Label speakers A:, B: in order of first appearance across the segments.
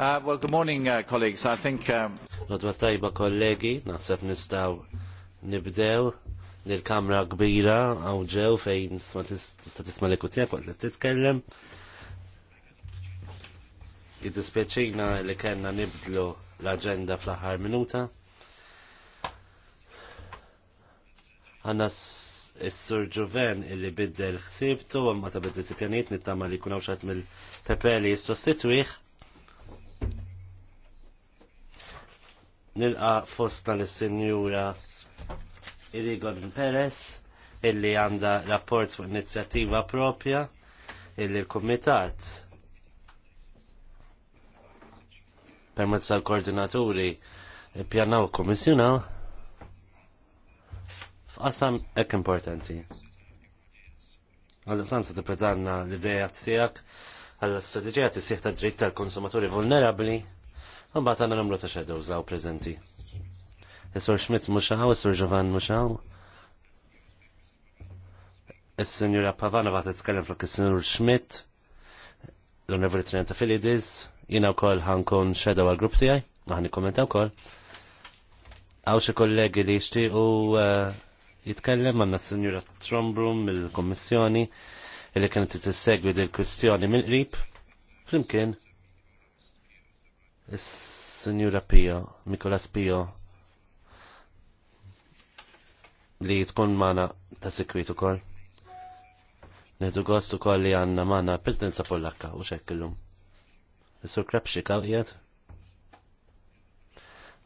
A: Uh, well, good morning, uh, colleagues. I think... Lodwa
B: um, tajba kollegi, naħseb nistaw nibdew l-kamra kbira għaw ġew fejn tista tisma li kutija kont li titkellem. Id-dispieċina li kena nibdlu l-agenda fl-ħar minuta. Għanna s-sur ġuven illi biddel xsibtu, għamma ta' biddel t-pjaniet nittama li kunaw xat mill-pepe li s-sostituiħ nilqa fostna l-Sinjura Irigon Perez illi għanda rapport fuq inizjattiva propja illi l-Komitat permezz tal-koordinaturi pjanaw komissjonaw f'qasam ek importanti. Għadda sanza t-pretanna l-idejat tijak għall-strategija t sieħta dritt tal-konsumaturi vulnerabli Mbagħad bat numru ta' xedew zaw prezenti. Is-Sur Schmidt muxaw, Isur Giovan muxaw. Is-Sinjura Pavana bat t fuq is-Sinjur Schmidt, l-Onorevoli Trinenta Filidis, jina u koll ħankun xedew għal-grupp tiegħi. għan kommentaw koll. Għaw xi kollegi li jishti u uh, jitkellem għanna s-Sinjura Trombrum mill-Kommissjoni, li kienet t-segwi dil-kwistjoni mill-qrib, flimkien Is-Sinjura Pio, Mikolas Pio, li tkun mana ta' sekwit ukoll. Neħdu gost ukoll li għandna mana Presidenza Pollakka u xekkillum. Is-Sur kaw qiegħed?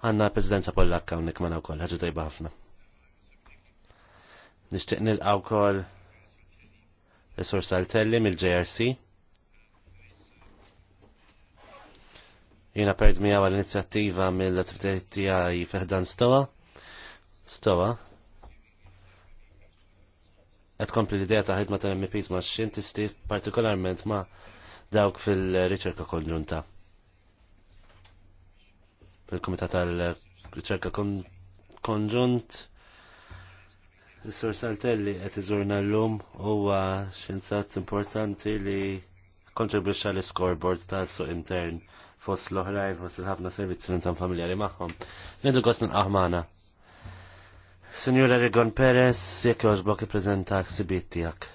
B: Għandna Presidenza Pollakka hawnhekk mana wkoll, ħagġu tajba ħafna. Nixtieq nilqgħu wkoll is-Sur Saltelli mill-JRC. jina perd mija għal inizjattiva mill-attivitajiet tiegħi fiħdan stowa. Stowa. Qed kompli l-idea ta' ħidma ta' mps ma' xintisti partikolarment ma' dawk fil-riċerka konġunta. Fil-Komitat tal-Riċerka Konġunt, Is-Sur Saltelli qed iżurna llum huwa xinzat importanti li kontribwixxa l-scoreboard tal-suq intern fost l-oħrajn, fost l ħafna servizzi minn tam familjari maħħom. Nidu għosna aħmana. Signora Regon Perez, jek joġ joġbok i-prezenta ksibit tijak.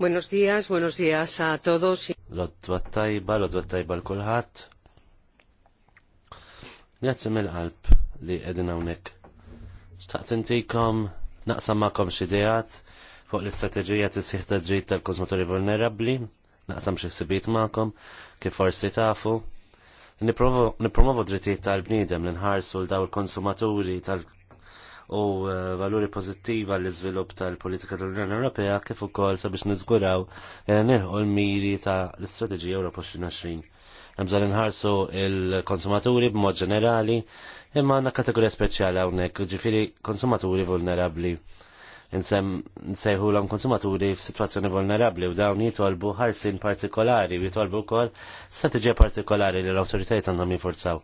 A: Buenos días, buenos días a todos.
B: Lodwa tajba, lodwa tajba l-kulħat. Grazie mill-qalb li edin għonek. Xtaqt naqsam maqom xidijat fuq l-istrateġija tisih ta' dritt tal-konsumaturi vulnerabli naqsam xi ħsibiet magħkom kif forsi tafu. Nipromovu drittijiet tal-bniedem li nħarsu l daw l konsumaturi tal- u eh, valuri pożittiva l iżvilupp tal-politika tal-Unjoni Ewropea kif ukoll sabiex niżguraw eh, nilħu l-miri ta' l-Istrateġija Ewropa 2020 bżonn nħarsu l konsumaturi b'mod ġenerali, imma għandna kategorija speċjali hawnhekk, ġifieri konsumaturi vulnerabbli nsejħu l konsumaturi f'sitwazzjoni vulnerabli u dawn jitolbu ħarsin partikolari u jitolbu wkoll strateġija partikolari li l autoritajt għandhom jiforzaw.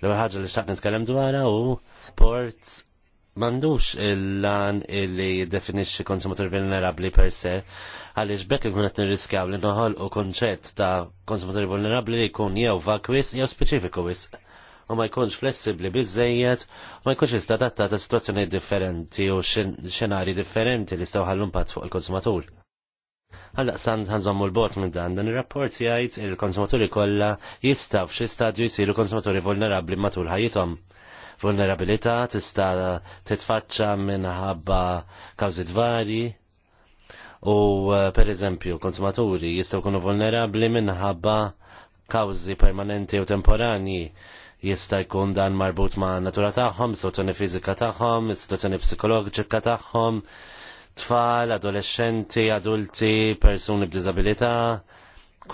B: L-ewwel ħaġa li t-kallem dwarha u port m'għandux il-lan il-li jiddefinixxi konsumatur vulnerabli per se, għaliex bekk ikun qed nirriskjaw li u konċet ta' konsumatur vulnerabli li jkun jew vakwis jew speċifiku wisq u ma jkunx flessibli bizzejiet, u ma jkunx jista' ta' situazzjoni differenti u xenari differenti li staw ħallu pat fuq il-konsumatur. Għalla sand ħanżommu l-bot minn dan, dan il-rapport jgħid il-konsumaturi kollha jista' f'xi stadju jsiru konsumaturi vulnerabbli matul ħajithom. vulnerabilità tista' titfaċċa minħabba kawżi dvari u eh, per eżempju konsumaturi jistgħu jkunu vulnerabbli minħabba kawżi permanenti u temporanji jista' jkun dan marbut ma' natura tagħhom, situazzjoni fiżika tagħhom, situazzjoni psikoloġika tagħhom, tfal, adolescenti, adulti, persuni b'diżabilità,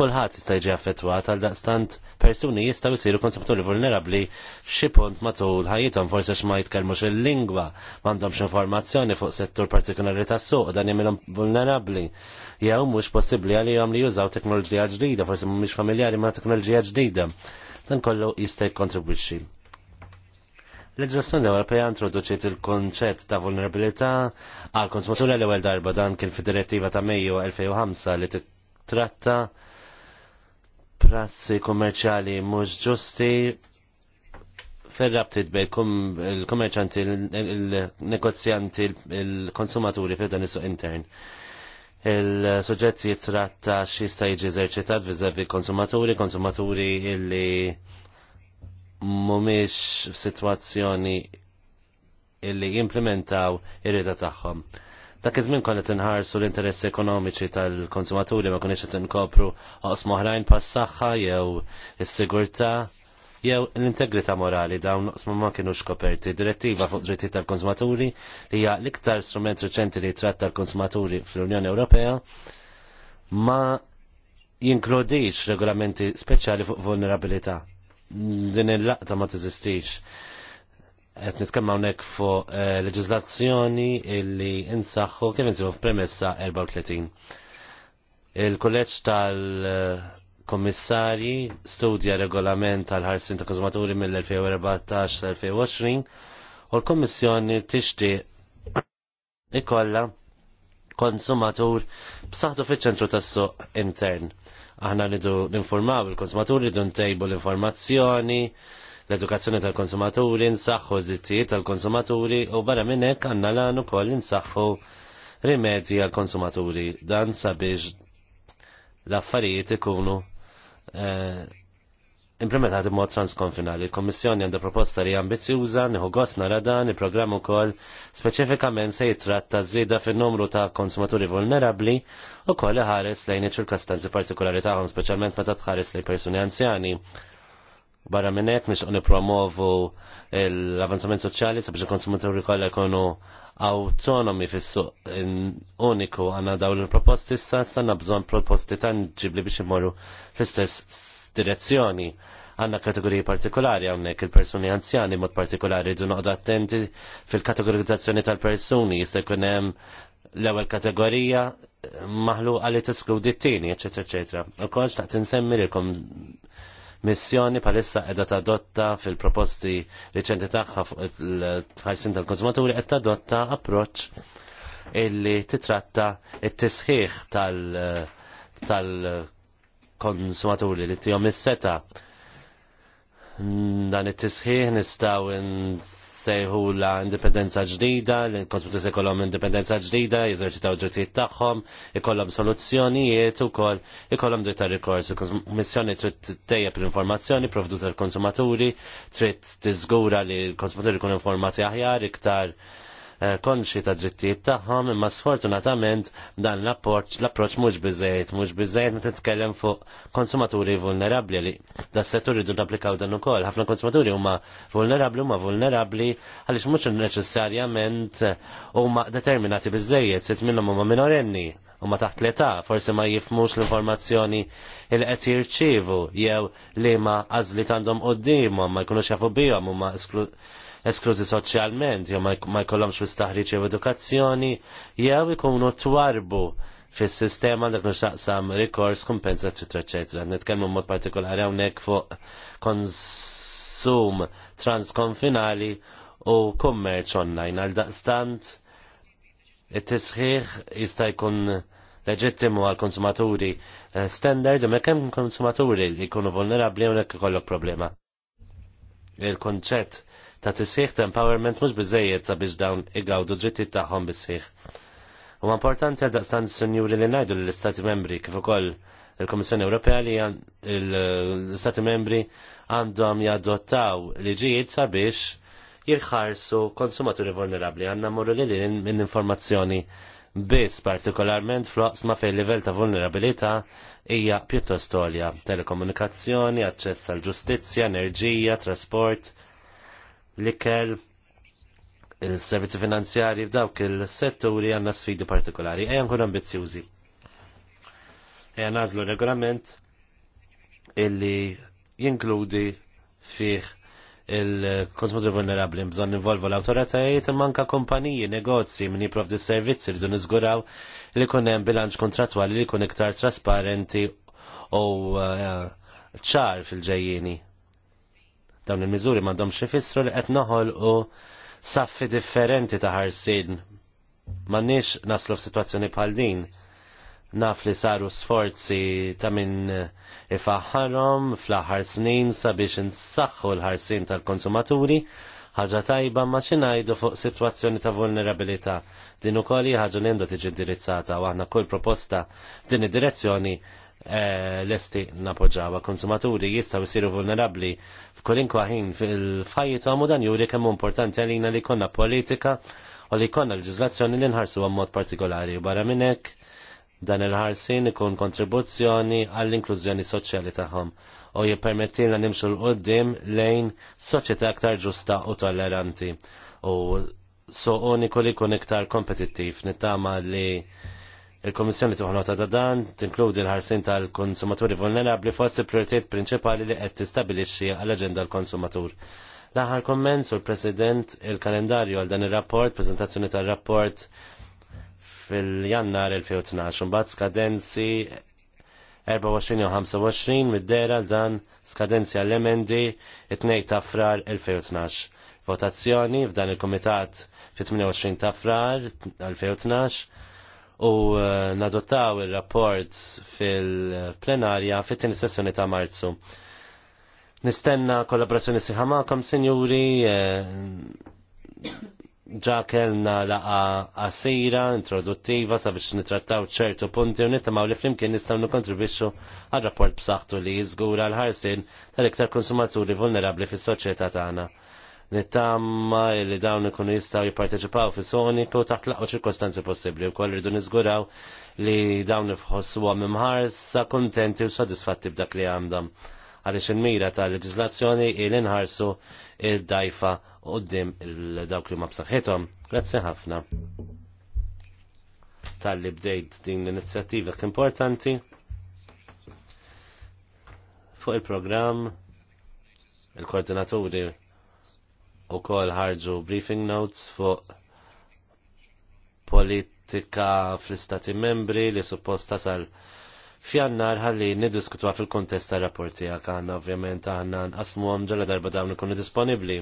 B: kulħadd jista' jiġi affettwat għal daqstant persuni jistgħu jsiru konsumturi vulnerabbli f'xi punt matul ħajjithom forsi x'ma jitkellmux il-lingwa, m'għandhomx informazzjoni fuq settur partikolari tas-suq dan jagħmilhom vulnerabbli. Jew mhux possibbli għalihom li jużaw teknoloġija ġdida, forsi mhumiex familjari ma' teknoloġija ġdida dan kollu jista' jikkontribwixxi. L-leġislazzjoni Ewropea introduċiet il-konċett ta' vulnerabilità għal konsumatur l-ewwel darba dan kien fid-direttiva ta' Mejju 2005 li titratta prassi kummerċjali mhux ġusti ferrabtit bej il kummerċanti il-negozjanti, il-konsumaturi fil dan is-suq intern il-soġġett jitratta jista' jiġi eżerċitat viżavi konsumaturi, konsumaturi illi mhumiex f'sitwazzjoni illi jimplementaw ir rieda tagħhom. Dak iż-żmien kont inħarsu l-interessi ekonomiċi tal-konsumaturi ma kunix qed inkopru oqs pas-saħħa jew is-sigurtà jew l-integrità morali dawn noqsma ma kienu xkoperti. Direttiva fuq dritti tal-konsumaturi li hija l-iktar strument reċenti li tratta l-konsumaturi fl-Unjoni Ewropea ma jinkludix regolamenti speċjali fuq vulnerabilità. Din il-laqta ma teżistix. Qed nitkemm hawnhekk fuq eh, leġiżlazzjoni illi insaħħu kif insibu f'premessa 34. Il-kulleġġ tal- kommissari studja regolament għal ħarsin ta' konsumaturi mill-2014-2020 u l-Kommissjoni tixtieq ikolla konsumatur b'saħħtu fiċ-ċentru tas-suq intern. Aħna rridu informaw il-konsumaturi, rridu ntejbu l-informazzjoni, l-edukazzjoni tal-konsumaturi, nsaħħu d-dittijiet tal-konsumaturi u barra minn hekk għandna l-għan ukoll nsaħħu rimedji għal konsumaturi dan sabiex l-affarijiet ikunu Eh, implementati mod transkonfinali. Il-Kommissjoni għandha proposta li ambizjuża, nieħu gost radan, dan, il-programm ukoll speċifikament se jitratta żieda fin-numru ta' konsumaturi vulnerabbli u koll ħares lejn iċ-ċirkostanzi partikolari tagħhom, speċjalment meta tħares lejn persuni anzjani. Barra minn hekk unipromovu nippromovu l-avanzament soċjali sabiex il-konsumaturi kollha jkunu autonomi fis-suq uniku għandna dawn il-proposti issa għandna bżonn proposti tanġibli biex imorru fl-istess direzzjoni. Għanna kategoriji partikolari hawnhekk il-persuni anzjani mod partikolari du noqgħod attenti fil-kategorizzazzjoni tal-persuni jista' jkun hemm l-ewwel kategorija maħluqa li teskludi t-tieni, eċetera, eċetera. U xtaqt insemmi lilkom missjoni palissa edha tadotta fil-proposti riċenti tagħha fuq il-ħajsin tal-konsumaturi qed tadotta approċċ illi titratta it-tisħiħ tal-konsumaturi li t-jom is-seta. Dan it-tisħiħ nistgħu sejħula indipendenza ġdida, l-konsumitis ikollhom indipendenza ġdida, jeżerċitaw ġutijiet tagħhom, ikollhom soluzzjonijiet ukoll, ikollhom dritt ta' rikors. il trid teja l-informazzjoni provdu tal konsumaturi trid tiżgura li l-konsumaturi kun informati aħjar iktar Eh, konxi ta' drittijiet tagħhom imma sfortunatament dan l-approċ l-approċ mhux biżejjed, mhux biżejjed meta titkellem fuq konsumaturi vulnerabbli li da settur idu napplikaw dan ukoll. Ħafna konsumaturi huma vulnerabbli huma vulnerabbli għaliex mhux neċessarjament huma determinati biżejjed, sitt minnhom huma minorenni u ma taħt l-età, forse ma jifmux l-informazzjoni il qed jirċievu jew li ma għazli għandhom qoddimhom ma jkunux jafu bihom u ma esklużi soċjalment, jew ma jkollhomx mistaħriġ jew edukazzjoni, jew ikunu twarbu fis-sistema dak nixtaqsam rikors, kumpensa, eċetera, eċetera. Nitkellmu mod partikolari hawnhekk fuq konsum transkonfinali u kummerċ online għal daqstant it-tisħiħ jista' jkun leġittimu għal konsumaturi eh, standard u kemm konsumaturi li jkunu vulnerabbli hawnhekk ikollok problema. Il-konċett ta' tisħiħ ta' empowerment mhux biżejjed sabiex dawn igawdu ta' tagħhom bizzejiet. U importanti għal daqstan sinjuri li ngħidu l-Istati membri kif ukoll il-Komissjoni Ewropea li l-Istati membri għandhom jadottaw liġijiet sabiex jirħarsu konsumaturi vulnerabli għanna morru li li minn informazzjoni biss partikolarment floqsma fej livell ta' vulnerabilità hija pjuttost għolja telekomunikazzjoni, aċċess għal ġustizzja, enerġija, trasport, l-ikel, il-servizzi finanzjari f'dawk il-setturi għanna sfidi partikolari. Ejan kun ambizjużi. Ejan nażlu regolament illi jinkludi fih il-konsumatur vulnerabli bżon involvu l-autoritajiet imma kompaniji, negozji min di servizzi li dun izguraw li kunem hemm bilanċ kontratwali li kun iktar trasparenti u eh, ċar fil-ġejjini. Dawn il-miżuri mandom xifissru li qed u saffi differenti ta' ħarsin. M'għandniex naslu f'sitwazzjoni bħal din naf li saru sforzi ta' minn ifaħħarhom fl-aħħar snin sabiex insaħħu l-ħarsin tal-konsumaturi ħaġa tajba ma xinajdu fuq situazzjoni ta' vulnerabilità. Din ukoll ħaġa li għandha tiġi indirizzata u aħna kull proposta din id-direzzjoni Eh, lesti napoġġawa Konsumaturi jistaw jisiru vulnerabli f'kolinkwa ħin fil-fajta u dan juri kemm importanti għalina li konna politika u li konna l-ġizlazzjoni li nħarsu għammod partikolari. Barra minnek dan il-ħarsin ikun kontribuzzjoni għall-inklużjoni soċjali tagħhom u jippermettilna nimxu l-qoddim lejn soċjetà aktar ġusta u tolleranti. U so uniku li kun iktar kompetittiv nittama li Il-Komissjoni tuħna ta' dadan tinkludi l-ħarsin tal-konsumaturi vulnerabli fost il-prioritet prinċipali li qed tistabilixxi għall-aġenda l-konsumatur. L-aħħar komment sur President il-kalendarju għal dan ir-rapport, preżentazzjoni tar-rapport fil-Jannar 2012, mbagħad skadenzi 24 u 25 mid-dera dan skadenzi għall-emendi 2 ta' frar 2012. Votazzjoni f'dan il-Komitat fit-28 ta' frar 2012 u eh, nadottaw il-rapport fil-plenarja fit-tieni sessjoni ta' Marzu. Nistenna kollaborazzjoni siħa ma'kom, senjuri, eh, ġa kellna laqa asira introduttiva, sabiex nitrattaw ċertu punti u nittamaw li flimkien nistgħu nikkontribwixxu għal rapport b'saħħtu li jiżgura l-ħarsien tal-iktar konsumaturi vulnerabbli fis-soċjetà tagħna nittamma li dawn ikunu jistaw jipparteċipaw fi soniku taħt laqwa ċirkostanzi possibli u koll rridu nizguraw li dawn ifħossu għam imħarsa kontenti u sodisfatti b'dak li għamdam għalix il-mira ta' leġizlazzjoni il inħarsu il-dajfa u d-dim il-dawk li ma b'saħħithom. Grazzi ħafna tal-li bdejt din l-inizjattiva importanti fuq il-programm il-koordinaturi u kol ħarġu briefing notes fuq politika fl-istati membri li suppost tasal fjannar ħalli nidiskutwa fil-kontest ta' rapporti għak għanna ovvjament għanna nqasmu għam ġalla darba dawn ikunu disponibli.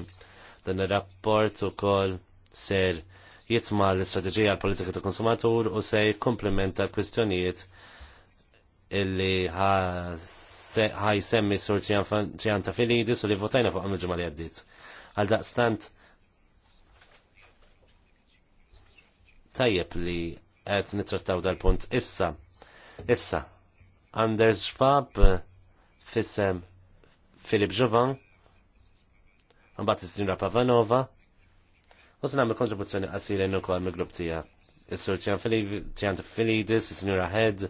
B: Dan il-rapport u kol ser jitma l-istrateġija għal-politika ta' konsumatur u se komplementa l-kwistjonijiet illi ħaj semmi sur fil filidis u li votajna fuq għamil ġumali għaddit. Għal daqstant tajjeb li qed nitrattaw dal-punt issa. Issa, Anders Schwab eh, fissem Filip Jovan, mbagħad is-Sinjura Pavanova, u se nagħmel kontribuzzjoni qasira ukoll mill-grupp tiegħek. Is-Sur Triant Filidis, s sinjura Head,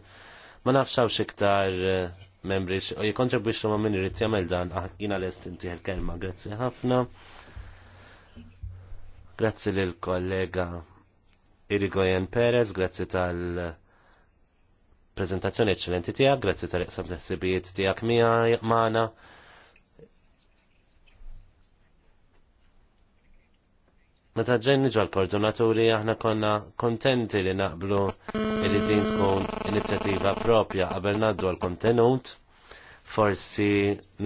B: ma nafx xiktar iktar eh, membri u jikontribuċu ma' min irid jagħmel dan ah, jiena lest intih il-kelma, grazzi ħafna. Grazzi lil kollega Irigoyen Perez, grazzi tal prezentazzjoni eccellenti tijak, grazzi tal-iqsam ħsibijiet tijak mija maħna. Meta ġenni ġal koordinaturi aħna konna kontenti li naqblu li din tkun inizjattiva propja qabel naddu għal kontenut forsi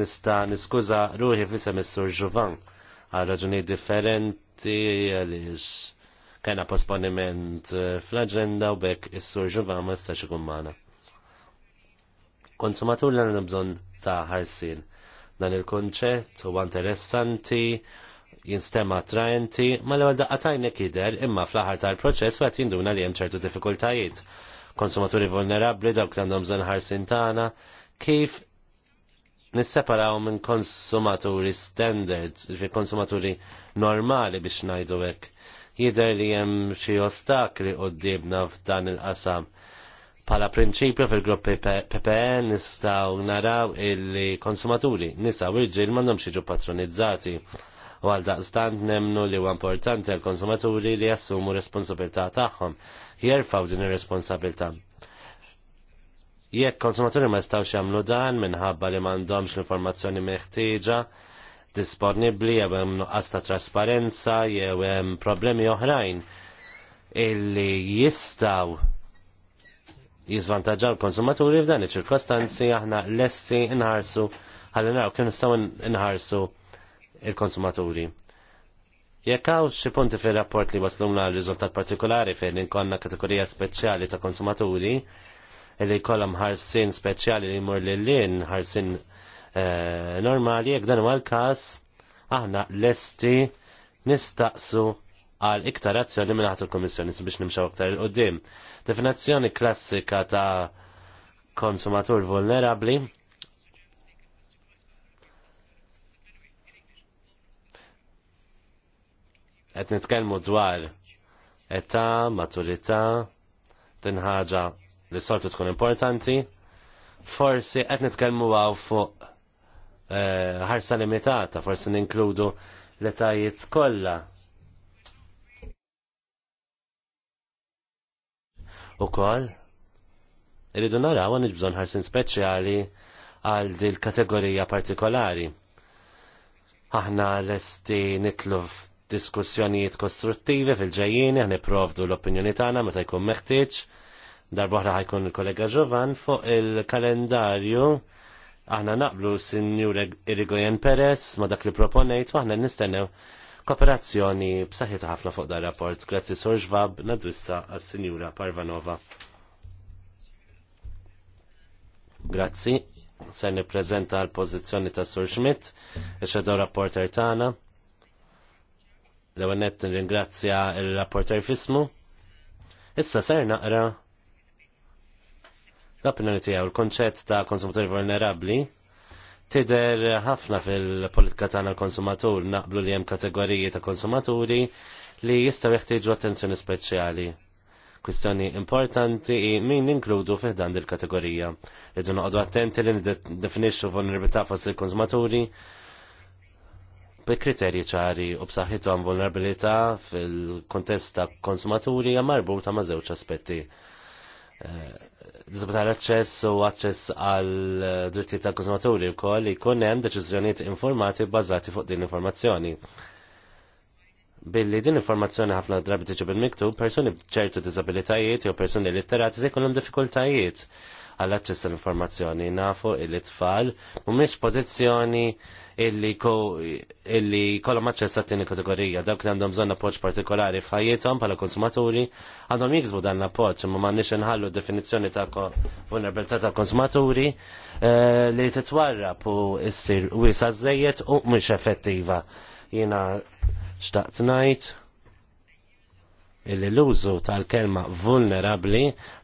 B: nista niskuża ruħi fisem is-sur Ġuvan għal raġuni differenti għaliex kena posponiment eh, fl-agenda u bekk is-sur ġuva ma jistax ikun magħna. Konsumatur l bżonn ta' ħarsin. Dan il konċet huwa interessanti, jinstema trajenti, ma l għal daqqa tajnek jidher imma fl-aħħar tal-proċess qed jinduna li hemm ċertu diffikultajiet. Konsumaturi vulnerabbli dawk l għandhom bżonn ħarsin tagħna, kif nisseparaw minn konsumaturi standard, fi konsumaturi normali biex najdu hekk. Jider li hemm xi ostakli dibna f'dan il-qasam. Pala prinċipju fil-gruppi PPN nistaw naraw il-konsumaturi, nisaw irġil mandom m'għandhom patronizzati. U għal daqstant nemnu li huwa importanti għal konsumaturi li jassumu responsabilità tagħhom, jerfaw din ir-responsabilità. Jekk konsumaturi ma jistgħux jagħmlu dan minħabba li m'għandhomx l-informazzjoni meħtieġa disponibbli jew hemm nuqqas ta' trasparenza jew hemm problemi oħrajn illi jistgħu jizvantaġġaw l-konsumaturi f'dan iċ-ċirkostanzi aħna lessi inħarsu ħalli naraw kien nistgħu inħarsu il-konsumaturi. Jekk hawn xi punti fir-rapport li waslumna l riżultat partikolari fejn inkonna kategorija speċjali ta' konsumaturi, li jkollhom ħarsin speċjali li jmur lil-lin ħarsin eh, normali, jekk dan huwa l-każ aħna lesti nistaqsu għal iktar azzjoni minn ħadd il-Kummissjoni biex nimxaw iktar il qoddim Definazzjoni klassika ta' konsumatur vulnerabli qed nitkellmu dwar età, maturità, tinħaġa li sortu tkun importanti. Forsi qed nitkelmu għaw fuq eh, ħarsa limitata, forsi ninkludu l-etajiet kollha. kol, irridu naraw għan bżonn ħarsin speċjali għal dil kategorija partikolari. Aħna lesti nitlu f'diskussjonijiet kostruttivi fil-ġejjini, għan provdu l-opinjoni tagħna meta jkun meħtieġ darbohra ħajkun il-kollega Giovan fuq il-kalendarju aħna naqblu sinjur Irigoyen Perez ma dak li proponejt u aħna nistennew kooperazzjoni b'saħħit ħafna fuq dar rapport. Grazzi Sor Ġvab nadwissa għas-Sinjura Parvanova. Grazzi se nippreżenta l-pożizzjoni ta' Sur Schmidt, ix rapporter tagħna. L-ewwel nett nirringrazzja l-rapporter fismu. Issa ser naqra L-opinjoni tiegħu l konċet ta' konsumatori vulnerabbli tider ħafna fil-politika tagħna l-konsumatur naqblu li hemm kategoriji ta' konsumaturi li jistgħu jeħtieġu attenzjoni speċjali. Kwistjoni importanti i min inkludu fih dan il-kategorija. Rridu noqogħdu attenti li niddefinixxu vulnerabilità fost il-konsumaturi bi kriterji ċari u b'saħħithom vulnerabilità fil-kontest ta' konsumaturi hija marbuta ma' żewġ aspetti eh, disabilità l-aċċess u aċċess għal eh, drittijiet tal konsumaturi wkoll jkun hemm deċiżjonijiet informati bbażati fuq din informazzjoni. Billi din informazzjoni ħafna drabi tiġi bil-miktub, persuni bċertu disabilitajiet jew persuni litterati se jkunhom diffikultajiet għall-aċċess l-informazzjoni. Nafu illi tfal mhumiex pożizzjoni illi ko, illi aċċess għat-tieni kategorija. Dawk li għandhom bżonn appoġġ partikolari f'ħajjithom bħala konsumaturi għandhom jiksbu dan l-appoġġ imma m'għandniex inħallu definizzjoni ta' vulnerabilità ta' konsumaturi eh, li titwarrab u issir wiesa żejjed u mhux effettiva. Jiena xtaqt ngħid illi l-użu tal-kelma vulnerabli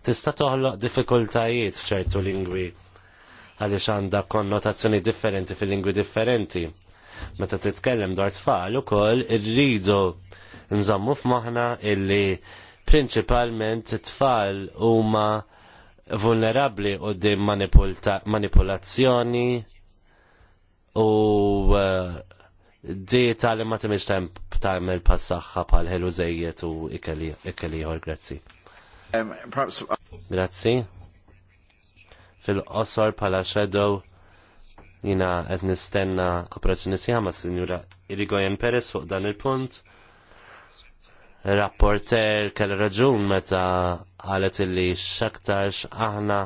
B: tista' toħloq diffikultajiet f'ċertu lingwi għaliex għandha konnotazzjoni differenti fil-lingwi differenti. Meta titkellem dwar tfal ukoll irridu nżammu f'moħħna illi prinċipalment tfal huma vulnerabli quddiem manipulazzjoni u eh, dieta li ma timiex tajm il passaħħa bħal ħelu żejjed u ikel ieħor grazzi. Um, grazzi. Fil-qosor bħala shadow jina qed nistenna kooperazzjoni sieħa ma' Sinjura Irigoyen Perez fuq dan il-punt. Rapporter kell raġun meta qalet illi x'aktarx aħna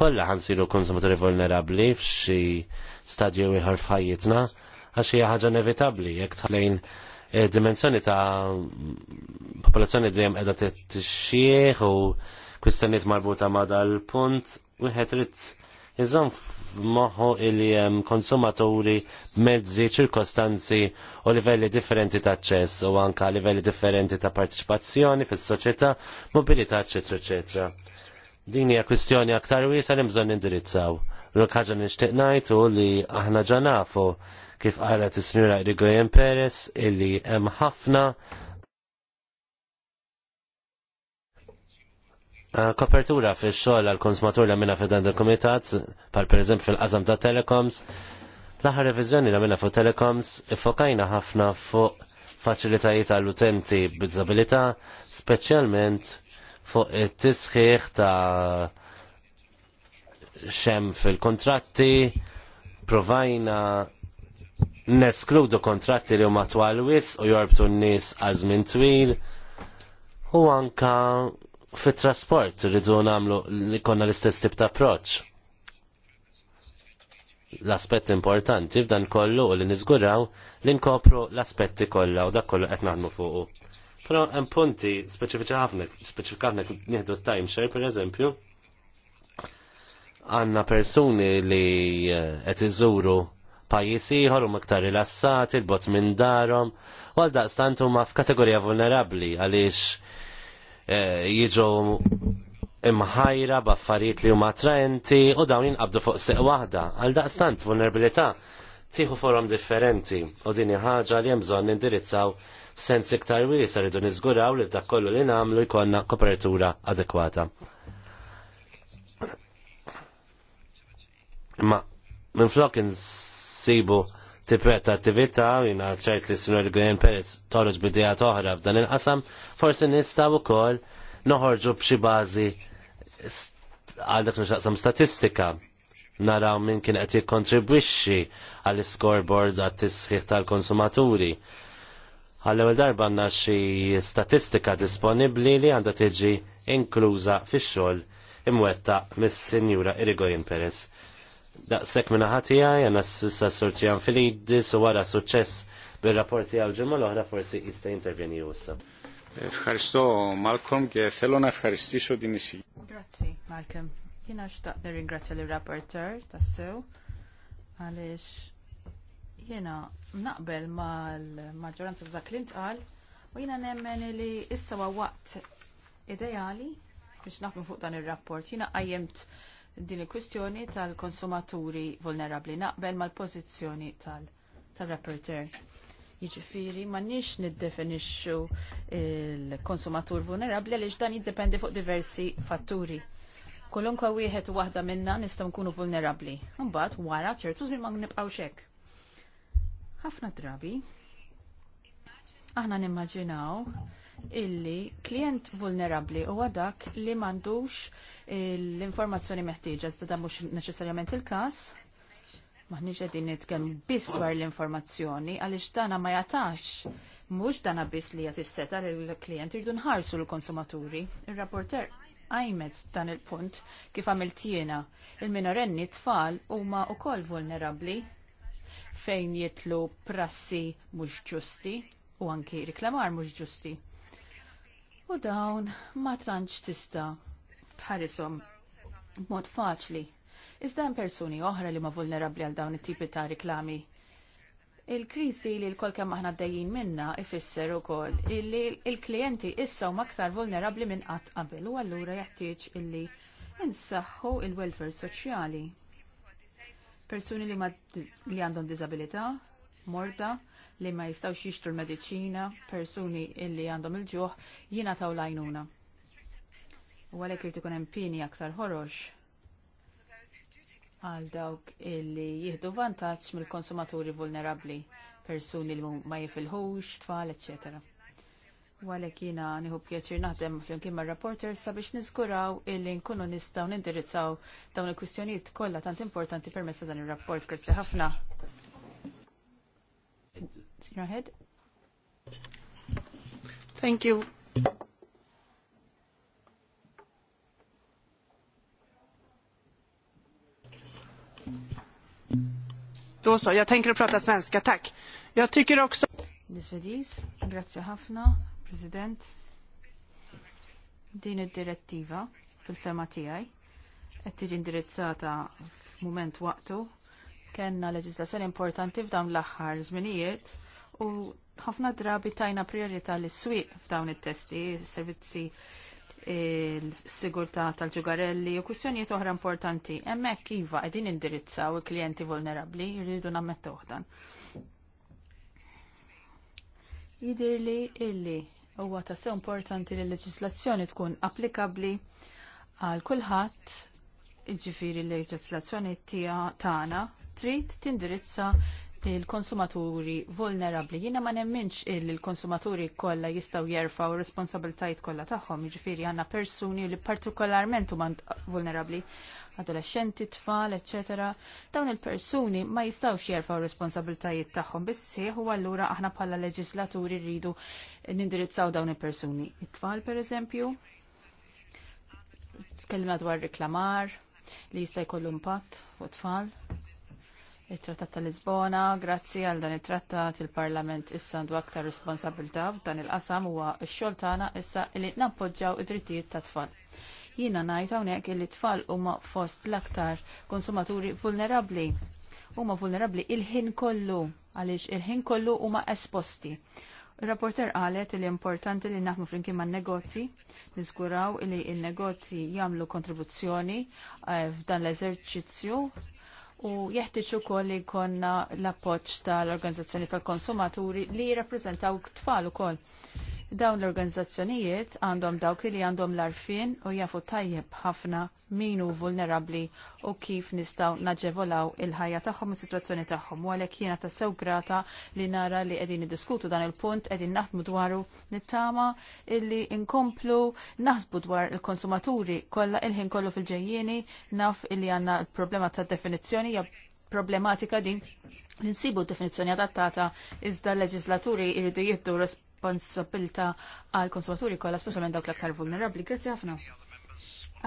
B: kollha ħansiru konsumaturi vulnerabbli f'xi stadju ieħor f'ħajjitna għaxi ħaġa inevitabbli jekk tħallejn eh, dimensjoni ta' popolazzjoni dejjem qiegħda tixxieħ u kwistjonijiet marbuta ma' dal-punt wieħed irid iżomm f'moħħu li hemm konsumaturi mezzi ċirkostanzi u livelli differenti ta' ċess u anka livelli differenti ta' partiċipazzjoni fis-soċjetà, mobilità, eċetera, eċetera. Din hija kwistjoni aktar wiesa li bżonn indirizzaw. Rok ħaġa nixtieq ngħid u li aħna ġanafu nafu kif qalet is-Sinjura Irigoyen Perez illi hemm ħafna ah, Kopertura fi xogħol għal konsumatur li għamilna f'dan il-Kumitat, par pereżempju fil-qasam ta' telecoms, l-aħħar reviżjoni li għamilna fuq telecoms ifokajna ħafna fuq faċilitajiet għall utenti b'disabilità, speċjalment fuq it-tisħiħ ta' xem fil-kontratti, provajna neskludu kontratti li huma twal wis u jorbtu n-nies għal żmien twil u anka fit trasport rridu nagħmlu li konna l-istess tip ta' approċċ. L-aspett importanti f'dan kollu u li niżguraw li nkopru l-aspetti kollha u dak kollu qed naħdmu fuqu. Però hemm punti speċifiċi ħafna, speċifiċi ħafna nieħdu timeshare pereżempju, għandna persuni li eh, qed iżuru pajjiż ieħor huma iktar rilassati, il-bot minn darhom, u għal daqstant huma f'kategorija vulnerabbli għaliex eh, jiġu imħajra b'affarijiet li huma attraenti u dawn jinqabdu fuq seq waħda. Għal daqstant vulnerabilità tieħu forom differenti u dini ħaġa li hemm bżonn nindirizzaw f'sens iktar wiesa rridu niżguraw li dak kollu li nagħmlu jkollna kopertura adekwata. Ma minflok sibu tipret attività jina ċert li s-sinur Gwen Perez torġ bidija toħra f'dan il-qasam, forsi nistaw ukoll noħorġu b'xi bażi għal dak nixaqsam statistika naraw minn kien qed jikkontribwixxi għall scoreboard għat tisħiħ tal-konsumaturi. Għall-ewwel darba għandna xi statistika disponibbli li għandha tiġi inkluża fix-xogħol imwettaq mis-Sinjura Irigoyen Perez daqsek minna ħatija, jena s-sissa s-sorti sorċijan fil-iddis u għara suċess bil-rapporti għal-ġemma l-ohra forsi jista intervjeni u jussa. Fħaristo Malcolm, ke thelona fħaristiso din isi.
C: Grazzi, Malcolm. Jena xtaq nirringrazzja l-rapporter tassew għalix jena naqbel ma l-maġoranza ta' dak li ntqal u jena nemmen li issa waqt ideali biex naqbel fuq dan il rapport Jena għajemt din il-kwistjoni tal-konsumaturi vulnerabli naqbel mal-pozizjoni tal rapporteur Jiġifieri m'għandniex niddefinixxu l konsumatur vulnerabli għaliex dan jiddependi fuq diversi fatturi. Kolunkwa wieħed u waħda minna nistgħu nkunu vulnerabbli. Imbagħad wara ċertu żmien ma nibqgħux hekk. Ħafna drabi aħna nimmaġinaw illi klient vulnerabli huwa dak li m'għandux l-informazzjoni meħtieġa iżda dan mhux neċessarjament il-każ. Maħniġ qegħdin nitkellmu biss dwar l-informazzjoni għaliex dana ma jatax. Mhux dana biss li jatisseta l lill-klijent irdu nħarsu l-konsumaturi. Ir-rapporter għajmet dan il-punt kif għamilt jiena. Il-minorenni tfal huma wkoll vulnerabbli fejn jitlu prassi mhux ġusti u anki riklamar mhux ġusti u dawn ma tantx tista' tħarisom b'mod faċli. Iżda hemm persuni oħra li ma vulnerabbli għal dawn it-tipi ta' riklami. Il-krisi li l-kol kemm aħna dejjin minna ifisser ukoll illi l-klijenti issa huma aktar vulnerabbli minn qatt qabel u allura jeħtieġ illi insaħħu il welfare soċjali. Persuni li, li għandhom diżabilità, morta li ma jistawx jixtru l-medicina, persuni illi għandhom il-ġuħ, jina taw lajnuna. U għalek irti kun empini aktar ħorox għal dawk illi jihdu vantaġġ mill-konsumaturi vulnerabli, persuni li ma jifilħux, tfal, U Għalek jina niħu pjaċir naħdem fl-imkien reporter sabiex nizguraw illi nkunu nistaw nindirizzaw dawn il-kwistjonijiet kollha tant importanti permessa dan ir-rapport. Grazzi ħafna. Signor Head. Thank you. Då så, jag tänker prata svenska, tack. Jag tycker också... Nisvedis, grazie hafna, president. Din id-direttiva fil-fema tiegħi qed tiġi indirizzata f'mument waqtu kena leġislazzjoni importanti f'dawn l-aħħar żminijiet u ħafna drabi tajna priorità l swieq f'dawn it-testi, servizzi l-sigurtà e, tal-ġugarelli u kwistjonijiet oħra importanti. Hemmhekk iva qegħdin indirizzaw il-klijenti vulnerabbli jridu nammettuh dan. li illi huwa tassew importanti li l-leġislazzjoni tkun applikabbli għal kulħadd iġifieri l-leġislazzjoni tagħna trid tindirizza il-konsumaturi vulnerabli. Jina ma nemminx il-konsumaturi kolla jistaw jerfaw responsabiltajt kolla taħħom, ġifiri għanna persuni li partikolarment huma vulnerabli, adolescenti, tfal, etc. Dawn il-persuni ma jistawx jerfaw responsabiltajiet taħħom, bissi u għallura aħna bħala leġislaturi rridu nindirizzaw dawn il-persuni. It-tfal, per eżempju, tkellimna dwar reklamar li jista' jkollu impatt fuq tfal il-Trattat tal-Lisbona, grazzi għal dan il-Trattat il-Parlament issa għandu aktar responsabilta dan il-qasam huwa x-xogħol tagħna issa li nappoġġjaw id-drittijiet tat-tfal. Jiena ngħid hawnhekk li t-tfal huma fost l-aktar konsumaturi vulnerabbli. Huma vulnerabbli il-ħin kollu għaliex il-ħin kollu huma esposti. Il-rapporter għalet li importanti li naħmu flimkien ma' negozji, niżguraw li il-negozji jamlu kontribuzzjoni eh, f'dan l-eżerċizzju u jeħtieġ ukoll li jkollna l-appoġġ tal-organizzazzjoni tal-konsumaturi li jirrappreżentaw tfal ukoll. Dawn l-organizzazzjonijiet għandhom dawk li għandhom l-arfin u jafu tajjeb ħafna min hu vulnerabbli u kif nistgħu naġevolaw il-ħajja tagħhom u situazzjoni sitwazzjoni tagħhom. U għalhekk jiena tassew grata li nara li qegħdin diskutu dan il-punt qegħdin naħdmu dwaru nittama illi nkomplu naħsbu dwar il-konsumaturi kollha il-ħin kollu fil-ġejjieni naf illi għandna l-problema tad-definizzjoni problematika din l definizzjoni definizjoni adattata iżda l-leġislaturi irridu jibdu responsabilta għal konsumaturi kolla, specialment dawk l-aktar vulnerabli. Grazzi ħafna.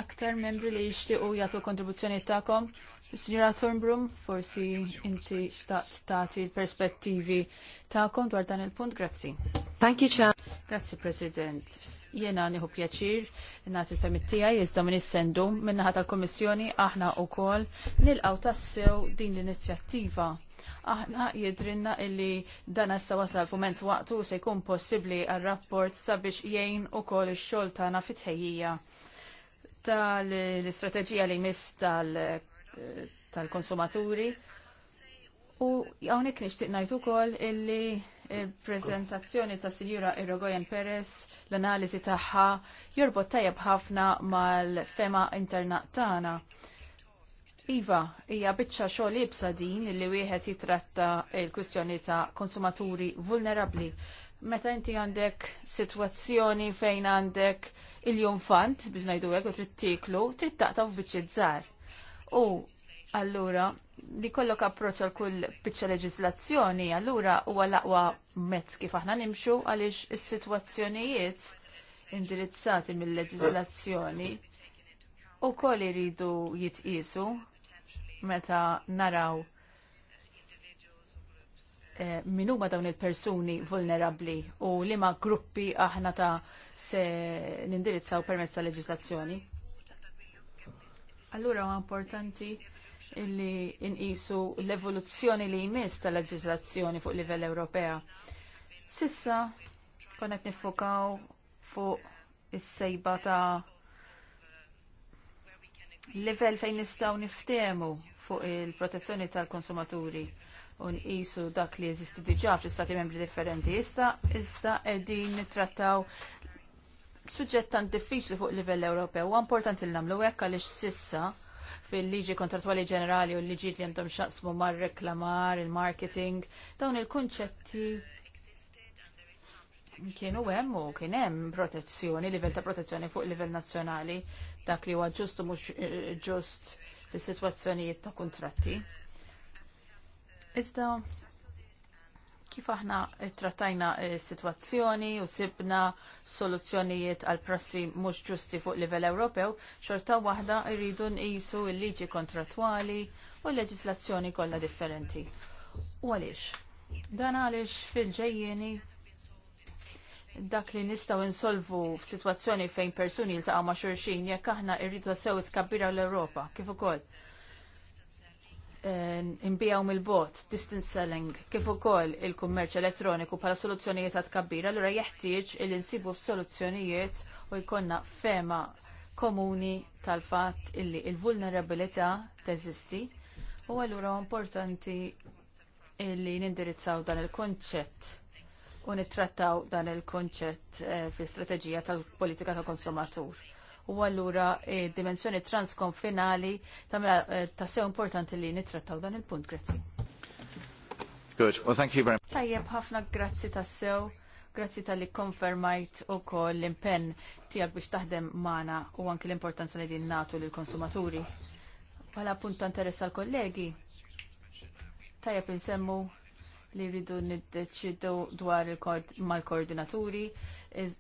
C: Aktar membri li jishti u jgħatu kontribuzzjoni tagħkom. Signora Thornbrum, forsi inti xtaqt tagħti l-perspettivi ta'kom dwar dan il-punt. Grazzi. Thank you, Chair. Grazzi, President Jena nieħu pjaċir nagħt il-femit tiegħi iżda minn is-sendu minnaħa tal-Kummissjoni aħna wkoll għaw tassew din l-inizjattiva. Aħna jidrinna illi dan issa wasal fument waqtu se jkun possibbli għar-rapport sabiex jgħin ukoll ix-xogħol tagħna fit-tħejjija tal-istrateġija li jmiss eh, tal-konsumaturi. u hawnhekk nixtieq ngħid ukoll illi il-prezentazzjoni ta' Sinjura Irogoyen Perez, l-analizi tagħha jorbot tajjeb ħafna mal-fema interna tagħna. Iva, hija biċċa xogħol ibsa din li wieħed jitratta l-kwistjoni ta' konsumaturi vulnerabbli. Meta inti għandek sitwazzjoni fejn għandek il jumfant biex ngħidu hekk u trid tiklu, trid taqtaw f'biċċi żgħar. U Allura, li kollok approċ għal kull biċċa leġislazzjoni, allura huwa għal aqwa mezz kif aħna nimxu għaliex is-sitwazzjonijiet indirizzati mill-leġislazzjoni u koll iridu jitqisu meta naraw eh, minu ma dawn il-persuni vulnerabli u li ma gruppi aħna ta' se nindirizzaw permezz ta' leġislazzjoni. Allura ma importanti Illi inqisu l-evoluzzjoni li jmiss tal-leġiżlazzjoni fuq livell Ewropea. Sissa konna qed nifokaw fuq is-sejba ta' livell fejn nistgħu niftehmu fuq il-protezzjoni tal-konsumaturi u nqisu dak li jeżisti diġà fl-istati membri differenti issa iżda qegħdin nittrattaw suġġett tant diffiċli fuq livell Ewropew. Huwa importanti li nagħmlu hekk għaliex sissa fil-liġi kontratwali ġenerali u l-liġi li għandhom xaqsmu mar-reklamar, il-marketing, dawn il-konċetti kienu hemm u kien hemm protezzjoni, livell ta' protezzjoni fuq livell nazzjonali dak li huwa ġust u mhux eh, ġust fis-sitwazzjonijiet ta' kuntratti. Iżda kif aħna eh, trattajna eh, situazzjoni u sibna soluzzjonijiet għal prassi mhux ġusti fuq livell Ewropew, xorta waħda rridu nqisu l-liġi kontrattwali u l-leġislazzjoni kollha differenti. U għaliex? Dan għaliex fil-ġejjeni dak li nistaw insolvu f'sitwazzjoni fejn persuni jiltaqgħu ma' xulxin jekk aħna rridu sew tkabbira l-Ewropa, kif ukoll imbijaw eh, mill-bot, distance selling, kif ukoll il-kummerċ elettroniku bħala soluzzjonijiet għad kabbira, allura jeħtieġ il insibu soluzzjonijiet u jkollna fema komuni tal-fatt illi il-vulnerabilità teżisti u allura importanti illi nindirizzaw dan il-konċett u nittrattaw dan il-konċett eh, fil-strategija tal-politika tal-konsumatur u allura eh, dimensjoni transkonfinali ta' eh, sew importanti li nitrattaw dan il-punt. Grazzi.
A: Good. Well, thank you very much.
C: Tajjeb, ħafna grazzi tassew. Grazzi tal-li konfermajt u kol l-impenn tijak biex taħdem mana u anki l-importanza li din natu l-konsumaturi. Pala punt ta' interess għal-kollegi, tajab nsemmu li rridu niddeċidu dwar mal koordinaturi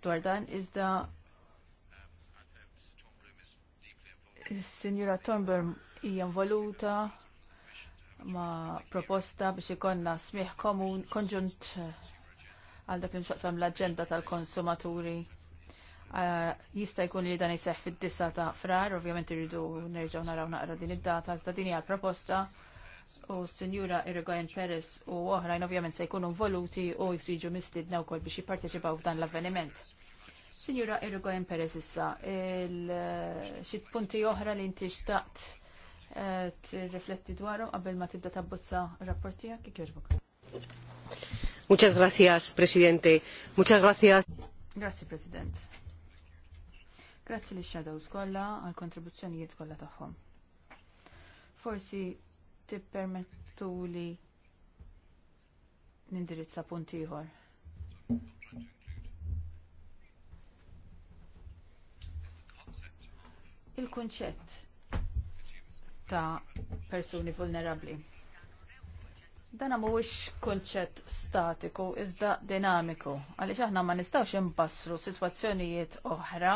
C: dwar dan, iżda Signora Thornburn hija involuta ma' proposta biex ikonna smieħ komun konġunt eh, għal dak li nxaqsam l-agenda tal-konsumaturi. Eh, jista' jkun li dan jseħħ fid-disa ta' frar, ovvjament irridu nerġgħu naraw naqra din id-data, iżda din hija l-proposta u s-Sinjura Irigoyen Perez u oħrajn ovvjament se jkunu involuti u jsiġu mistidna wkoll biex jipparteċipaw f'dan l-avveniment. Signora Ergo Perez issa, eh, xit punti oħra li inti xtaqt eh, t-rifletti dwarhom qabel ma tibda tabbozza rapportija kik jorbuk?
A: Muchas gracias, Presidente. Muchas gracias.
C: Grazie, President. Grazie li Shadows kollha għal kontribuzzjonijiet kollha tagħhom. Forsi tippermettu li nindirizza punti ieħor il-kunċett ta' persuni vulnerabbli. Dan mhuwiex kunċett statiku iżda dinamiku għaliex aħna ma nistgħux imbassru sitwazzjonijiet oħra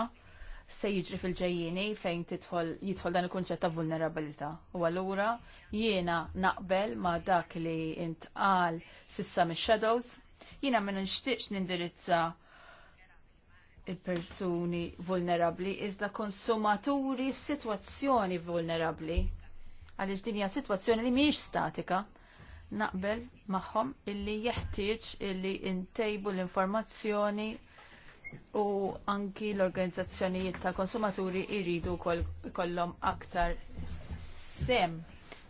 C: se jiġri fil-ġejjini fejn tidħol jidħol dan il-kunċett ta' vulnerabilità. U allura jiena naqbel ma' dak li intqal sissa mix shadows jiena ma nixtieqx nindirizza il-persuni vulnerabli iżda konsumaturi f'sitwazzjoni vulnerabli. Għaliex din hija sitwazzjoni li mhijiex statika. Naqbel magħhom illi jeħtieġ illi ntejbu l-informazzjoni u anki l-organizzazzjonijiet tal konsumaturi jridu kollhom aktar sem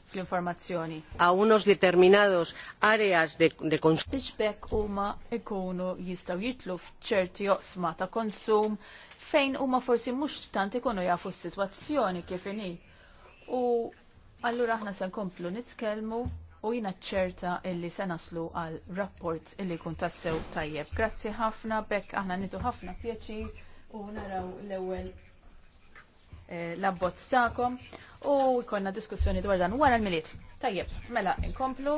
C: fl-informazzjoni. A unos determinados areas de, de konsum. Biex huma ikunu jistgħu jitlu f'ċerti oqsma ta' konsum fejn huma forsi mhux tant ikunu jafu s-sitwazzjoni kif inhi. U allura aħna se nkomplu nitkellmu u jina ċerta illi se naslu għal rapport illi kun tassew tajjeb. Grazzi ħafna, bekk aħna nitu ħafna pjaċir u naraw l-ewwel Eh, l-abbozz takom u jkollna diskussjoni dwar dan wara l-miliet. Tajjeb, mela inkomplu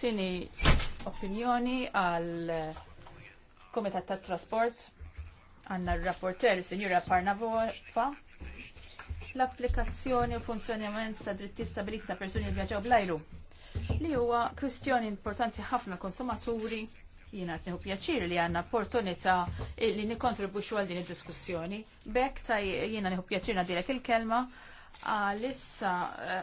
C: tini opinjoni għal eh, Komitat tat Trasport għanna r-rapporter, Signora Parnavova, l-applikazzjoni u funzjonament ta' dritti stabiliti ta' persuni l vjaġġaw b'lajru li huwa kwistjoni importanti ħafna konsumaturi Jina tniħu pjaċir li għanna opportunità li nikontribuxu għal din id-diskussjoni. Bek ta' jina niħu pjaċir nadilek il-kelma għalissa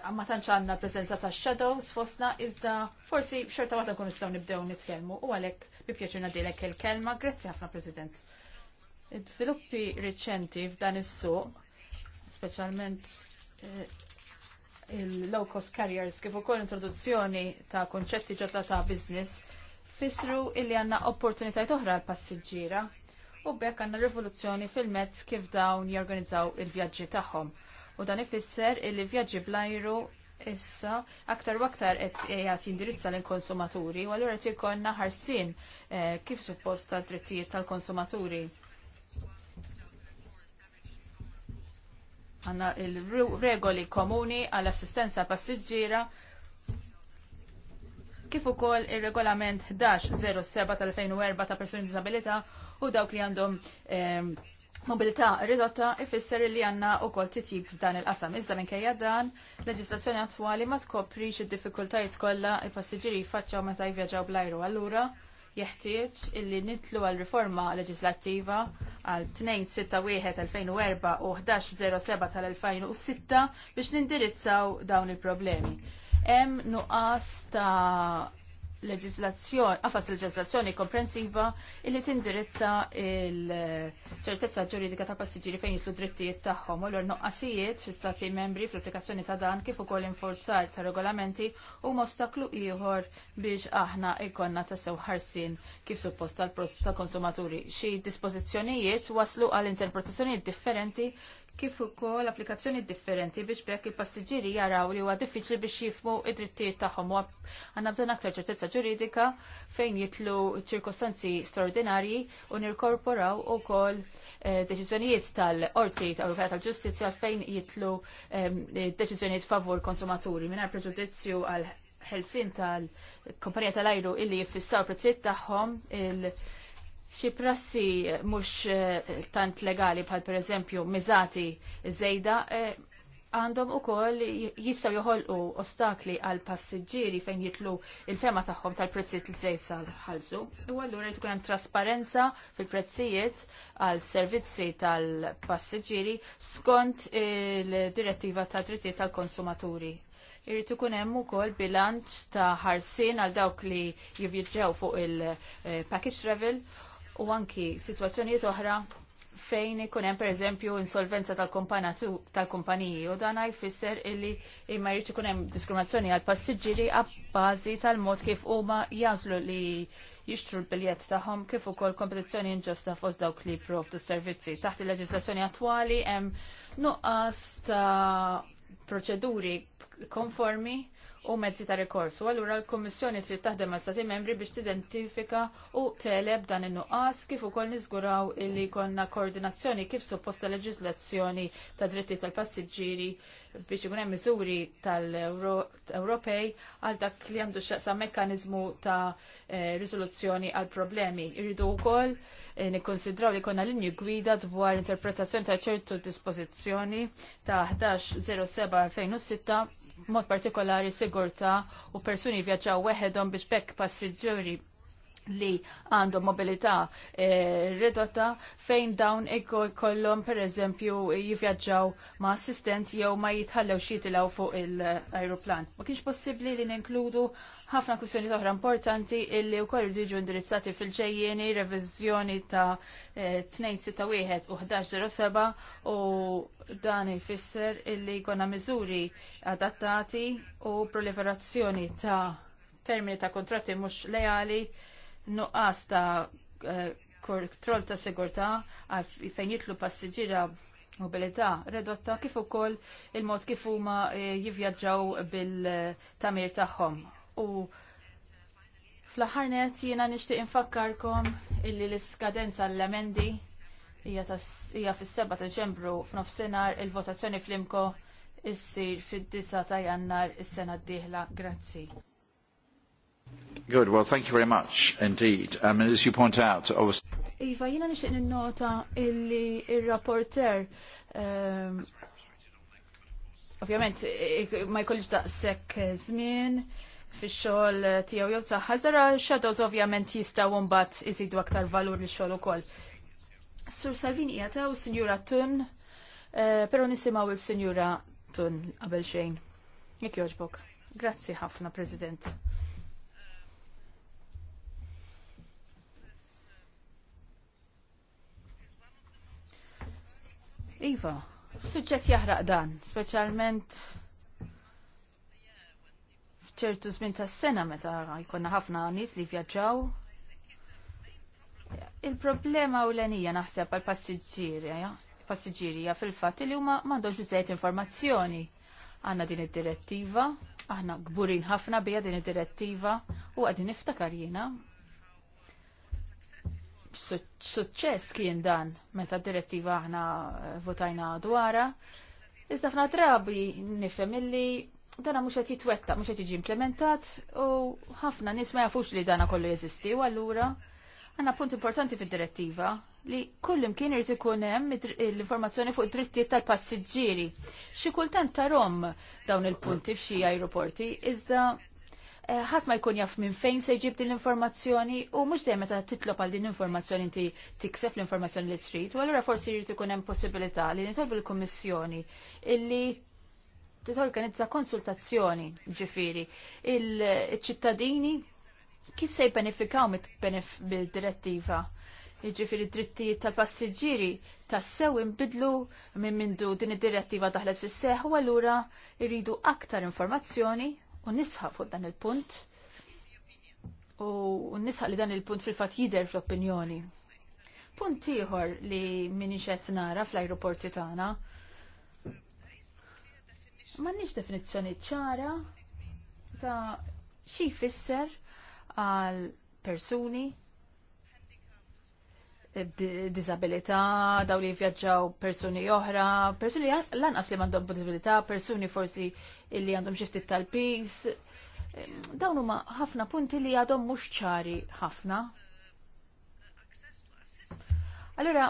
C: għamma eh, tanċ għanna prezenza ta' shadows fosna iżda forsi xorta għadna kun istaw nibdew nitkelmu u għalek bi pjaċir nadilek il-kelma. Grazzi ħafna, President. Id-filuppi reċenti f'dan is-suq, specialment eh, il-low cost carriers kif ukoll introduzzjoni ta' konċetti ġodda ta' business jfissru illi għandna opportunitajiet oħra għall-passiġġiera u bekk għandna rivoluzzjoni fil-mezz kif dawn jorganizzaw il-vjaġġi tagħhom. U dan ifisser illi vjaġġi bl-ajru issa aktar u aktar qed jagħti indirizza lil konsumaturi u allura qed ikollna ħarsien eh, kif suppost ta' drittijiet tal-konsumaturi. Għanna il-regoli komuni għall-assistenza passiġġiera kif ukoll ir-regolament 1107 tal-2004 ta' persuni disabilità u dawk li għandhom ehm, mobilità ridotta ifisser li għanna u kol titjib f'dan il-qasam. Iżda minkejja dan, leġislazzjoni attwali ma tkoprix id-diffikultajiet kollha il-passiġġieri jfaċċaw meta jvjaġġaw bl-ajru. Allura, jeħtieġ illi nitlu għal riforma leġislattiva għal 261-2004 u 1107 tal-2006 biex nindirizzaw dawn il-problemi hemm nuqqas ta' leġislazzjoni, għafas leġislazzjoni komprensiva illi tindirizza il-ċertezza ġuridika ta' passiġġieri fejn jitlu drittijiet tagħhom u l-noqqasijiet fi stati membri fl-applikazzjoni ta' dan kif ukoll infurzar ta' regolamenti u mostaklu ieħor biex aħna ikonna ta' sew ħarsin kif suppost tal-konsumaturi. prost Xi dispożizzjonijiet waslu għal interpretazzjonijiet differenti kif ukoll applikazzjoni differenti biex bekk il-passiġġieri jaraw li huwa diffiċli biex jifmu id-drittijiet tagħhom. Għandna bżonn aktar ċertezza ġuridika fejn jitlu ċirkostanzi straordinarji u nirkorporaw ukoll eh, deċiżjonijiet tal-Qorti Ewropea tal-Ġustizzja fejn jitlu ehm, deċiżjonijiet favur konsumaturi mingħajr preġudizzju għal ħelsin tal-kumpanija tal-ajru illi jiffissaw prezzijiet tagħhom il- xi prassi eh, mhux eh, tant legali bħal pereżempju miżati żejda eh, għandhom ukoll jistgħu joħolqu ostakli għal passiġġieri fejn jitlu il-fema tagħhom tal-prezzijiet li se jsalħalsu. U allura jrid ikun hemm trasparenza fil-prezzijiet għal servizzi tal-passiġġieri skont il-direttiva ta' drittijiet tal-konsumaturi irrit ikun hemm ukoll bilanċ ta' ħarsien għal dawk li jivvjaġġaw fuq il-package travel u anki situazzjonijiet oħra fejn ikun hemm pereżempju insolvenza tal-kumpaniji u dan jfisser illi imma jrid ikun hemm diskriminazzjoni għal passiġġieri abbażi tal-mod kif huma jażlu li jixtru l-biljett tagħhom kif ukoll kompetizzjoni inġusta fost dawk li jipprovdu s-servizzi. Taħt il-leġislazzjoni attwali hemm nuqqas ta' proċeduri konformi u mezzi ta' rikors. U allura l-Kummissjoni trid taħdem ma' stati membri biex tidentifika u teleb dan in-nuqqas kif ukoll niżguraw illi konna koordinazzjoni kif supposta leġiżlazzjoni ta' dritti tal-passiġġieri biex ikun hemm miżuri tal-Ewropej għal dak li għandu xaqsa mekkaniżmu ta' eh, riżoluzzjoni għal problemi. Irridu wkoll eh, nikkonsidraw li konna linju gwida dwar interpretazzjoni ta' ċertu dispożizzjoni ta' 11.07.2006 mod partikolari sigurta u persuni vjaġġaw weħedhom biex bekk passiġġuri li għandhom mobilità e, ridotta fejn dawn ikollhom pereżempju jivvjaġġaw ma' assistent jew ma jitħallew xitilaw fuq il-ajruplan. Ma kienx possibbli li ninkludu ħafna kwistjoni oħra importanti illi wkoll diġu indirizzati fil ġejjeni reviżjoni ta' e, eh, 261 u 1107 u dan ifisser illi jkollna miżuri adattati u proliferazzjoni ta' termini ta' kontratti mhux leali nuqqas ta' eh, kontroll ta' sigurtà fejn jitlu passiġġiera mobilità redotta kif ukoll il-mod kif huma eh, jivvjaġġaw bil-tamir tagħhom. U fl-aħħar net jiena nixtieq infakkarkom illi l-iskadenza l-emendi hija fis-7 ta' Ġembru f'nofsinhar il-votazzjoni fl-imko issir fid disa ta' Jannar is-sena d-dieħla. Grazzi.
A: Good, well, thank you very much indeed.
C: Um, as you point out, obviously... Iva, jina nixtieq ninnota illi il-rapporter um, Ovvjament, ma jkollix daqshekk żmien fix-xogħol tiegħu jew saħħa ħazara, shadows ovvjament jistgħu mbagħad iżidu aktar valur li xogħol ukoll. Sur Salvini jagħtaw Sinjura Tun, pero eh, però nisimgħu il-Sinjura Tun qabel xejn. Jekk jogħġbok. Grazzi ħafna, President. Iva, suġġett jaħraq dan, speċjalment f'ċertu żmien tas-sena meta jkollna ħafna nies li vjaġġaw. Il-problema ewlenija naħseb għal passiġġieri, passiġġieri fil-fatt li huma m'għandhomx biżejjed informazzjoni għanna din id-direttiva, aħna gburin ħafna bija din id-direttiva u għadin niftakar suċċess kien dan meta direttiva aħna eh, votajna dwara. Iżda fna drabi nifhem illi dana mhux qed jitwettaq, mhux qed jiġi implementat u ħafna nies ma jafux li dana kollu jeżisti u allura għandna punt importanti fid-direttiva li kullim kien irid ikun hemm l-informazzjoni fuq drittijiet tal-passiġġieri. Xi kultant tarom dawn il-punti f'xi ajruporti iżda Eh, ħadd ma jkun jaf minn fejn se jġib din l-informazzjoni u mhux dejjem meta titlob għal din l-informazzjoni inti tikseb l-informazzjoni li trid u allura forsi jrid ikun hemm possibilità li nitolbu l-Kummissjoni illi titorganizza konsultazzjoni ġifiri il-ċittadini kif se jbenefikaw mid-direttiva. Iġifiri drittijiet tal-passiġġieri tassew imbidlu minn mindu din id-direttiva daħlet fis seħħ u allura jridu aktar informazzjoni u nisħa fuq dan il-punt u nisħa li dan il-punt fil-fat jider fl-opinjoni. Punt ieħor li minni qed nara fl-ajruporti tagħna. M'għandniex definizzjoni ċara ta' xi jfisser għal persuni disabilità, daw li vjaġġaw persuni oħra, persuni lanqas li għandhom disabilità, persuni forsi li għandhom xifti tal-pis. Dawn huma ħafna punti li għadhom mhux ċari ħafna. Allora,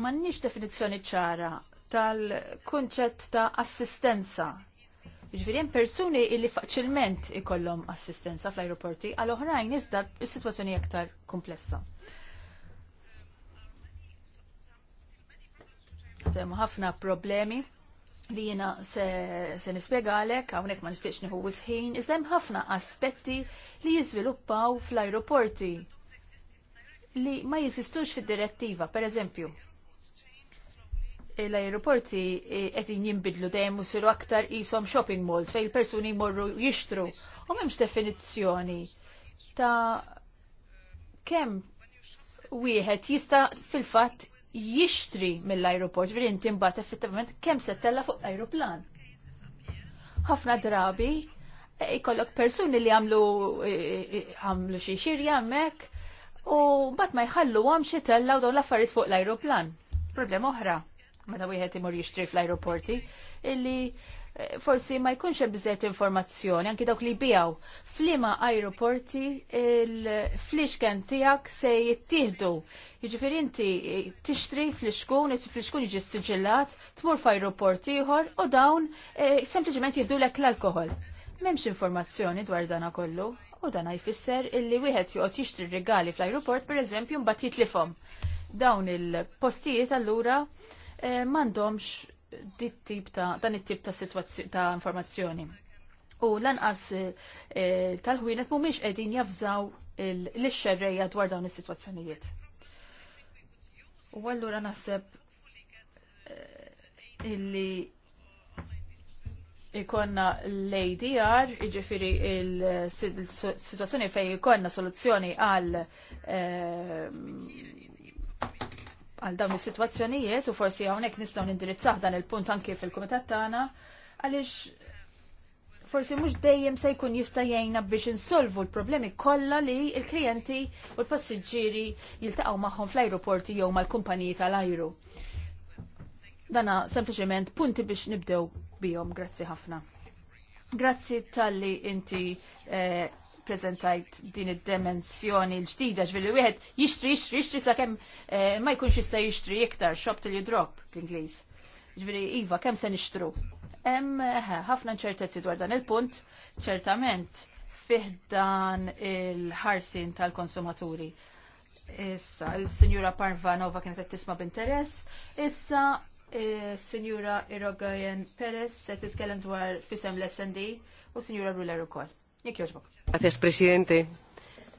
C: m'għandniex definizzjoni ċara tal-kunċett ta' assistenza. Ġifieri hemm persuni li faċilment ikollhom assistenza fl-ajruporti, għal oħrajn iżda s-sitwazzjoni aktar komplessa. Semmu ħafna problemi li jina se, se nispiega għalek, għawnek ma nishtiqx nħu wisħin, iżdem ħafna aspetti li jizviluppaw fl-aeroporti li ma jizistux fil-direttiva, per eżempju. L-aeroporti għedin eh, jinbidlu dejjem u siru aktar jisom shopping malls fejn il-persuni jmorru jixtru u m'hemmx definizzjoni ta' kemm wieħed jista' fil-fatt jixtri mill-aeroport, veri inti mbagħad effettivament kemm se tella fuq l-aeroplan. Ħafna drabi e, ikollok persuni li għamlu e, e, għamlu xi xirja hemmhekk u mbagħad ma jħallu għam xi tella u dawn l-affarijiet fuq l-aeroplan. Problema oħra meta wieħed imur jixtri fl-aeroporti illi forsi ma jkunx hemm bżejt informazzjoni anki dawk li bijaw. Flima aeroporti il-flixken tiegħek se jittieħdu. Jiġifieri inti tixtri flixkun, flixkun jiġi siġillat, tmur f'ajruport ieħor u dawn e, sempliċement jieħdulek l-alkohol. M'hemmx informazzjoni dwar dana kollu u dana jfisser illi wieħed joqgħod jixtri regali fl-ajruport pereżempju mbagħad jitlifhom. Dawn il-postijiet allura eh, m'għandhomx dit-tip ta' dan it-tip ta' situazzjoni ta' informazzjoni. U lanqas eh, eh, tal-ħwienet mhumiex qegħdin jafżaw l-xerreja dwar dawn is-sitwazzjonijiet. U allura naħseb eh, illi ikonna l-ADR, iġifiri il-situazzjoni fej ikonna soluzzjoni għal għal dawn is-sitwazzjonijiet u forsi hawnhekk nistgħu nindirizzah dan il-punt anke fil-kumitat tagħna għaliex forsi mhux dejjem se jkun jista' jgħinna biex insolvu l-problemi kollha li l-klijenti u l-passiġġieri jiltaqgħu magħhom fl-ajruporti jew mal-kumpaniji tal-ajru. Dana sempliċement punti biex nibdew bihom, grazzi ħafna. Grazzi tal-li inti eh, prezentajt din id-dimensjoni l-ġdida ġvili wieħed jixtri, jixtri, jixtri sakemm eh, ma jkunx jista' jixtri iktar xob till drop bl-Ingliż. Ġvili iva, kemm se nixtru? Hemm ħafna ċertezzi dwar dan il-punt, ċertament fih dan il-ħarsin tal-konsumaturi. Issa, il-Sinjura Parvanova kienet qed tisma' b'interess, issa Sinjura Irogajen Perez se titkellem dwar fisem l-SND u Sinjura Ruler ukoll. Jek joġbok.
A: Gracias, Presidente.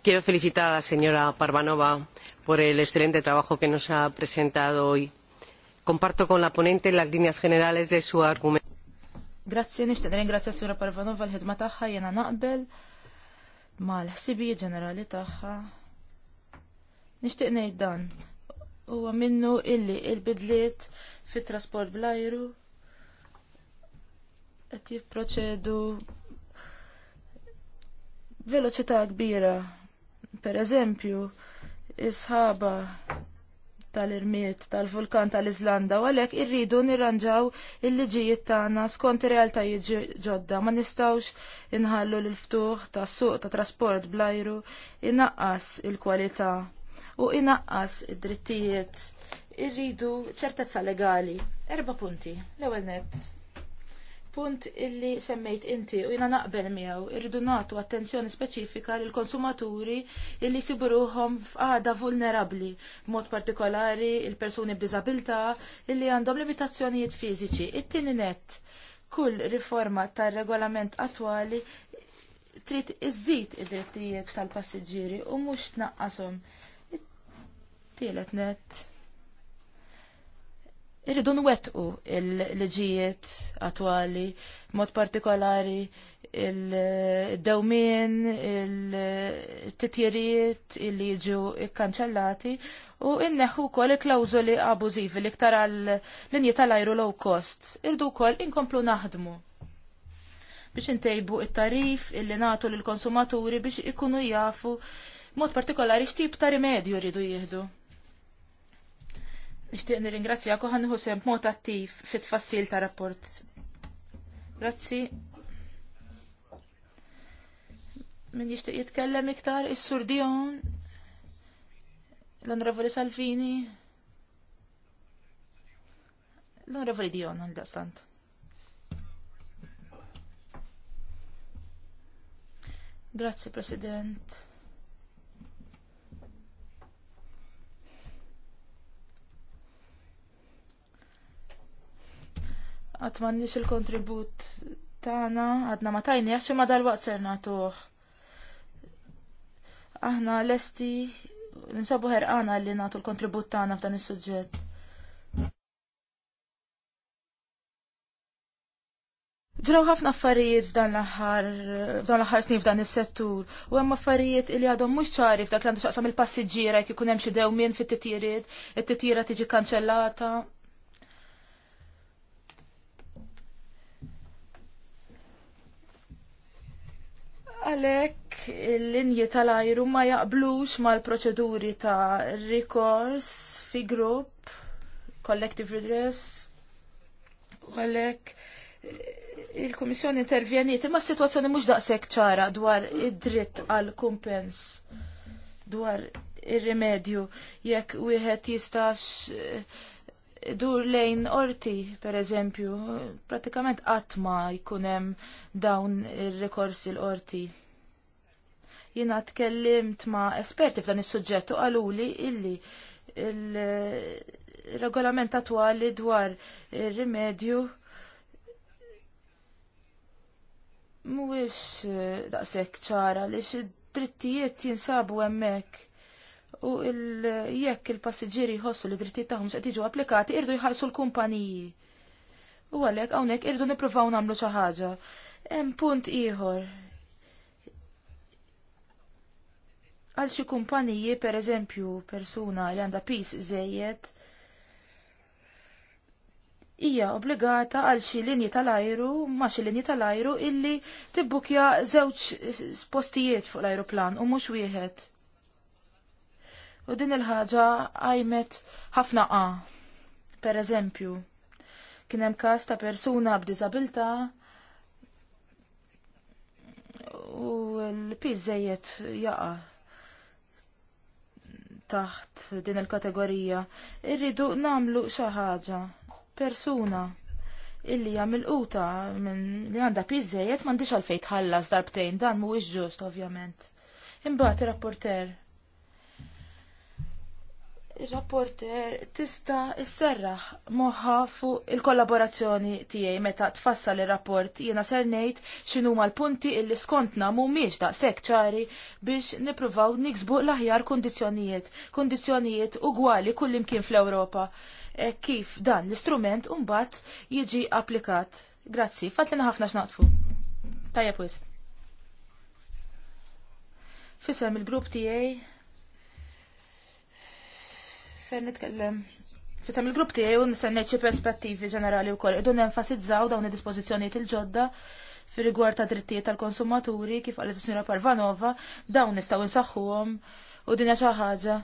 A: Quiero felicitar a la señora Parvanova por el excelente trabajo que nos ha presentado hoy. Comparto con la ponente las líneas generales de su argumento.
D: Grazie, nishtiq ringrazzja Sura Parvanova l-ħidma tagħha jiena naqbel mal-ħsibijiet ġenerali tagħha. Nixtieq ngħid dan huwa minnu illi il-bidliet fit-trasport bl-ajru qed jipproċedu veloċità kbira. Per eżempju, isħaba tal-irmiet tal-vulkan tal-Iżlanda u għalhekk irridu nirranġaw il-liġijiet tagħna skont ir realtà ġodda ma nistawx inħallu l-ftuħ tas-suq ta' trasport blajru inaqqas il-kwalità u inaqqas id-drittijiet irridu ċertezza legali. Erba punti. L-ewwel nett punt illi semmejt inti u jina naqbel miegħu irridu nagħtu attenzjoni speċifika lil konsumaturi illi siburuhom f'qagħda vulnerabbli, b'mod partikolari il-persuni b'diżabilità illi għandhom limitazzjonijiet fiżiċi. It-tieni nett, kull riforma tar-regolament attwali trid iżżid id-drittijiet tal-passiġġieri u mhux tnaqqashom. Tielet nett irridu nwettqu il-liġijiet attwali, mod partikolari il dawmin il-titjeriet li jiġu kanċellati u inneħu kol il-klawżoli abużivi li ktar għal linji tal-ajru low cost. Irdu kol inkomplu naħdmu biex intejbu il tarif il-li natu l-konsumaturi biex ikunu jafu mod partikolari xtib ta' rimedju rridu jihdu. Nixtieq nirringrazzjak ingrazzja ħanħu seb mod attiv fit-tfassil ta' rapport. Grazzi. Min jixtieq jitkellem iktar is-Sur Dion, l-Onorevoli Salvini, l-Onorevoli Dion għal daqstant. Grazzi, President. għatmannix il-kontribut tagħna għadna ma tajni għaxi ma dal-waqt ser tuħ. Aħna lesti ninsabu ħerqana li nagħtu l-kontribut tagħna f'dan is-suġġett. Ġraw ħafna affarijiet f'dan l-aħħar f'dan l-aħħar snin f'dan is-settur u hemm affarijiet li għadhom mhux ċari f'dak li għandu xaqsam il-passiġġiera jekk ikun hemm xi dewmien fit-titjiriet, it-titjira tiġi kanċellata. Għalhekk il-linji tal-ajru ma jaqblux mal-proċeduri ta' rikors fi grupp, collective redress, u għalhekk il-Komissjoni intervjeniet imma s-sitwazzjoni mhux daqshekk ċara dwar id-dritt għal kumpens dwar ir-remedju jekk wieħed jistax dur lejn orti, per eżempju, pratikament qatt ma jkun hemm dawn ir-rekorsi l-orti. Jina tkellimt ma' esperti f'dan is-suġġett u illi il-regolament attuali dwar ir-rimedju mhuwiex eh, daqshekk ċara li drittijiet jinsabu hemmhekk u jekk il-passiġġieri jħossu li drittijiet tagħhom se jiġu applikati irdu jħallsu l-kumpaniji. U għalhekk hawnhekk irdu nippruvaw nagħmlu xi ħaġa. Hemm punt ieħor għal xi kumpaniji per eżempju persuna li għandha pis żejjed hija obbligata għal xi linji tal-ajru ma xi linji tal-ajru illi tibbukja żewġ postijiet fuq l-ajruplan u mhux wieħed. U din il-ħaġa għajmet ħafna qa. Per eżempju, kien hemm każ ta' persuna b'diżabilità u l-piż żejjed jaqa' taħt din il-kategorija, irridu namlu xi ħaġa. Persuna illi hija quta minn li għandha piżejjed m'għandhiex għalfejn tħallas darbtejn dan mhuwiex ġust ovvjament. Imbagħad ir-rapporter Il-rapporter tista isserraħ moħħa fuq il-kollaborazzjoni tiegħi meta tfassal ir-rapport jiena ser ngħid x'inhuma l-punti illi skontna mhumiex daqshekk ċari biex nippruvaw niksbu l-aħjar kundizzjonijiet, kundizzjonijiet ugwali kull imkien fl-Ewropa. E kif dan l-istrument mbagħad jiġi applikat. Grazzi, fatlina ħafna x'naqtfu. Tajja pwis. Fisem il-grupp tiegħi Ser nitkellem Fisem il-grupp tiegħi u xi perspettivi ġenerali wkoll irdu nenfasizzaw dawn id-dispożizzjonijiet il-ġodda fir rigward ta' drittijiet tal-konsumaturi kif qalet is-Sinjora Parvanova dawn nistgħu nsaħħuhom u dinja xi ħaġa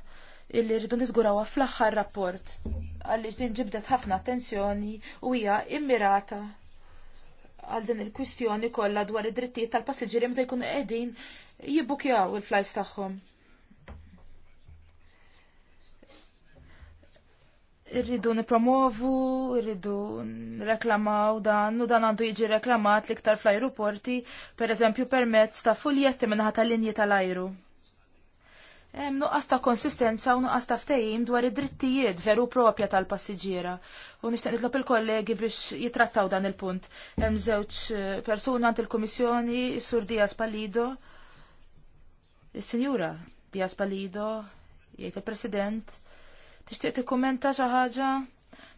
D: illi rridu niżgurawha fl-aħħar rapport għaliex din ġibdet ħafna attenzjoni u hija immirata għal din il-kwistjoni kollha dwar id-drittijiet tal-passiġġieri meta jkunu qegħdin jibbukjaw il-flajs tagħhom. irridu nipromovu, irridu reklamaw dan, u dan għandu jiġi reklamat liktar fl-aeroporti, per eżempju permezz ta' fuljetti minnaħa tal-linji tal-ajru. Hemm nuqqas ta' konsistenza u nuqqas ta' ftehim dwar id-drittijiet veru propja tal-passiġġiera. U nixtieq nitlob il-kollegi biex jitrattaw dan il-punt. Hemm żewġ eh, persuna għand il-Kummissjoni, Sur Dias Palido, is-Sinjura Dias Palido, jgħid il-President, Tixtieq tikkumenta xi ħaġa?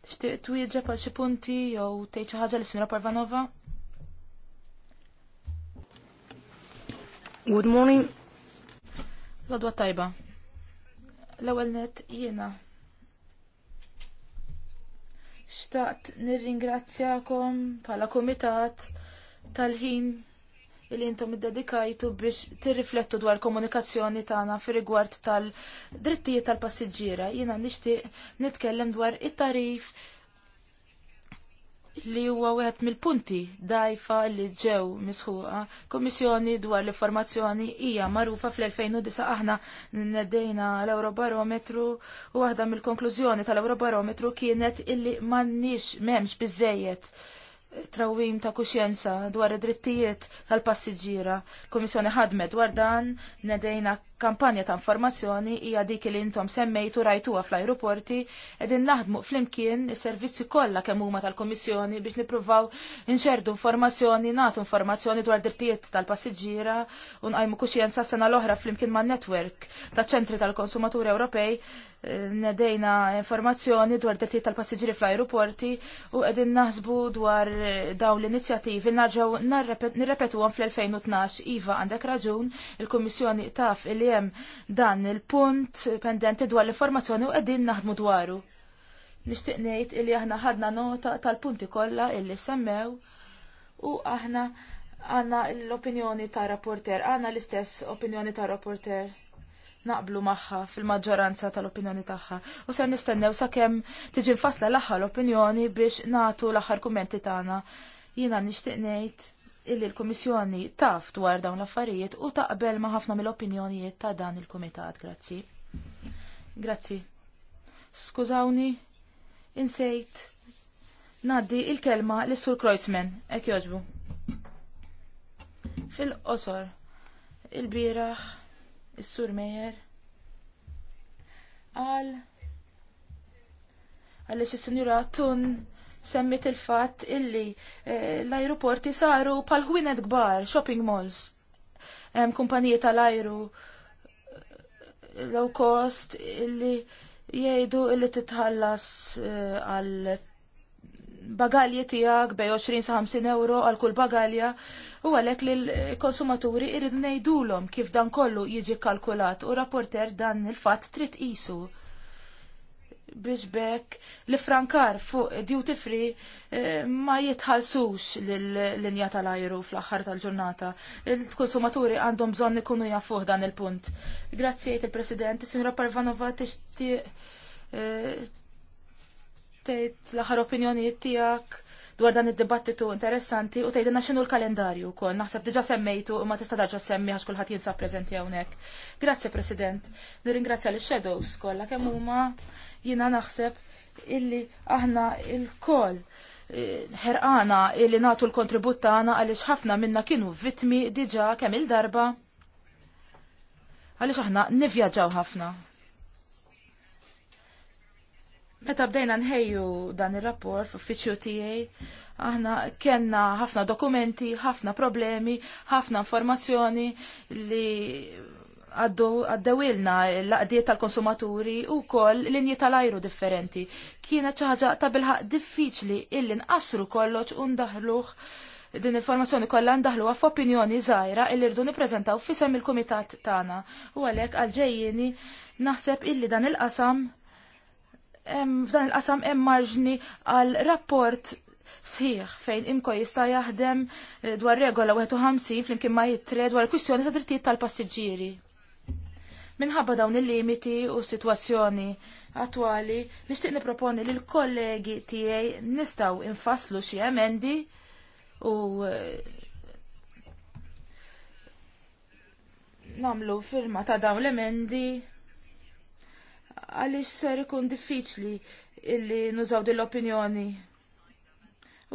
D: Tixtieq twieġeb għal xi punti jew tgħid xi ħaġa lis-Sinra Parvanova? Good morning. Lodwa tajba. L-ewwel net jiena xtaqt nirringrazzjakom bħala kumitat tal-ħin il intom iddedikajtu biex tirriflettu dwar komunikazzjoni tagħna fir rigward tal-drittijiet tal-passiġġiera. Jiena nixtieq nitkellem dwar it-tarif li huwa wieħed mill-punti dajfa li ġew misħuqa. Kommissjoni dwar l-informazzjoni hija magħrufa fl-2009 aħna neddejna l-Eurobarometru u waħda mill-konklużjoni tal-Eurobarometru kienet illi m'għandniex m'hemmx biżejjed trawim ta' kuxjenza dwar id-drittijiet tal-passiġġiera. Komissjoni ħadmet dwar dan, nedejna kampanja ta' informazzjoni hija dik li intom semmejtu rajtuha fl-ajruporti qegħdin naħdmu flimkien is-servizzi kollha kemm huma tal-Kummissjoni biex nippruvaw inxerdu informazzjoni, nagħtu informazzjoni dwar drittijiet tal-passiġġiera u nqajmu kuxjenza sena l-oħra flimkien man-netwerk ta' ċentri tal-Konsumaturi Ewropej eh, nedejna informazzjoni dwar drittijiet tal-passiġġieri fl-ajruporti u qegħdin naħsbu dwar eh, dawn l-inizjattivi narrepetuhom nirrepetuhom fl-2012. Iva għandek raġun, il-Kummissjoni taf illi jem hemm dan il-punt pendenti dwar l-informazzjoni u qegħdin naħdmu dwaru. Nixtieq ngħid li aħna ħadna nota tal-punti kollha illi semmew u aħna għanna l-opinjoni ta' rapporter, għanna l-istess opinjoni ta' rapporter naqblu maħħa fil-maġġoranza tal-opinjoni tagħha. U ser nistennew sakemm tiġi fasla l-aħħar opinjoni biex natu l-aħħar kummenti tagħna. Jiena nixtieq ngħid illi l-Komissjoni taf dwar dawn l-affarijiet u taqbel ma' ħafna mill-opinjonijiet ta' dan il-Kumitat. Grazzi. Grazzi. Skużawni, insejt. Naddi il-kelma l-Sur Kreuzman, ek joġbu. Fil-qosor, il-biraħ, il-Sur Meyer, għal, għalli s Tun, semmit il-fatt illi eh, l-ajruporti saru pal ħwienet kbar, shopping malls. Hemm kumpaniji tal-ajru eh, low cost illi jgħidu illi titħallas eh, għal bagalji tijak bej 20 sa 50 euro għal kull bagalja u għalek li l-konsumaturi irridu nejdulom kif dan kollu jiġi kalkulat u rapporter dan il-fat trid isu biex li frankar fuq duty free eh, ma jitħalsux l-linja tal-ajru fl-axħar tal-ġurnata. Il-konsumaturi għandhom bżonn ikunu jafuh dan il-punt. Grazie jgħid il-President, Sinra Parvanova tixtieq eh, tgħid l-aħħar opinjonijiet tiegħek dwar dan id-dibattitu interessanti u tgħidilna x'inhu l-kalendarju wkoll. Naħseb diġà semmejtu u ma tista' darġa' semmi għax kulħadd jinsab preżenti hawnhekk. Grazzi President. Nirringrazzja lix shadows kollha kemm huma jiena naħseb illi aħna l koll eh, ħerqana illi nagħtu l-kontribut tagħna għaliex ħafna minna kienu vittmi diġà kemm il-darba għaliex aħna nivvjaġġaw ħafna Meta bdejna nħejju dan ir-rapport f'uffiċċju tiegħi, aħna kenna ħafna dokumenti, ħafna problemi, ħafna informazzjoni li għaddewilna l-laqdiet tal-konsumaturi u koll linji tal-ajru differenti. Kienet ċaħġa ta' bilħaq diffiċli illi nqassru kollox u ndaħluh din informazzjoni kollha ndaħluha f'opinjoni żgħira illi rdu nippreżentaw fisem il-kumitat tagħna. U għalhekk għalġejjieni naħseb illi dan il-qasam f'dan il-qasam hemm marġni għal rapport sħiħ fejn imko jista' jaħdem eh, dwar regola 51 flimkien ma jitre dwar kwistjoni ta' drittijiet tal-passiġġieri. Minħabba dawn il-limiti u s-sitwazzjoni attwali, nixtieq niproponi lil kollegi tiegħi nistgħu infasslu xi emendi u eh, namlu firma ta' dawn l-emendi għaliex ser ikun diffiċli illi nużaw din l-opinjoni.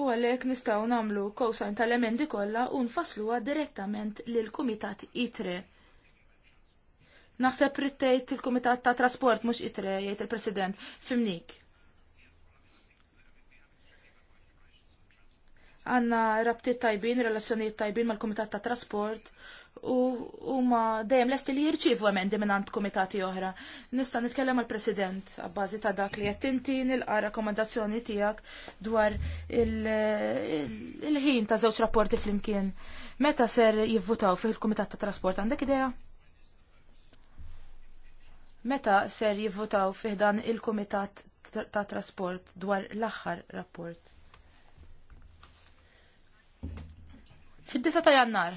D: U għalhekk nistgħu nagħmlu kowsajn tal-emendi kollha u nfassluha direttament lil kumitat ITRE. Naħseb rittejt il-Kumitat ta' Trasport mhux ITRE jgħid il-President fimnik. Għanna rabtiet tajbin, relazzjonijiet tajbin mal-Kumitat ta' Trasport u huma dejjem lesti li jirċievu emendi minn għand kumitati oħra. Nista' nitkellem għall president abbażi ta' dak li qed inti nilqa' rakkomandazzjoni tiegħek dwar il-ħin ta' żewġ rapporti flimkien. Meta ser jivvutaw fih il-Kumitat ta' Trasport għandek idea? Meta ser jivvutaw fih dan il-Kumitat ta' Trasport dwar l-aħħar rapport? fid disa ta' jannar.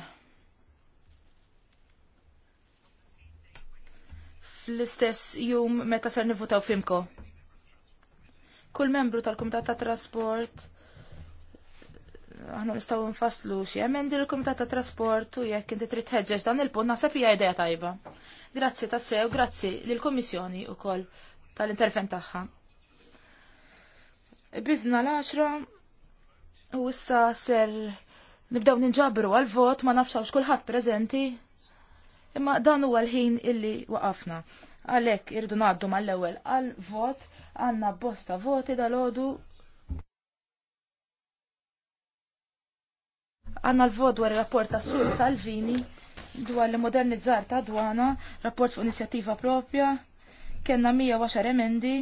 D: fl-istess jum meta ser nivutaw fimko. Kull membru tal-Kumitat ta' Trasport aħna nistgħu nfasslu xi emendi l-Kumitat ta' Trasport u jekk inti trid tħeġġeġ dan il-punt naħseb hija idea tajba. Grazzi tassew, grazzi lill-Kummissjoni wkoll tal-intervent tagħha. Bizna l-10 u issa ser nibdew ninġabru għal-vot ma għal kulħadd preżenti Imma dan huwa l-ħin illi waqafna. Għalhekk irdu ngħaddu mal-ewwel għal vot għandna bosta voti dal-għodu għanna l-vot dwar il-rapport ta' Sur Salvini dwar li modernizzar ta' dwana, rapport fuq inizjattiva propja, kena 110 emendi,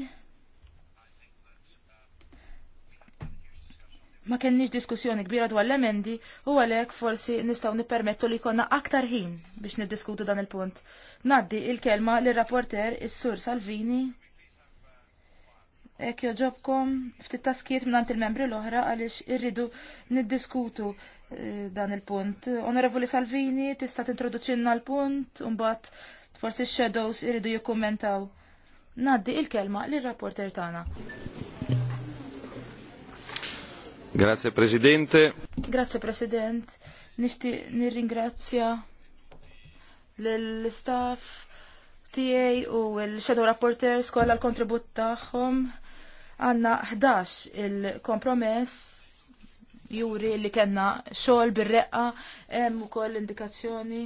D: ma kenniex diskussjoni kbira dwar l-emendi u għalhekk forsi nistgħu nippermettu li jkollna aktar ħin biex niddiskutu dan il-punt. Naddi il-kelma lir rapporter is-Sur Salvini. Ek joġobkom ftit taskiet minn il-membri l-oħra għaliex irridu niddiskutu eh, dan il-punt. Onorevoli Salvini, tista' tintroduċinna l-punt, mbagħad forsi x-shadows irridu jikkummentaw. Naddi il-kelma l rapporter tagħna.
C: Grazie Presidente.
D: Grazie President. Nishti nirringrazzja l-staff tiegħi u l-shadow rapporters kollha l-kontribut tagħhom. Għanna 11 il-kompromess juri li kena xogħol bir-reqqa hemm ukoll indikazzjoni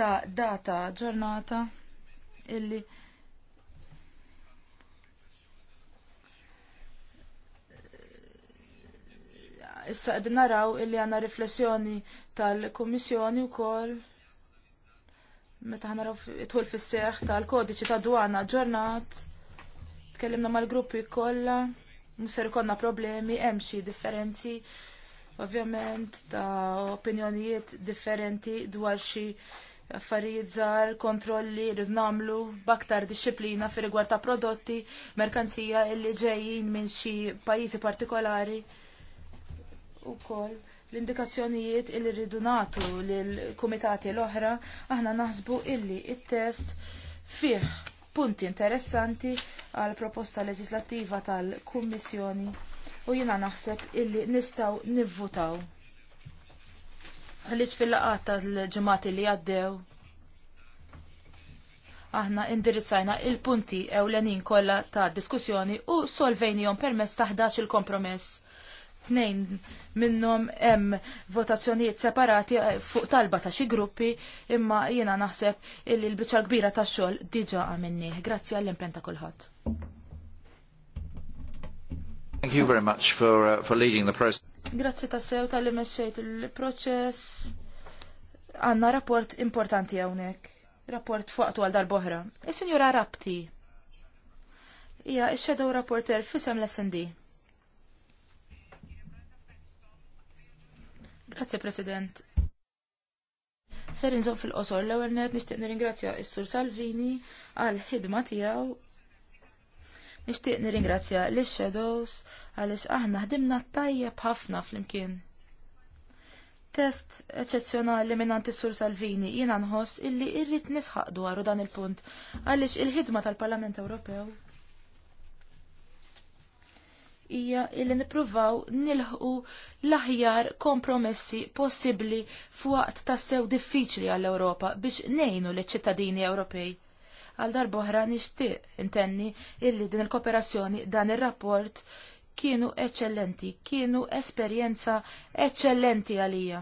D: ta' data ġurnata illi issa qegħdin naraw illi għandna riflessjoni tal-Kummissjoni wkoll meta naraw idħul fis-seħħ tal-kodiċi ta' dwana ġurnat. Tkellimna mal-gruppi kollha, musser ikollna problemi, hemm xi differenzi ovvjament ta' opinjonijiet differenti dwar xi affarijiet żgħar, kontrolli rrid nagħmlu b'aktar dixxilpina fir rigward ta' prodotti, merkanzija li ġejjin minn xi pajjiżi partikolari ukoll l-indikazzjonijiet illi rridu nagħtu lill-kumitati l-oħra, aħna naħsbu illi t il test fih punti interessanti għal proposta leġislattiva tal-Kummissjoni u jiena naħseb illi nistgħu nivvutaw. Għaliex fil-laqat tal-ġimgħati li għaddew aħna indirizzajna il-punti ewlenin kollha ta' diskussjoni u solvejnijom permess taħdax il-kompromess Tnejn minnhom hemm votazzjonijiet separati eh, fuq talba ta' xi gruppi imma jiena naħseb illi l-biċċa kbira tax-xogħol diġà għamilni. Grazzi għall impenta ta' kulħadd.
C: Thank you very much for, uh, for leading the process.
D: Grazzi ta' sew tal-li mexxejt il-proċess. Għanna rapport importanti hawnhekk rapport fuqtu għal darboħra. Is-Sinjura Rapti. Ija, il-Shadow Rapporter fisem l-SND. Grazie, President. Ser inżob fil-qosor l-ewwel net nixtieq nirringrazzja s-Sur Salvini għal ħidma tiegħu. Nixtieq nirringrazzja lis shadows għaliex aħna ħdimna tajjeb ħafna flimkien. Test eċezzjonali minn is-Sur Salvini jiena nħoss illi irrid nisħaq dwaru dan il-punt għaliex il-ħidma tal-Parlament Ewropew hija illi nippruvaw nilħqu l-aħjar kompromessi possibbli f'waqt tassew diffiċli għall-Ewropa biex ngħinu l ċittadini Ewropej. Għal darboħra nixtieq intenni illi din il-kooperazzjoni dan ir-rapport kienu eċċellenti, kienu esperjenza eċċellenti għalija.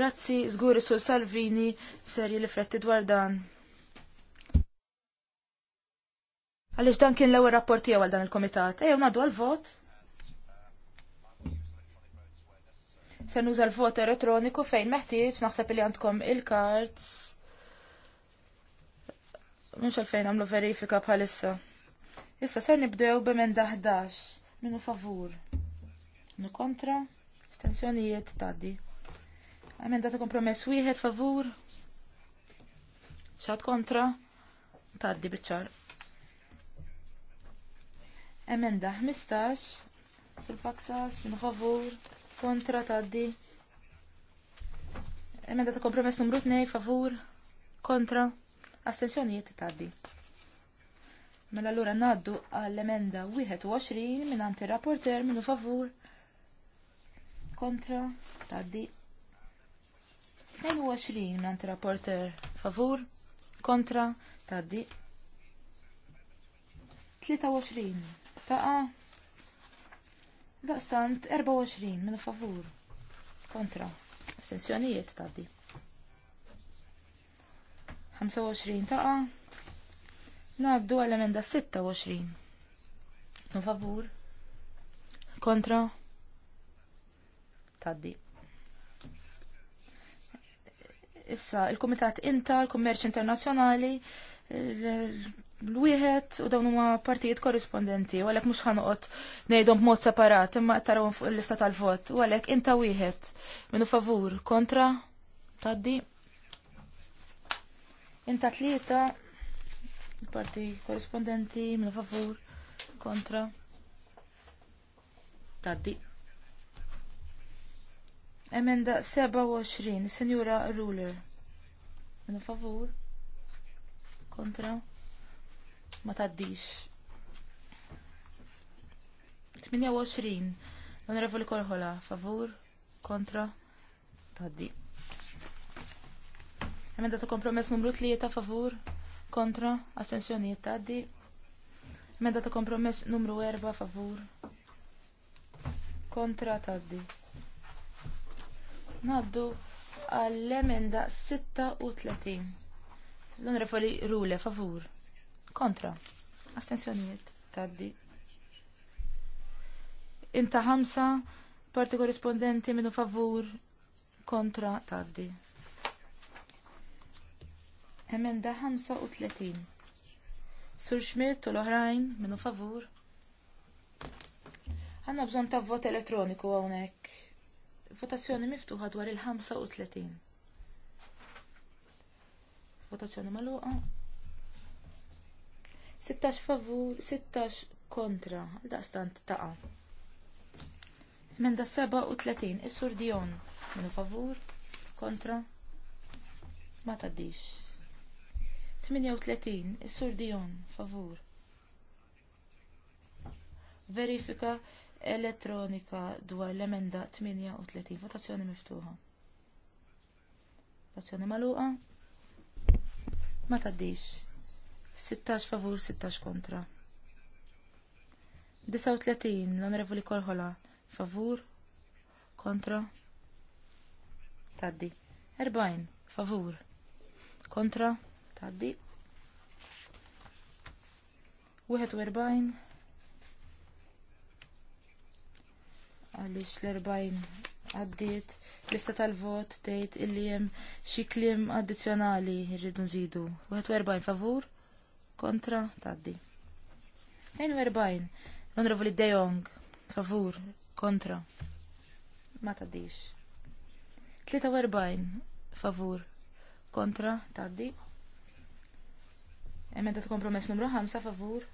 D: Grazzi, żgur Sur Salvini, serji li fretti dwar dan. Għaliex dan kien l-ewwel rapport tiegħu għal dan il-komitat. Ejjew ngħaddu għal-vot. Se nuża l-vot elettroniku fejn meħtieġ naħseb li għandkom il-kards. Mhux għalfejn għamlu verifika bħalissa. Issa se nibdew b'emenda 11. Minu favur. Minu kontra. Stenzjonijiet taddi. Emenda ta' kompromess wieħed favur. Xat kontra. Taddi biċċar. Emenda 15 sul-paksas in favur kontra taddi. Emenda ta' kompromess numru 2 favur kontra astensjonijiet taddi. Mela allura naddu għall-emenda 21 minn anti rapporter minnu favur kontra taddi. 22 minn anti rapporter favur kontra taddi. 23 taqa. Daqstant 24 minn favur kontra astensjonijiet taddi. 25 taqa. Naddu għal-emenda 26. minn favur. Kontra. Taddi. Issa, il-Komitat Inta, l-Kommerċ Internazjonali, l-wieħed u dawn huma partijiet korrispondenti u għalhekk mhux ħanoqgħod ngħidhom b'mod separat imma tarawhom fuq il-lista tal-vot u għalhekk inta wieħed minnu favur kontra taddi. Inta tlieta parti korrispondenti minnu favur kontra taddi. Emenda 27, Senjura Ruler. Minnu favur kontra ma taddix. 28. Onorevoli Korhola, favur, kontra, taddi. Emenda ta' kompromess numru 3 ta' favur, kontra, astensjoni, taddi. Emenda ta' kompromess numru 4 favur, kontra taddi. Naddu għall-emenda 36. L-onorevoli Rule, favur kontra astensjonijiet taddi. Inta ħamsa parti korrispondenti minnu favur kontra taddi. Emenda tletin. Sur Schmidt u l-oħrajn minnu favur. Għanna bżon ta' vot elettroniku għawnek. Votazzjoni miftuħa dwar il-35. Votazzjoni maluqa. 16 favur, 16 kontra, daqstant taqa. Menda 37, is-sur Dion, minu favur, kontra, ma taddix. 38, is-sur Dion, favur. Verifika elettronika dwar l-emenda 38, votazzjoni miftuħa. Votazzjoni magħluqa? ma taddix. 16 favur, 16 kontra. 39, l-onorevoli Korhola favur, kontra, taddi. 40, favur, kontra, taddi. 41, għalix l-40 għaddiet lista tal-vot tgħid illi hemm xi kliem addizzjonali rridu nżidu. 41 favur, kontra taddi. 42. Onorevoli De Jong, favur, kontra. Ma taddix. 43. Favur, kontra taddi. Emenda ta' kompromess numru 5, favur,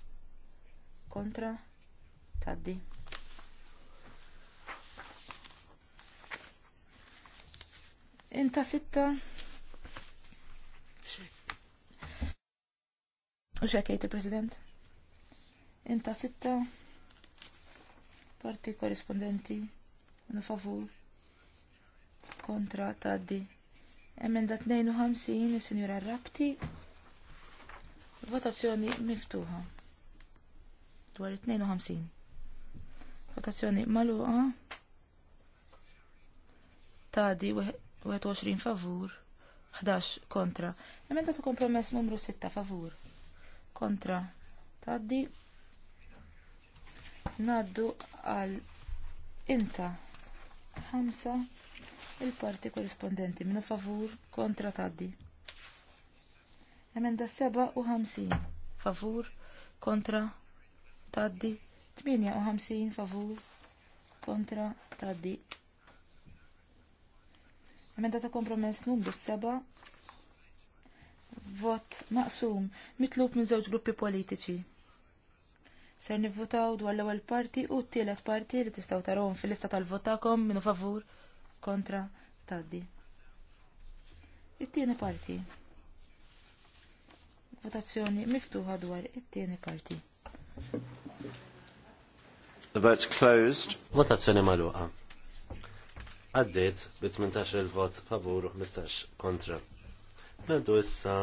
D: kontra taddi. Inta sitta U xekajt il-President? Inta sitta parti korrespondenti minu favur kontra taddi. Emenda 52 il-Sinjura Rapti. Votazzjoni miftuħa. Dwar 52. Votazzjoni maluqa. Tadi 21 favur, 11 kontra. Emenda ta' kompromess numru 6 favur kontra taddi ngħaddu għal inta ħamsa il-parti korrispondenti minn favur kontra taddi. Emenda 57 favur kontra taddi 58 favur kontra taddi. Emenda ta' kompromess numru 7 vot maqsum mitlub minn żewġ gruppi politiċi. Ser nivvotaw dwar l-ewwel parti u t-tielet parti li tistgħu tarawhom fil-lista tal-votakom minu favur kontra taddi. It-tieni parti. Votazzjoni miftuħa dwar it-tieni parti.
B: The vote's closed. Votazzjoni magħluqa. Għaddiet bi 18 il-vot favur u 15 kontra. Nadu issa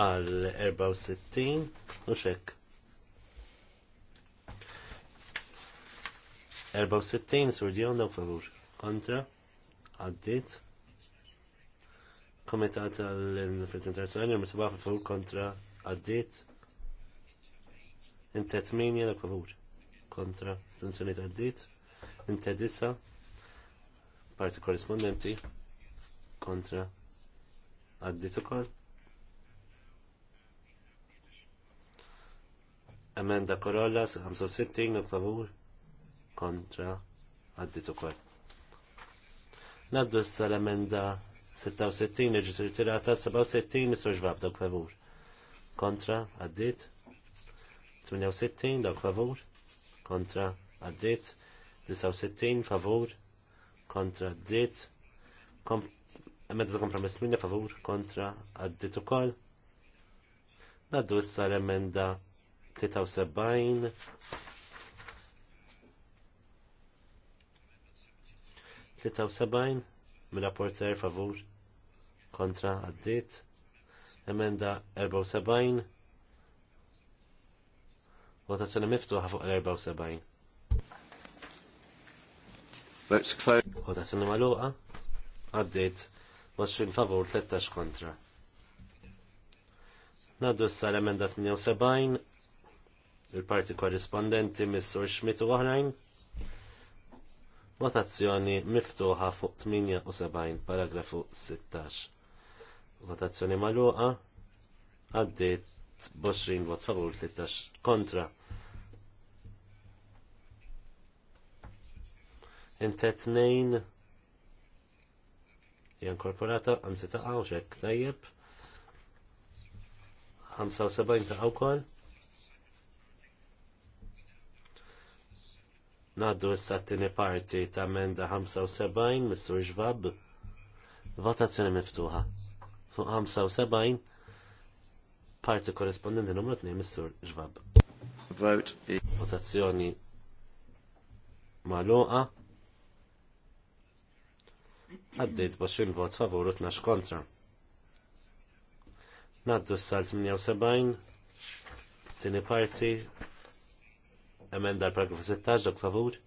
B: għal 64 u xek. 64 sur di għandaw favur. Kontra, għaddit. Komitat għal-Fritin Internazjonali, sabaħ favur kontra, għaddit. Intet minja dak favur. Kontra, stanzjoniet għaddit. Intet disa. Parti korrispondenti kontra għaddit u koll. Amanda Corolla 65 minn favur kontra għaddit ukoll. Naddu issa l-emenda 66 li ġiet ritirata 67 nisur ġbab dawk favur. Kontra għaddit 68 dawk favur kontra għaddit 69 favur kontra għaddit Emenda ta' kompromess minni favur kontra għaddit ukoll. Naddu issa l-emenda 73 73 mir-rapporter favur kontra għaddit emenda 74 votazzjoni miftuħa fuq l-74 Votazzjoni maluqa għaddit 20 favur, 13 kontra. Naddu s emenda 78, il-parti korrispondenti Missur Schmidt u oħrajn. Votazzjoni miftuħa fuq 78, paragrafu 16. Votazzjoni maluqa, għaddit 20 vot favur, 13 kontra. Intet 2 hija inkorporata, anzi taqa' u tajjeb. 75 ta' wkoll. Naddu issa t-tieni parti ta' emenda 75 mis-Sur Votazzjoni miftuħa. Fuq 75 parti korrespondenti numru 2 mis-Sur Vote. Votazzjoni maluqa għaddejt box il-vot favur u t-nax kontra. Naddu s-sal-78, tini parti, emenda l-paragrafu 16, dok favur.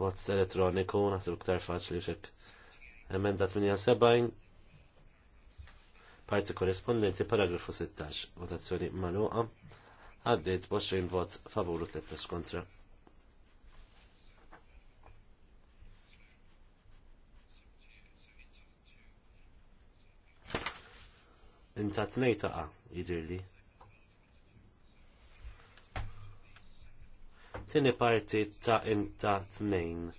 B: Vot elettroniku, nasib ktar li xek. Emenda 78, parti korrespondenti paragrafu 16, votazzjoni maluqa, għaddit 20 vot favur u t-nax kontra. Inta t-nej taqa, ah, jidirli. Tini parti ta' inta t-nejn.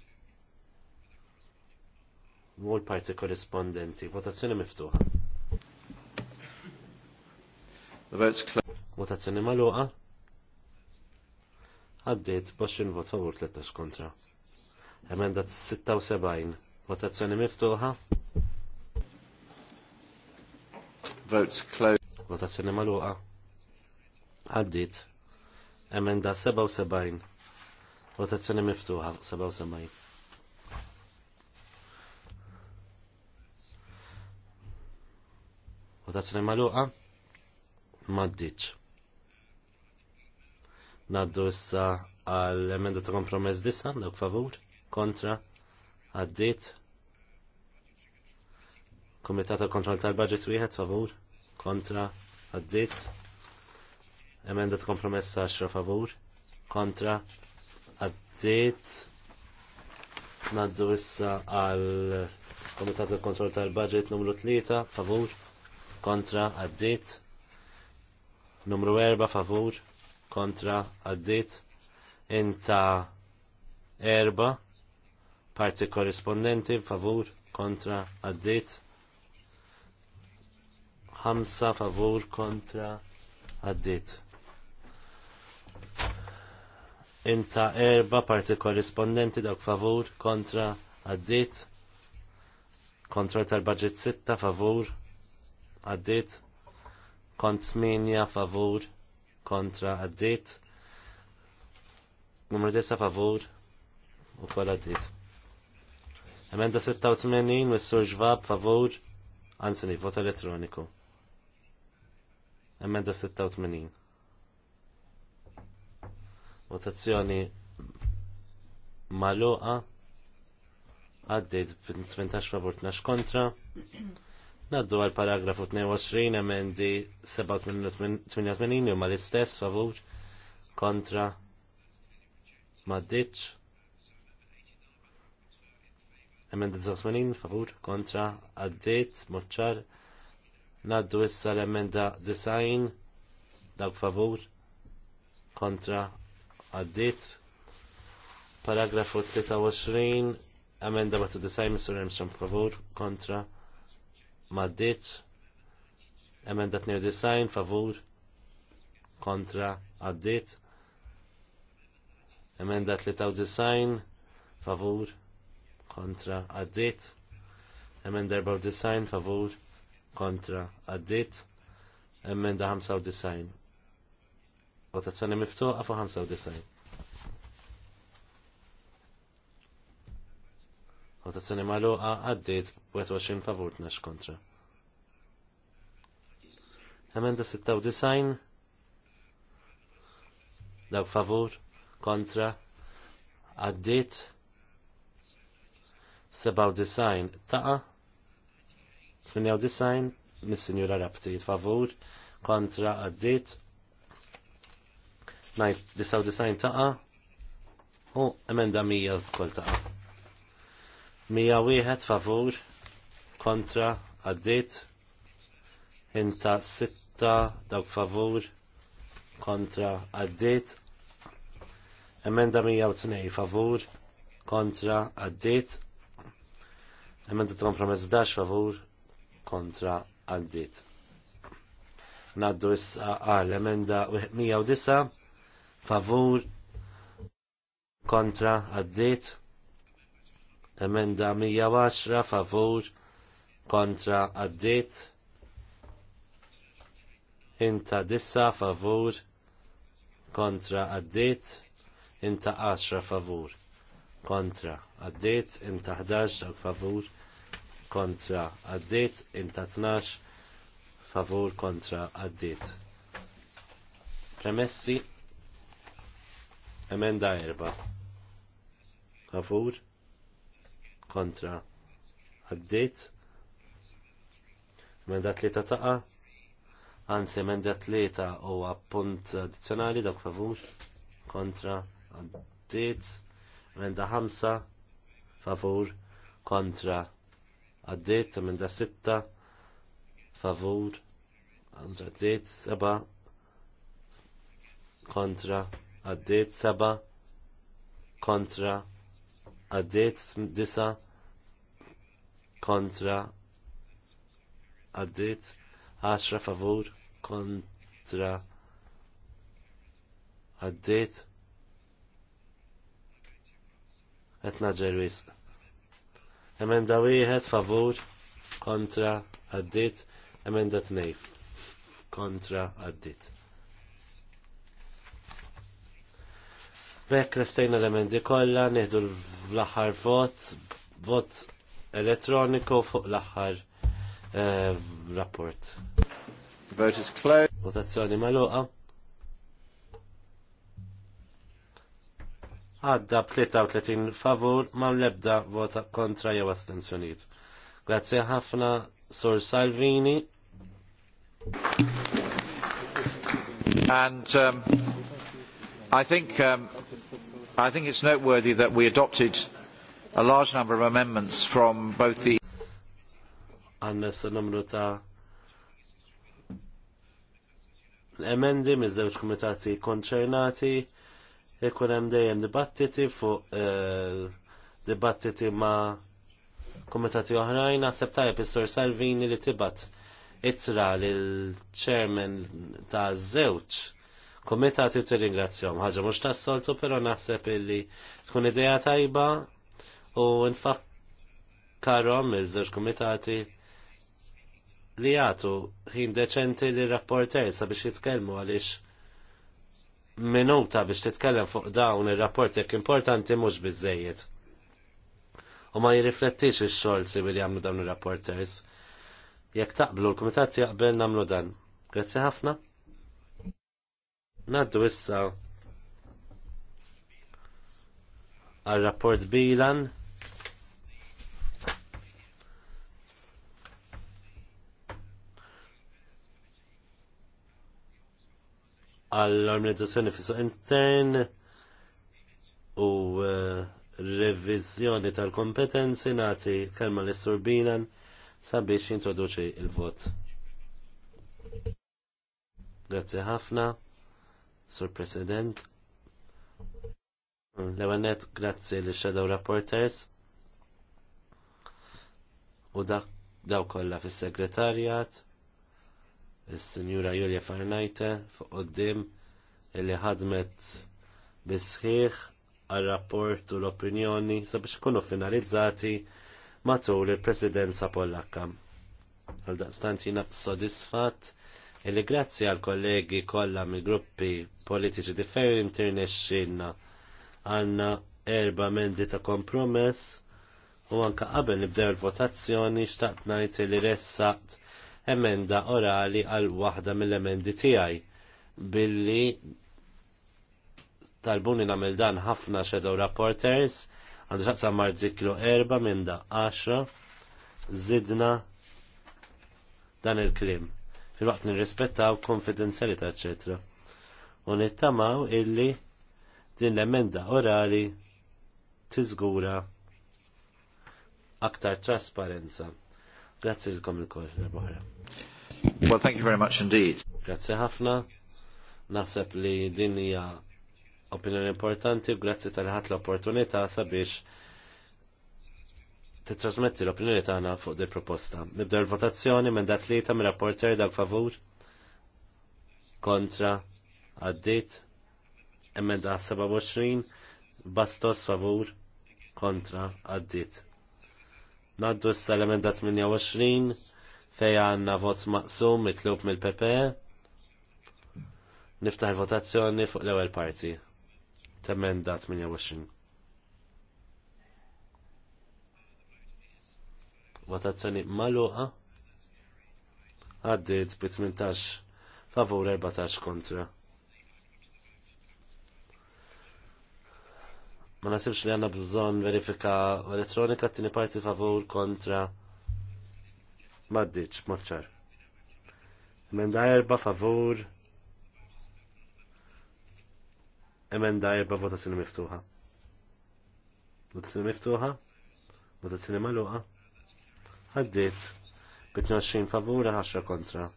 B: Mol parti korrispondenti, votazzjoni miftuħa. Votazzjoni maluqa. Għaddit, boxin vot favur 13 kontra. Emenda 76, votazzjoni miftuħa. Votes closed. Votazzjoni maluqa. Għaddit. Emenda 77. Votazzjoni miftuħa 77. Votazzjoni maluqa. Maddiċ. Naddu issa għal emenda ta' kompromess disa, dawk favur, kontra, għaddit. Komitat kontrol tal-budget wieħed favur, kontra, għaddit. Emenda kompromessa kompromess 10 favur, kontra, għaddit. Naddu issa għal Komitat il kontrol tal-Budget numru 3 favur, kontra, għaddit. Numru 4 favur, kontra, għaddit. Inta erba parti korrispondenti favur, kontra, għaddit ħamsa favur kontra għaddit. Inta erba parti korrispondenti dawk favur kontra għaddit. Kontrol tal-budget sitta favur għaddit. Kont sminja favur kontra għaddit. Numru 10 favur u kol għaddit. Emenda 86 u s-sur ġvab favur għansini vot elettroniku. Emenda 86. Votazzjoni maluqa għaddejt 18 favur 12 kontra. Naddu għal paragrafu 22 emendi 788 u mal-istess favur kontra maddiċ. Emendi 89 favur kontra għaddejt moċċar Naddu issa l-emenda design dawk favur kontra għaddit. Paragrafu 23 emenda batu design Mr. Armstrong favur kontra maddit. Emenda 92 favur kontra għaddit. Emenda 93 favur kontra għaddit. Emenda 94 favur kontra għaddit emmen da 95. Votazzjoni miftuqa fuq 95. Votazzjoni magħluqa għaddit 21 favur 12 kontra. Emenda 96 dawk favur kontra għaddit 97 taqa' 98 mis-Sinjura Rabti favur kontra għaddit 99 taqa u emenda 100 kol taqa 101 favur kontra għaddit inta 6 dawk favur kontra għaddit emenda 102 favur kontra għaddit emenda ta' kompromess 11 favur kontra għaddit. Naddu issa għal emenda 109 favur kontra għaddit. Emenda 110 favur kontra għaddit. Inta dissa favur kontra għaddit. Inta 10 favur kontra għaddit. Inta 11 favur kontra kontra għaddit, inta 12 favur kontra għaddit. Premessi emenda erba. Favur kontra għaddit. Emenda tlieta taqa. Anzi, emenda tlieta u appunt addizzjonali dak favur kontra għaddit. Emenda ħamsa favur kontra għaddit emenda sitta favur għaddejt seba kontra għaddejt seba kontra għaddejt disa kontra għaddejt 10 favur kontra għaddit etna ġerwisq Emenda wieħed favur kontra għaddit. Emenda tnej kontra għaddit. Bekk restejna l-emendi kollha nieħdu l-aħħar vot, vot elettroniku fuq l-aħħar eh, rapport. is closed. Votazzjoni maluqa. għadda 33 favur ma' l-ebda vota kontra jew astenzjoniet. Grazie ħafna Sor Salvini. And um, I think um, I think it's noteworthy that we adopted a large number of amendments from both the għannes numru ta' emendi miż-żewġ kumitati konċernati ikun hemm dejjem dibattiti fuq eh, dibattiti ma' kumitati oħrajn naħseb tajjeb is-Sur Salvini li tibat ittra lill chairman ta' żewġ kumitati u tirringrazzjahom. Ħaġa mhux tas-soltu però naħseb illi tkun idea tajba u nfakkarhom il-żewġ kumitati li jagħtu ħin deċenti li rapporter sabiex jitkellmu għaliex minuta biex titkellem fuq dawn ir-rapport jekk importanti mhux biżejjed. U ma jirriflettix ix si billi jagħmlu dawn ir-rapporters. Jekk taqblu l-kumitat jaqbel nagħmlu dan. Grazzi ħafna. Naddu issa għal rapport bilan għall-organizzazzjoni fissu intern u eh, revizjoni tal-kompetenzi nati kelma l surbinan sabiex jintroduċi il-vot. Grazie ħafna, Sur President. Lewanet, grazie li Shadow Reporters u dak daw kollha fis-segretarjat il-Sinjura Julia Farnajte fuq qoddim illi ħadmet bisħiħ għal-rapport u l-opinjoni sabiex kunu finalizzati matul il-presidenza pollakka. Għal-daqstant jina sodisfat illi grazzi għal-kollegi kollha mill gruppi politiċi differenti nexxinna għanna erba mendi ta' kompromess u anka qabel nibdew il-votazzjoni xtaqt ngħid li ressaqt emenda orali għal waħda mill-emendi tiegħi billi talbuni nagħmel dan ħafna shadow rapporters għandu xaqsa marziklu erba' minn da 10 zidna dan il-klim fil-waqt nirrispettaw konfidenzjalità eċetera. U nittamaw illi din l-emenda orali tiżgura aktar trasparenza. Grazzi l-kom il-kol, Well, thank you very much indeed. Grazzi ħafna. Naħseb li din hija opinjoni importanti u grazzi tal-ħat l-opportunità sabiex titrasmetti l-opinjoni tagħna fuq di proposta. Nibda l-votazzjoni minn dat li ta' rapporter dak favur kontra għaddit emenda 27 bastos favur kontra għaddit Naddu s-salemenda 28 fej għanna vot maqsum mitlub mill-PP. Niftaħ il-votazzjoni fuq l-ewel parti. Temenda 28. Votazzjoni maluqa. Għaddit bi 18 favur 14 kontra. ma nasibx li għanna bżon verifika elettronika t-tini parti favur kontra maddiċ, moċċar. Emenda erba favur. Emenda erba votazzjoni miftuħa. Votazzjoni miftuħa? Votazzjoni maluqa? Għaddit. Bitna 20 favur, 10 kontra.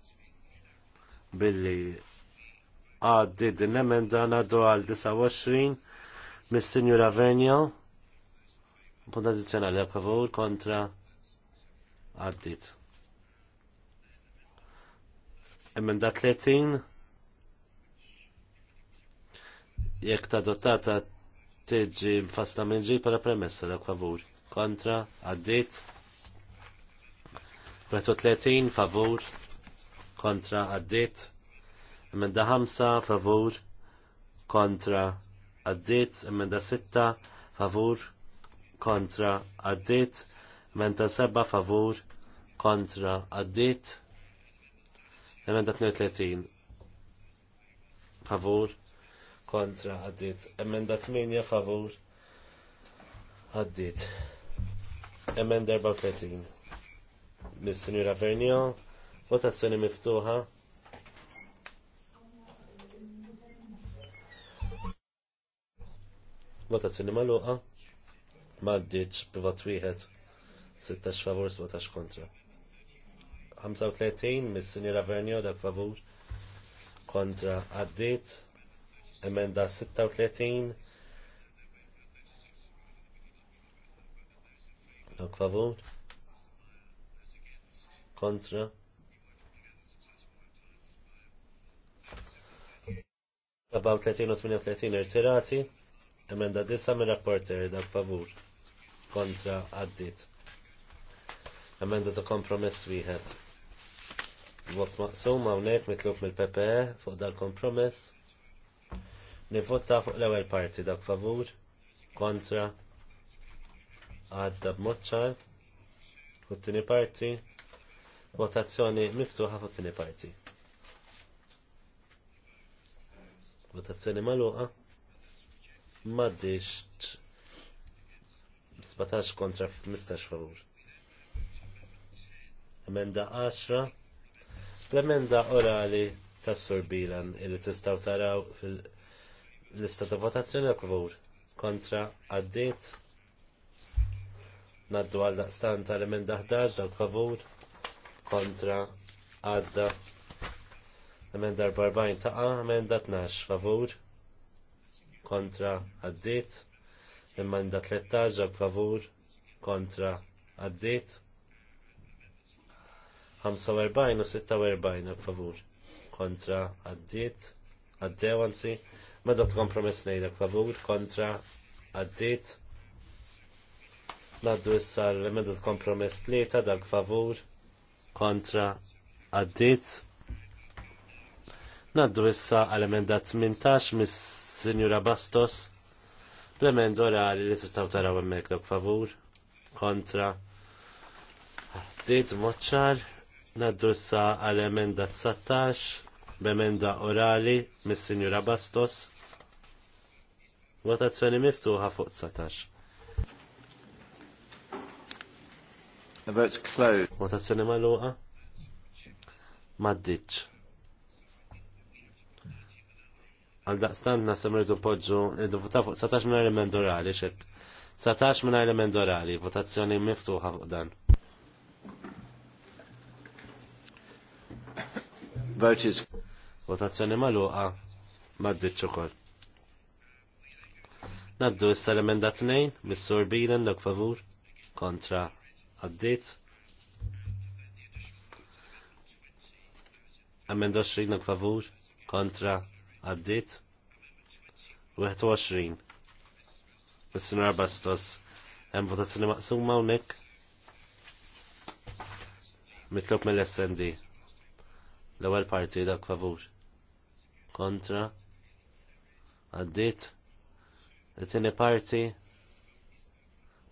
B: Billi għaddit din l-emenda għaddu għal 29 mis-Sinjura Vernio, punt għal favur kontra għaddit. Emenda 30 jekk ta' dotata teġi mfasta minġi pala premessa li favur. Kontra, għaddit. 30 favur. Kontra, għaddit. Emenda 5 favur. Kontra, għaddit, emenda sitta favur kontra għaddit, emenda seba favur kontra għaddit, emenda 32 favur kontra għaddit, emenda 8 favur għaddit, emenda 34 mis-sinjura Vernio, votazzjoni miftuħa. Votazzjoni magħluqa m'għaddiċ b'vot wieħed 16 favur 17 kontra. 35 mis-Sinjura Vernio dak favur kontra għaddiet emenda 36 dak favur kontra About 38 u 38 irtirati Emenda disa mir rapporter dak favur kontra addit. Emenda ta' kompromess wieħed. Vot maqsum hawnhekk mitlub mill-PPE fuq dal-kompromess. Nivvota fuq l-ewwel parti dak favur kontra għadda b'moċċar fuq tieni parti votazzjoni miftuħa fuq tieni parti. Votazzjoni magħluqa maddiċ 17 kontra 15 favur. Emenda 10. L-emenda orali tas surbilan illi tistaw taraw fil-lista ta' votazzjoni favur kontra għaddit naddu għal daqstan tal emenda 11 dal favur kontra għadda emenda 44 ta' emenda 12 favur kontra għaddit. Emenda 13 ġab favur kontra għaddit. 45 u 46 ġab favur kontra għaddit. Għaddew għansi. Meda kompromess nejda favur kontra għaddit. Naddu issa l-emenda kompromess tlieta dak favur kontra għaddit. Naddu issa għal-emenda 18 mis Signora Bastos, l-emend orali li tistaw taraw emmek dok favur, kontra, għaddit moċċar, naddu issa għal-emenda 19, b'emenda orali mis signora Bastos, votazzjoni miftuħa fuq 19. The vote's closed. Votazzjoni maluqa? Maddiċ. Għal daqstan nasem rridu podġu, id vota fuq 17 minna element orali xek. 17 minna element orali, votazzjoni miftuħa fuq dan. Verċis. Votazzjoni maluqa, maddiċ ukoll. Naddu issa l-emenda t-nejn, missur Bilen, l favur, kontra għaddit. Emenda 20, l favur, kontra għaddit 21 Mis-sinar bastos hemm votazzjoni maqsuma hawnhekk mitlob mill-SND l-ewwel parti dak favur kontra għaddit it-tieni parti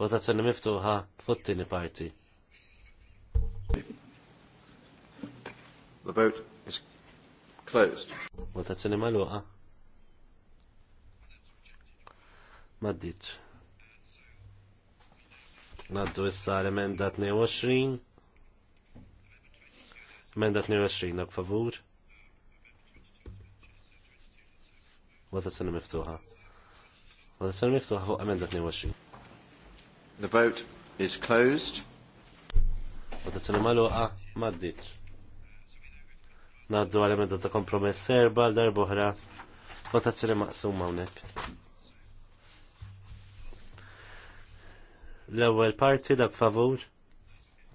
B: votazzjoni miftuħa fuq it-tieni parti. The vote closed. Votazzjoni maluqa. Maddiċ. Naddu issa l-emenda 22. Emenda 22, dak favur. Votazzjoni miftuħa. Votazzjoni miftuħa fuq emenda 22. The vote is closed. Votazzjoni maluqa. Maddiċ. Naddu għal-emenda ta' kompromess serba għal darba uħra votazzjoni maqsum hawnhekk. L-ewwel parti dak favur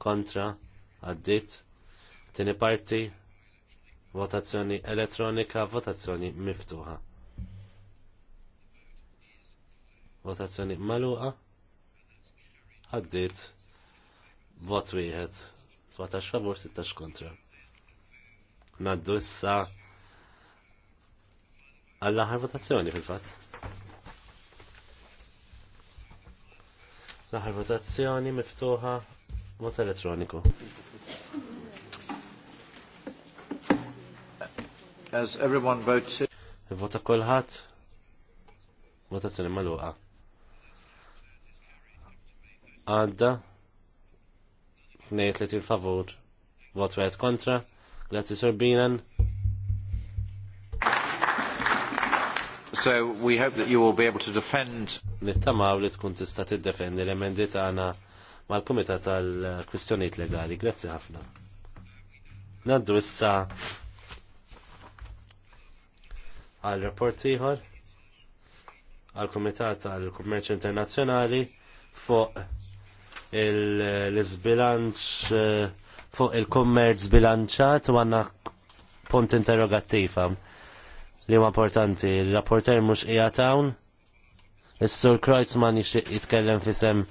B: kontra għaddit. tini parti votazzjoni elettronika, votazzjoni miftuħa. Votazzjoni maluqa għaddit vot wieħed 17 favur 16 kontra. Naddu issa għall-aħħar votazzjoni fil-fatt. L-aħħar votazzjoni miftuħa vot elettroniku. As everyone votes. Vota kolħat. Votazzjoni maluqa. Għadda. 32 favur. Vot wieħed kontra. Grazie Sir Binan. So we hope that you will be able to defend. Nittamaw li tkun tista' tiddefendi l-emendi tagħna mal-Kumitat tal-Kwistjonijiet Legali. Grazzi ħafna. Naddu issa għal rapport ieħor għal Kumitat tal-Kummerċ Internazzjonali fuq il-izbilanċ uh, eh, fuq il kummerz bilanċat u għanna punt interrogattiva li huwa importanti. Il-rapporter mhux ija tawn, Is-Sur Kreutzmann jixtieq jitkellem fisem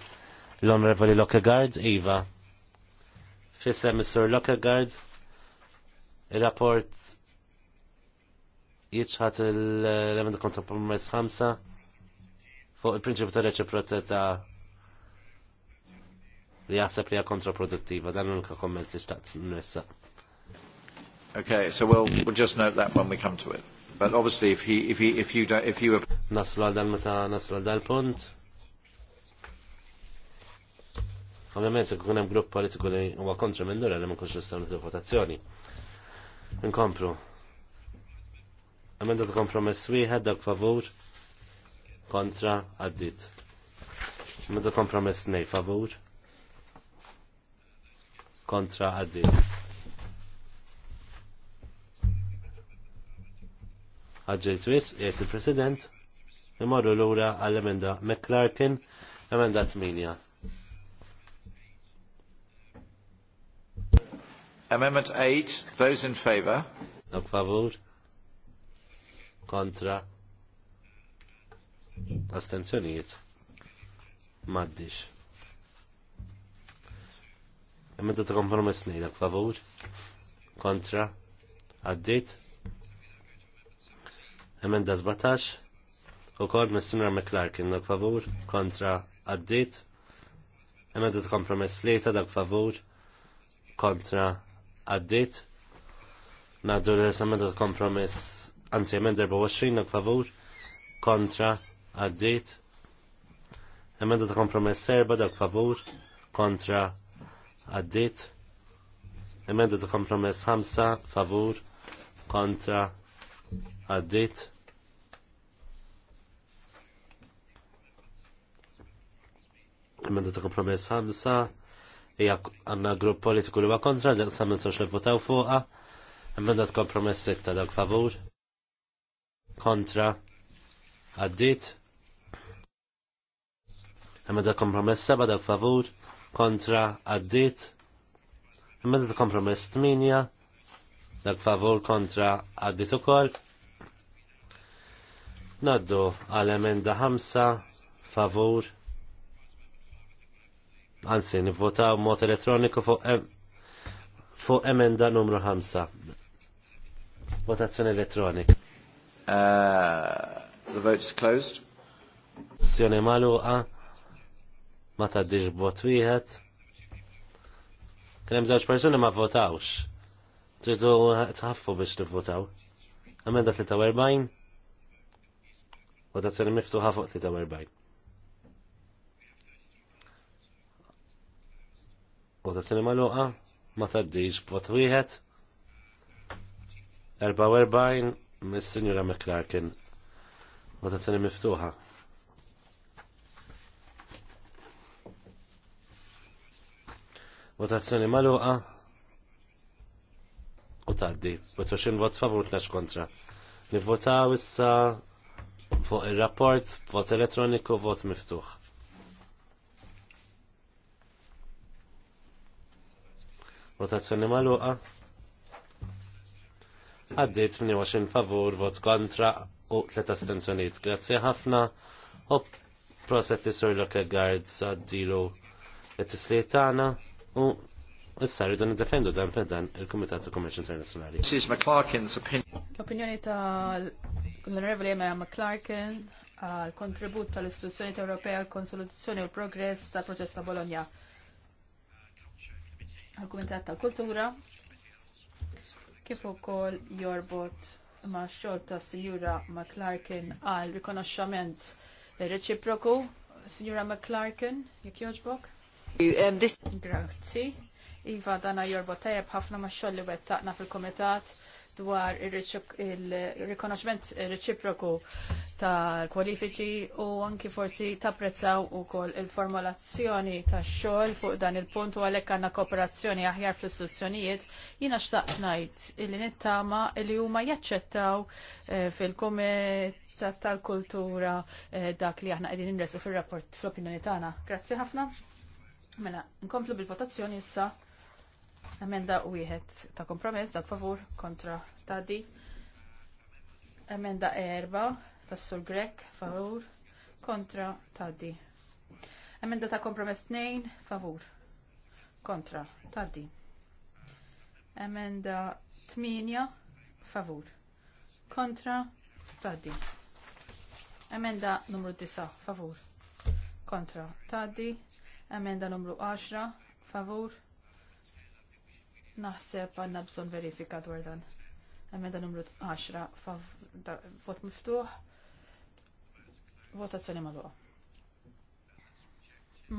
B: l onrevoli Lockegaard, Iva. Fisem is-Sur Lockegaard, il-rapport jitxħat l-element kontra promess 5 fuq il prinċipu ta' reċiprotetta li jaħseb li hija kontraproduttiva. Dan l-unika komment li xtaqt nressa. Okay, so we'll, we'll just note that when we come to it. But obviously, if, he, if, he, if you don't, if you... Naslu għal dan meta naslu għal dal punt. Ovvijament, kun hemm grupp politiku li huwa kontra minn dura li ma nkunx nistgħu nitlu votazzjoni. Nkomplu. Emenda ta' kompromess wieħed dak favur kontra għaddit. Emenda kompromess nej favur kontra għaddit. Għadġej twis, jgħet il-President, imorru l-ura għall-emenda McClarkin, emenda 8. Amendment 8, those in favor. Nog favor. Kontra. Astenzjonijiet. Maddish. Emenda ta' kompromess nejda favur kontra għaddit. Emenda 17 u kol Messina McClarkin dak favur kontra għaddit. Emenda ta' kompromess lejta dak favur kontra għaddit. Naddu l-emenda ta' kompromess anzi emenda 24 dak favur kontra għaddit. Emenda ta' kompromess serba dak favur kontra għaddit. Emenda ta' kompromess 5 favur kontra għaddit. Emenda ta' kompromess 5 hija għanna grupp politiku li huwa kontra li sa minn sewx votaw fuqa. Emenda ta' kompromess 6 dak favur kontra għaddit. Emenda kompromess 7 dak favur kontra għaddit imma ta' kompromess 8 dak favur kontra għaddit ukoll naddu għal emenda 5 favur Anzi, nivvotaw mod elettroniku fuq em fu emenda numru 5. Votazzjoni elettronik. Uh, the vote is closed. Sjoni maluqa ma taddix bot wieħed. Kemm żewġ persuni ma votawx. Tridu tħaffu biex nivvotaw. Amenda 43. Votazzjoni miftuħa fuq 43. Votazzjoni magħluqa ma taddix bot wieħed. 44 mis-Sinjura McClarkin. Votazzjoni miftuħa. Votazzjoni maluqa u taddi. Votu xin vot favur tnax kontra. Nivvotaw issa fuq il-rapport, vot elettroniku, vot miftuħ. Votazzjoni maluqa. Għaddi 28 favur, vot kontra u 3 astenzjoniet. Grazzi ħafna. Hop, proset li sur l-okegard għaddilu it-tisliet tagħna. U issa rridu nidefendu dan f'dan il-Kumitat ta' Kommerċ Internazzjonali. This is McClarkin's opinion.
C: L-opinjoni ta' l-Onorevoli Emma McClarkin għal kontribut tal-Istituzzjoni Ewropea għal konsolidazzjoni u progress tal-proċess ta' Bologna. Għal Kumitat tal-Kultura kif ukoll jorbot ma' xogħol ta' Sinjura McClarkin għal rikonoxxament reċiproku. Sinjura McClarkin, jekk joġbok? Um, Grazzi. Iva dana jorbot tajab ħafna ma li wettaqna fil-komitat dwar il-rikonoċment reċiproku tal-kwalifiċi u anki forsi prezzaw u kol il-formulazzjoni ta' xol fuq dan il-punt u għalek għanna kooperazzjoni aħjar fl-istituzzjonijiet jina xtaqt najt il-li nittama il-li huma jaċċettaw eh, fil-komitat tal-kultura eh, dak li aħna għedin imresu fil-rapport fl-opinjoni tagħna. Grazzi ħafna. Mela, nkomplu bil-votazzjoni issa emenda wieħed ta' kompromess dak favur kontra tadi. Emenda erba tas sur Grek favur kontra tadi. Emenda ta' kompromess nejn, favur kontra tadi. Emenda 8 favur kontra tadi. Emenda numru 9 favur kontra tadi. Emenda numru 10, favur. Naħseb għanna bżon verifika dwar dan. Emenda numru 10, fav, vot miftuħ. Votazzjoni maluqa.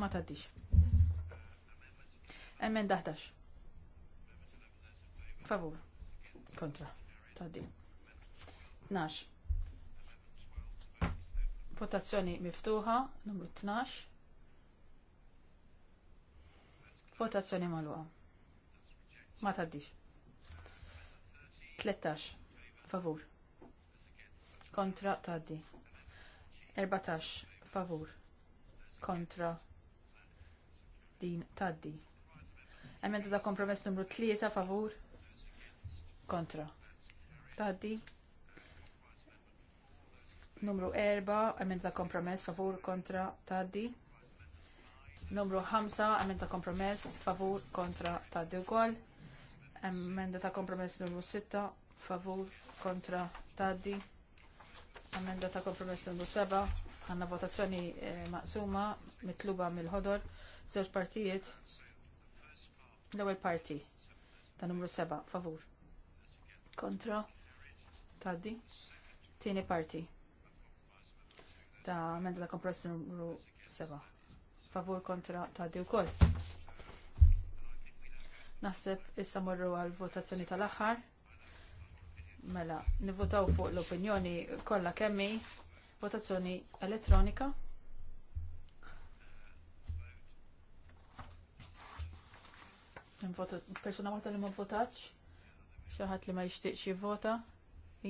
C: Ma taddix. Emenda 11. Favur. Kontra. Taddi. 12. Votazzjoni miftuħa, numru 12. Votazzjoni magħluqa. Ma taddix. 13. Favur. Kontra taddi. 14. Favur. Kontra. Din taddi. Emenda ta' kompromess numru 3. Favur. Kontra. Taddi. Numru 4. Emenda ta' kompromess. Favur. Kontra. Taddi. Numru 5, emenda ta' kompromess, favur kontra ta' dugol. Emenda ta' kompromess numru 6, favur kontra ta' di. Emenda ta' kompromess numru 7, għanna votazzjoni eh, maqsuma, mitluba mill-ħodor, żewġ partijiet. L-ewwel parti ta' numru 7, favur. Kontra ta' di. Tieni parti ta' emenda ta' kompromess numru 7 favur kontra tgħaddi wkoll. Naħseb issa morru għal votazzjoni tal-aħħar. Mela, nivvotaw fuq l-opinjoni kollha kemmi votazzjoni elettronika. Persuna waħda li ma votax, xaħat li ma jishtiqx jivvota,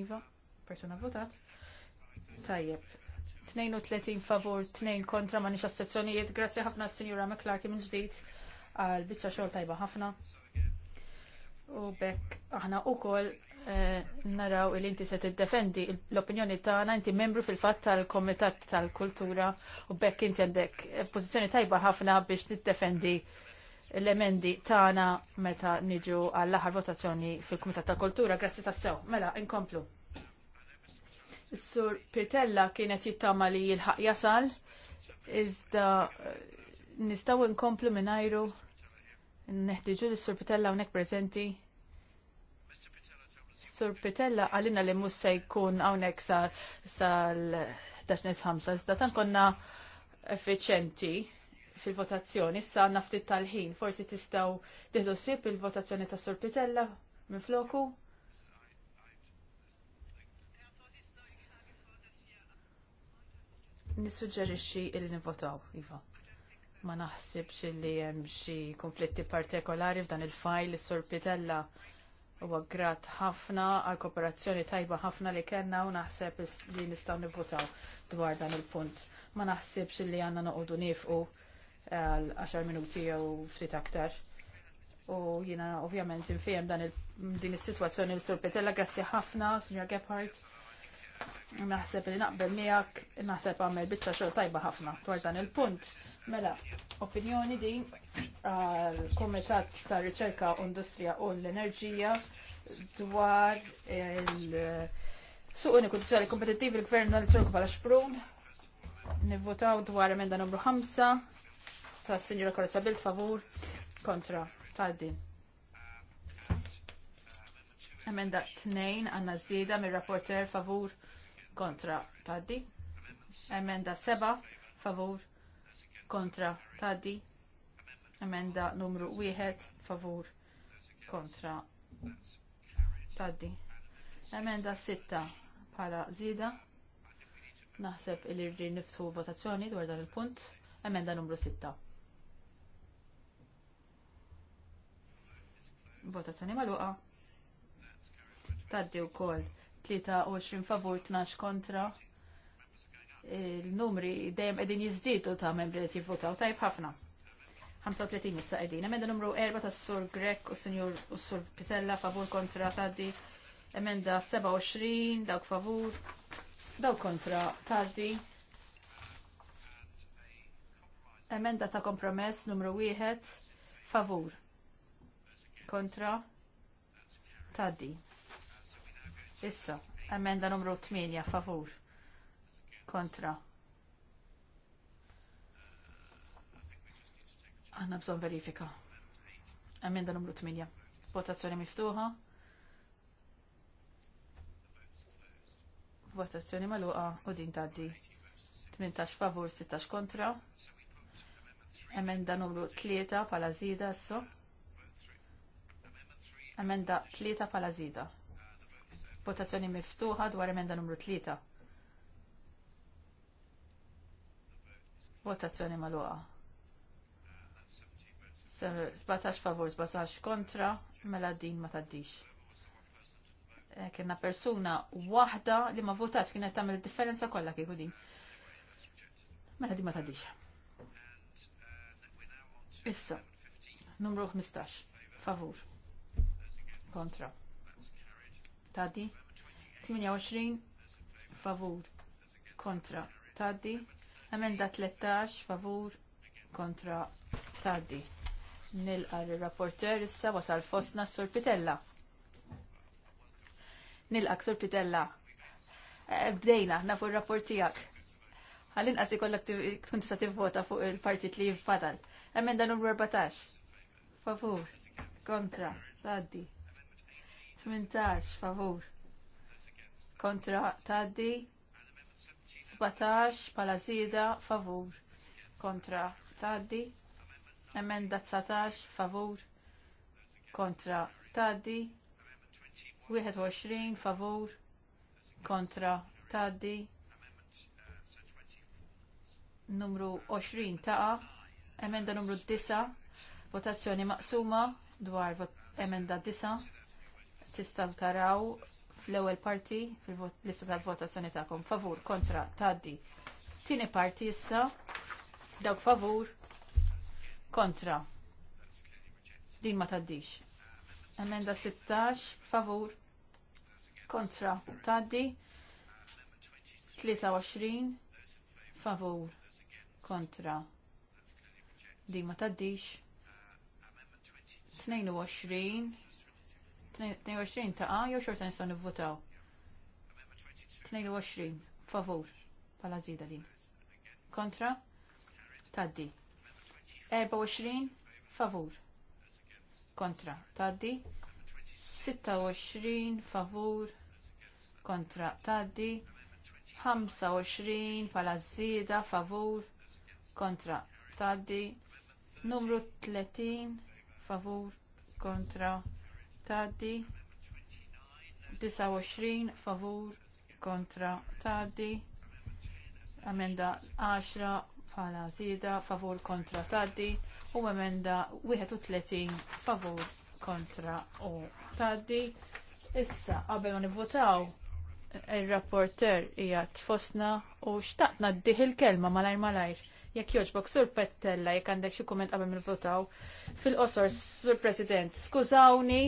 C: iva, persuna votat. Tajjeb, 32 favur, 2 kontra ma nix as-sezzjonijiet. Grazzi ħafna s-Sinjura McClarky minn ġdijt għal bicċa xogħol tajba ħafna. U bekk aħna u koll eh, naraw il inti se tiddefendi l-opinjoni tagħna inti membru fil-fatt tal-Komitat tal-Kultura u bekk inti għandek eh, pożizzjoni tajba ħafna biex tiddefendi l-emendi tagħna meta niġu għall-aħħar votazzjoni fil-Kumitat tal-Kultura. Grazzi tassew. Mela, inkomplu. Sur Pitella kienet jittama li jilħaq jasal, iżda eh, nistaw nkomplu minajru neħtiġu li Sur Pitella unek prezenti. Sur Pitella għalina li mus se jkun għawnek sal sal-15 iżda tan konna effiċenti fil-votazzjoni, issa naftit tal-ħin, forsi tistaw diħdu sib il-votazzjoni ta' Sur Pitella minn floku. nissuġġerixxi li nivvotaw, Iva. Ma naħsibx li hemm xi konflitti partikolari f'dan il-fajl is-Sur Pitella huwa grat ħafna għal kooperazzjoni tajba ħafna li kellna u naħseb li nistgħu nivvotaw dwar dan il-punt. Ma naħsibx li għandna noqogħdu nifqu għal 10 minuti jew ftit aktar. U jiena ovvjament infihem dan din is-sitwazzjoni l-Sur Pitella grazzi ħafna, Sinjor Gebhardt naħseb li naqbel miegħek naħseb għamel bitċa xogħol tajba ħafna dwar dan il-punt. Mela, opinjoni din għal-Kumitat ta' Riċerka u Industrija u l-Enerġija dwar il-suq uniku soċjali kompetittiv il-Gvern tal-Turku bħala Xprum. Nivvotaw dwar emenda numru 5 tas Sinjura Korazza Bilt favur kontra tal-din. Emenda 2 għanna zida mir rapporter favur kontra taddi. Emenda 7 favur kontra taddi. Emenda numru 1 favur kontra taddi. Emenda 6 pala zida. Naħseb il-irri niftu votazzjoni dwar dan il-punt. Emenda numru 6. Votazzjoni maluqa taddi wkoll 23 favur 12 kontra. Il-numri dejjem qegħdin jiżdiedu ta' membri li jivvotaw tajb ħafna. 35 issa qegħdin. Emenda numru 4 tas-Sur Grek u Sinjur u Sur Pitella favur kontra taddi. Emenda 27 dawk favur, dawk kontra taddi. Emenda ta' kompromess numru 1 favur kontra taddi. Issa, emenda numru 8, favur. Kontra. Għanna bżon verifika. Emenda numru 8. Votazzjoni miftuħa. Votazzjoni maluqa u din taddi. 18 favur, 16 kontra. Emenda numru 3 pala zida, so. Emenda 3 pala zida. Votazzjoni miftuħa dwar emenda numru 3. Votazzjoni maluqa. 17 favur, 17 kontra, mela din ma taddix. Eh, Kienna persuna wahda li ma votax kienet tagħmel differenza kollha kieku din. Mela din ma taddix. Issa, numru 15, favur, kontra taddi 28 favur kontra taddi emenda 13 favur kontra taddi nilqa il-rapporter issa wasal fostna Sur Pitella nilqa Sur Pitella e, bdejna nafu r-rapport tiegħek. Għallin qasi kollok tkun tista' tivvota fuq il-partit li jifadal. Emenda numru 14. Favur, kontra, taddi. 18 favur kontra taddi 17 pala zida favur kontra taddi emenda 19 favur kontra taddi 21 favur kontra taddi numru 20 taqa emenda numru 9 votazzjoni maqsuma dwar emenda 9 tistaw taraw fl-ewwel parti fil-lista tal-votazzjoni tagħkom favur kontra tgħaddi. Tieni parti issa dawk favur kontra. Din ma tgħaddix. Emenda 16 favur kontra tgħaddi. 23 favur kontra. Din ma tgħaddix. 22 22 taqa jew xorta nistgħu nivvotaw. 22 favur bħala żieda din. Kontra? Taddi. 24 favur. Kontra. Taddi. 26 favur. Kontra. Taddi. 25 bħala żieda favur. Kontra. Taddi. Numru 30 favur. Kontra tgħaddi. 29 favur kontra tgħaddi. Amenda 10 bħala żieda favur kontra tgħaddi u emenda 31 favur kontra u tgħaddi. Issa, qabel ma nivvotaw, ir rapporter hija tfosna u xtaqna ddih il-kelma malajr malajr. Jekk jogħġbok, sur Pettella, jekk għandek xi kumment qabel nivvotaw. Fil-qosor, sur President, skużawni,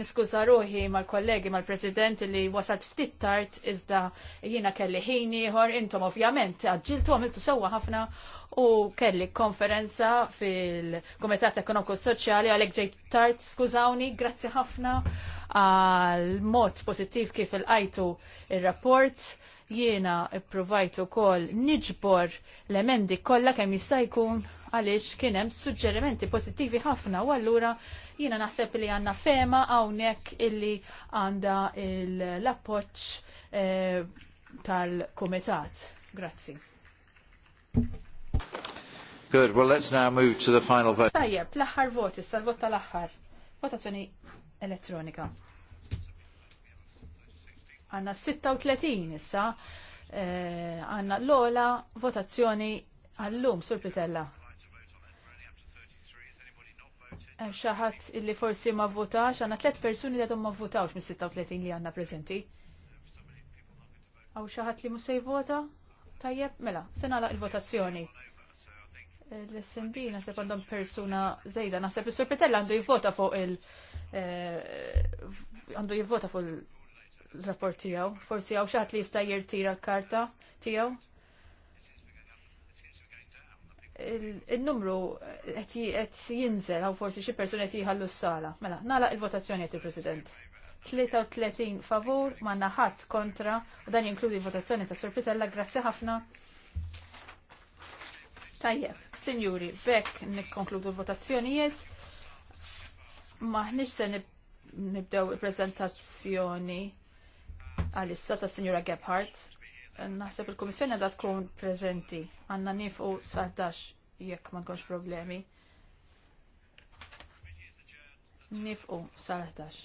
C: niskuża ruħi mal-kollegi mal-President li wasalt ftit tard iżda jiena kelli ħin ieħor intom ovvjament għaġġiltu għamiltu sewwa ħafna u kelli konferenza fil-Kumitat Ekonomiku Soċjali għalhekk ġejt tard, skużawni, grazzi ħafna għal mod pozittiv kif il-qajtu ir-rapport. il rapport Jiena provajtu ukoll niġbor l-emendi kollha kemm jista' jkun għaliex kien hemm suġġerimenti pozittivi ħafna u allura jiena naħseb li għandna fema hawnhekk illi għandha l-appoġġ eh, tal-kumitat. Grazzi.
B: Good,
A: well let's now move to the final vote.
C: Tajjeb, l-aħħar voti, sal-vot tal-aħħar. Votazzjoni elettronika. Għanna 36 issa eh, għanna l-ola votazzjoni għallum sur Pitella. Eh, xaħat illi forsi ma votax, għanna 3 persuni li għadhom ma votax mis 36 li għanna prezenti. Għaw xaħat li musej vota? Tajjeb, mela, sena laq il-votazzjoni. L-SND nasib għandhom persuna zejda, nasib il-sur Pitella għandu jivvota fuq il- eh, għandu jivvota fuq il- l-rapport tiegħu. Forsi hawn xaħt li jista' jirtira l-karta tiegħu. Il-numru qed jinżel għaw forsi xi person qed jħallu s-sala. Mela, nagħlaq il-votazzjoni għet il-President. 33 favur, manna ħadd kontra, u dan jinkludi votazzjoni ta' Sorpitella, grazzi ħafna. Tajjeb, sinjuri, bekk nikkonkludu l-votazzjonijiet. Maħniġ se nibdew il-prezentazzjoni għal-issa ta' Signora Gebhardt. Naħseb il-Komissjoni għadha tkun preżenti. Għanna nifqu satax jekk ma tkunx problemi. Nifqu satax.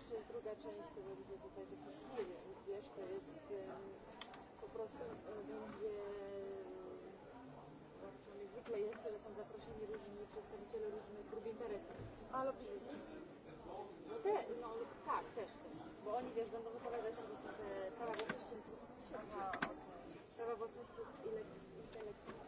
A: jeszcze jest druga część, to będzie tutaj taki hearing, wiesz, to jest um, po prostu będzie przynajmniej zwykle jest, że są zaproszeni różni przedstawiciele różnych grup interesów. A lobbyści? No, te, no tak, też, też. Bo oni, wiesz, będą wypowiadać się te prawa własności, prawa własności intelektualnej.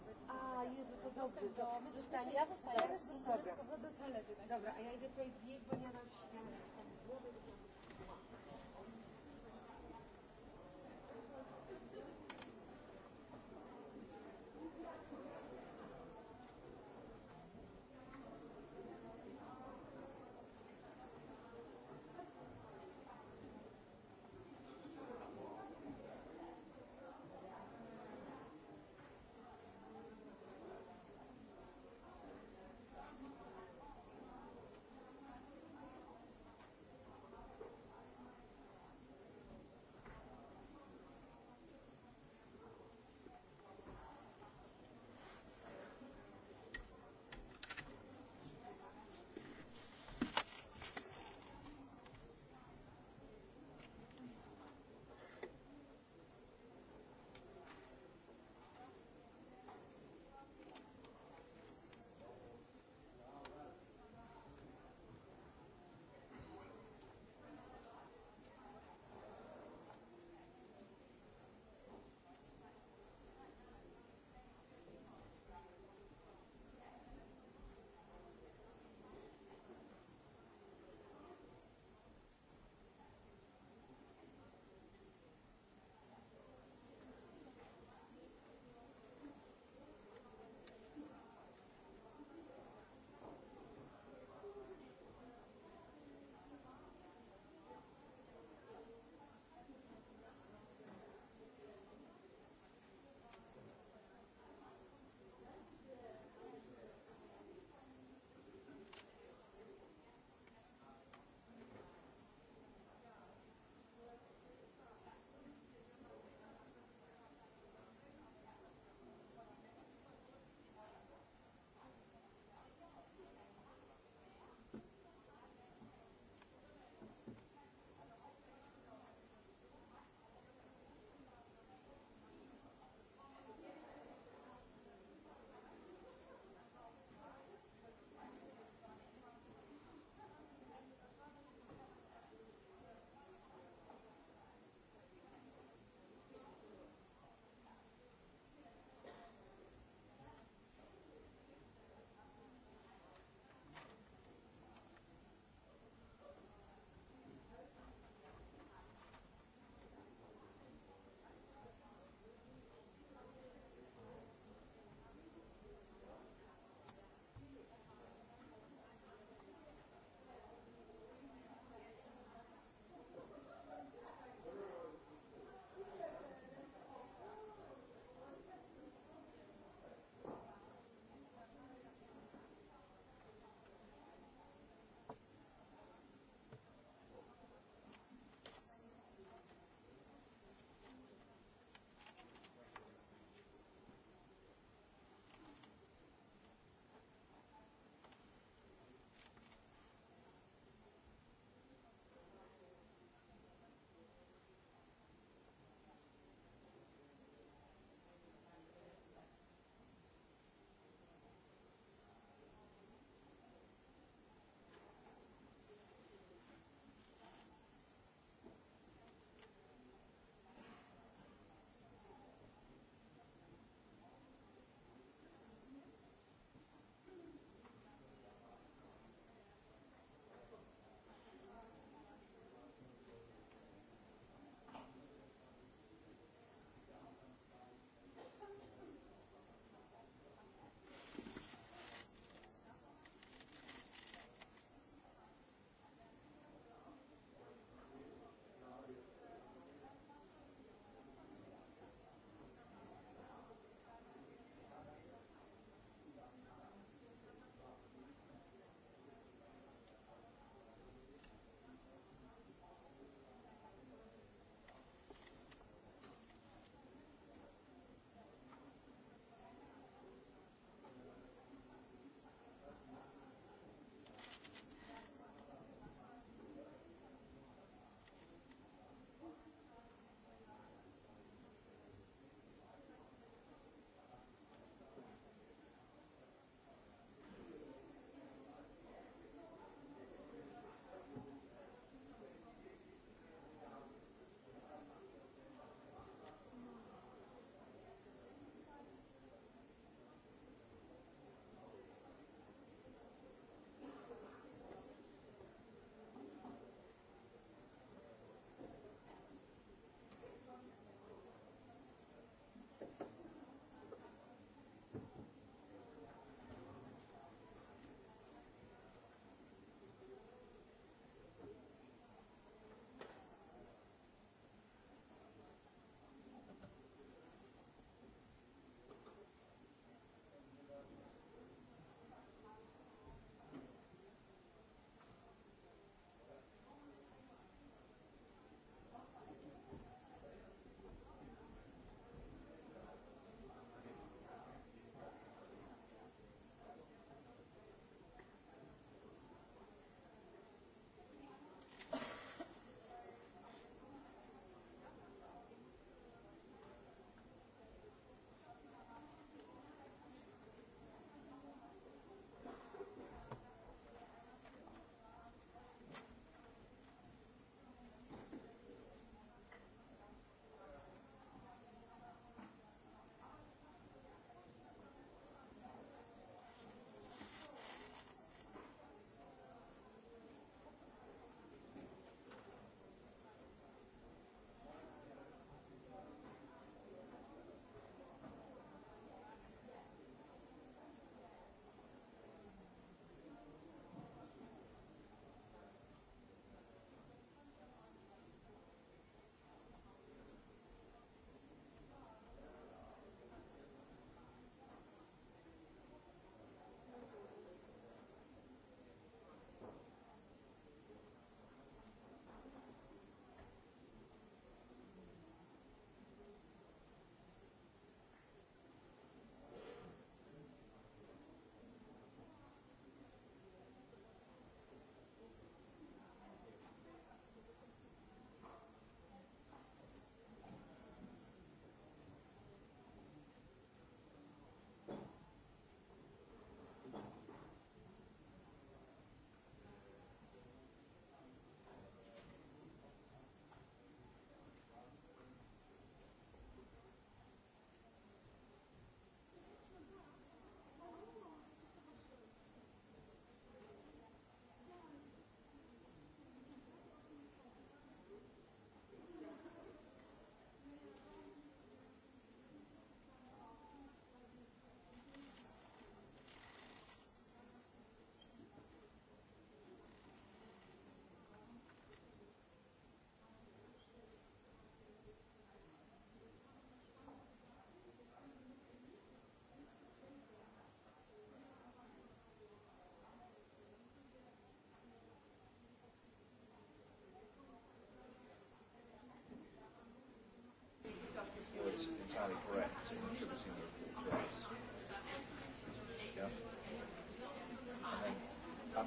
A: Jezu, to dobrze, to Ja zostanę, tylko wy zostaniecie. Dobra, a ja idę tutaj zjeść, bo nie mam śniadania.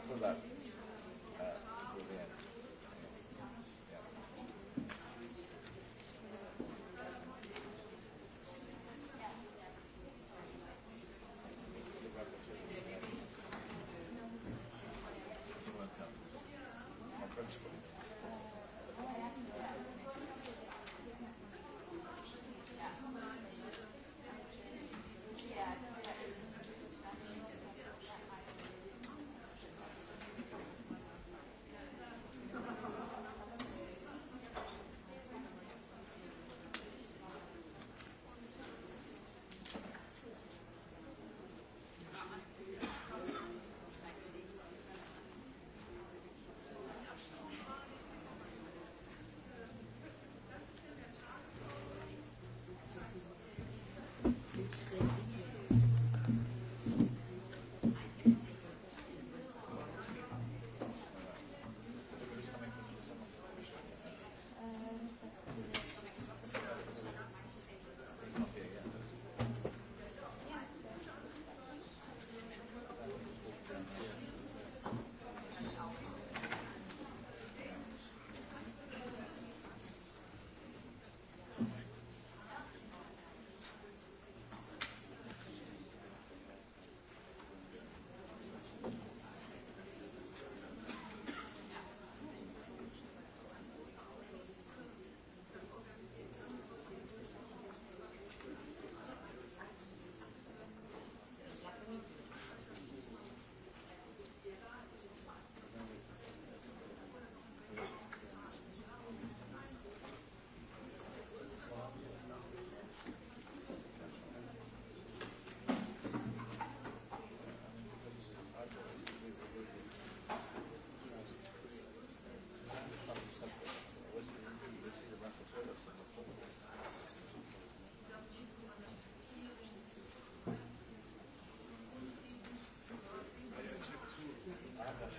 A: Thank you.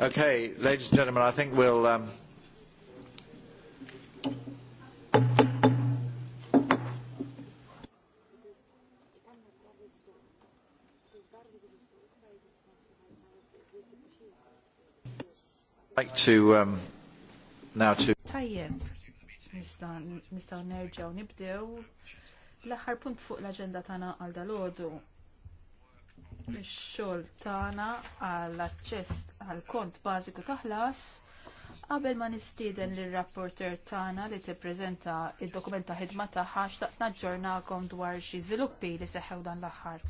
A: Okay, ladies and gentlemen, I think we'll. Um,
C: like to um, now to. Tajjeb, nistaw nerġaw nibdew l-aħħar punt fuq l tagħna għal Ix-xogħol tagħna għall-aċċess għal kont bażiku taħlas qabel ma nistieden lir rapporter tagħna li tippreżenta id-dokument ta' ħidma tagħha xtaqt naġġornakom dwar xi żviluppi li seħħew dan l-aħħar.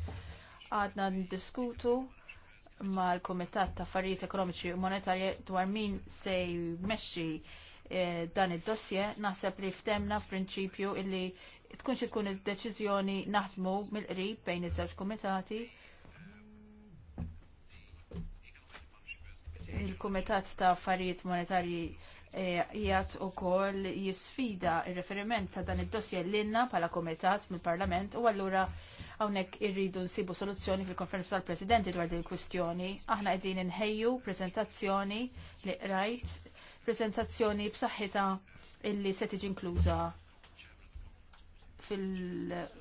C: Għadna ndiskutu mal-Kumitat ta' Affarijiet Ekonomiċi u Monetarji dwar min se jmexxi eh, dan id-dossier naħseb li ftemna f'prinċipju illi tkun xi tkun id-deċiżjoni naħdmu mill-qrib bejn iż-żewġ kumitati il-Kumitat ta' Affarijiet Monetarji eh, jgħat u koll jisfida il-referiment ta' dan id-dossier l-inna pala komitat mill-parlament u għallura għawnek irridu nsibu soluzzjoni fil-konferenza tal-presidenti dwar din il kwistjoni Aħna għedin nħejju prezentazzjoni li rajt, prezentazzjoni b'saħħita illi se tiġi inkluża fil-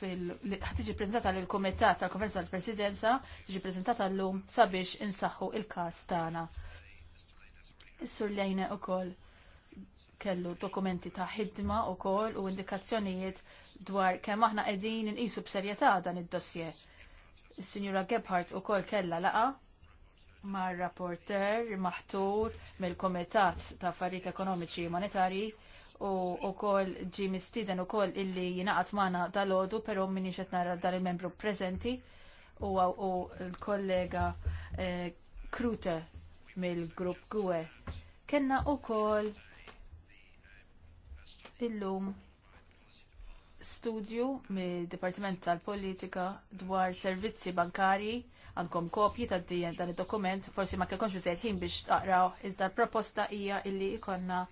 C: fil-ħtiġi prezentata l-Komitat tal-Konferenza tal-Presidenza, tiġi prezentata l-lum sabiex insaħħu il-kas tagħna. Is-Sur Lejna ukoll kellu dokumenti ta' ħidma wkoll u indikazzjonijiet dwar kemm aħna qegħdin inqisu b'serjetà dan id-dossier. Is-Sinjura Gebhardt ukoll kellha laqa mar rapporter maħtur mill-Komitat ta' Affarijiet Ekonomiċi e Monetari u wkoll ġie u ukoll illi jinaqat maħna dal-ħodu, pero minni xet narra dal-membru prezenti, u l-kollega eh, Krute mill-grupp Gwe. Kenna wkoll illum studju mid-Dipartiment tal-Politika dwar servizzi bankarji għandkom kopji ta' dan id dokument forsi ma kellkomx biżejjed ħin biex taqraw, iżda l-proposta hija illi jkollna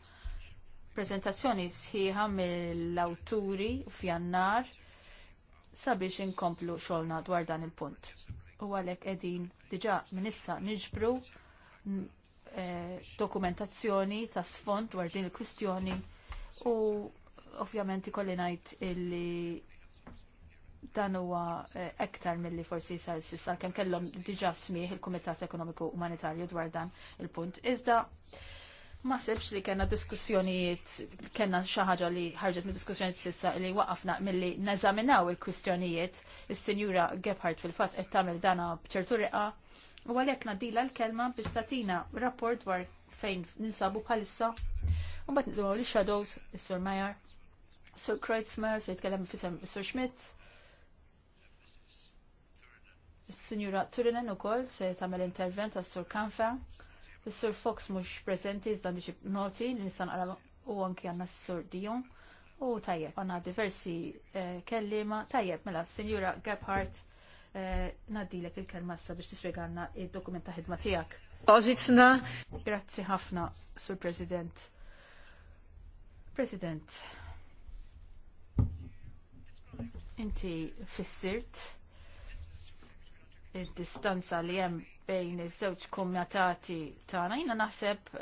C: prezentazzjoni sħiħa mill-awturi f'jannar sabiex inkomplu xogħolna dwar dan il-punt. U għalhekk qegħdin diġà minn issa niġbru eh, dokumentazzjoni ta' sfond dwar din il-kwistjoni u ovvjament ikolli ngħid illi dan huwa eh, ektar milli forsi sar sissa kemm kellhom diġà smih il-Kumitat Ekonomiku Umanitarju dwar dan il-punt. Iżda Ma sebx li kena diskussjonijiet, kena xaħġa li ħarġet minn diskussjonijiet sissa li waqafna mill-li neżaminaw il-kwistjonijiet, il-Sinjura Gebhardt fil-fat qed tagħmel dana bċertu riqa, u għalhekk nadila l-kelma biex tatina rapport dwar fejn ninsabu bħalissa. U bat nisimgħu li shadows is-Sur Meyer, Sur Kreutzmer se jitkellem fisem is-Sur Schmidt. Is-Sinjura Turinen ukoll se tagħmel intervent għas-Sur Kanfa. Is-Sur Fox mhux preżenti iżda xi noti li nista' naqra u anki għandna s-Sur Dion. U tajjeb, għandna diversi eh, kelliema. Tajjeb, mela, Sinjura Gebhardt, eh, il-kelma issa biex tispjegana id-dokument ta' ħidma tiegħek. Pożizzna. Grazzi ħafna, Sur President. President, inti fissirt id-distanza li hemm bejn iż-żewġ kumjatati tagħna. Jiena naħseb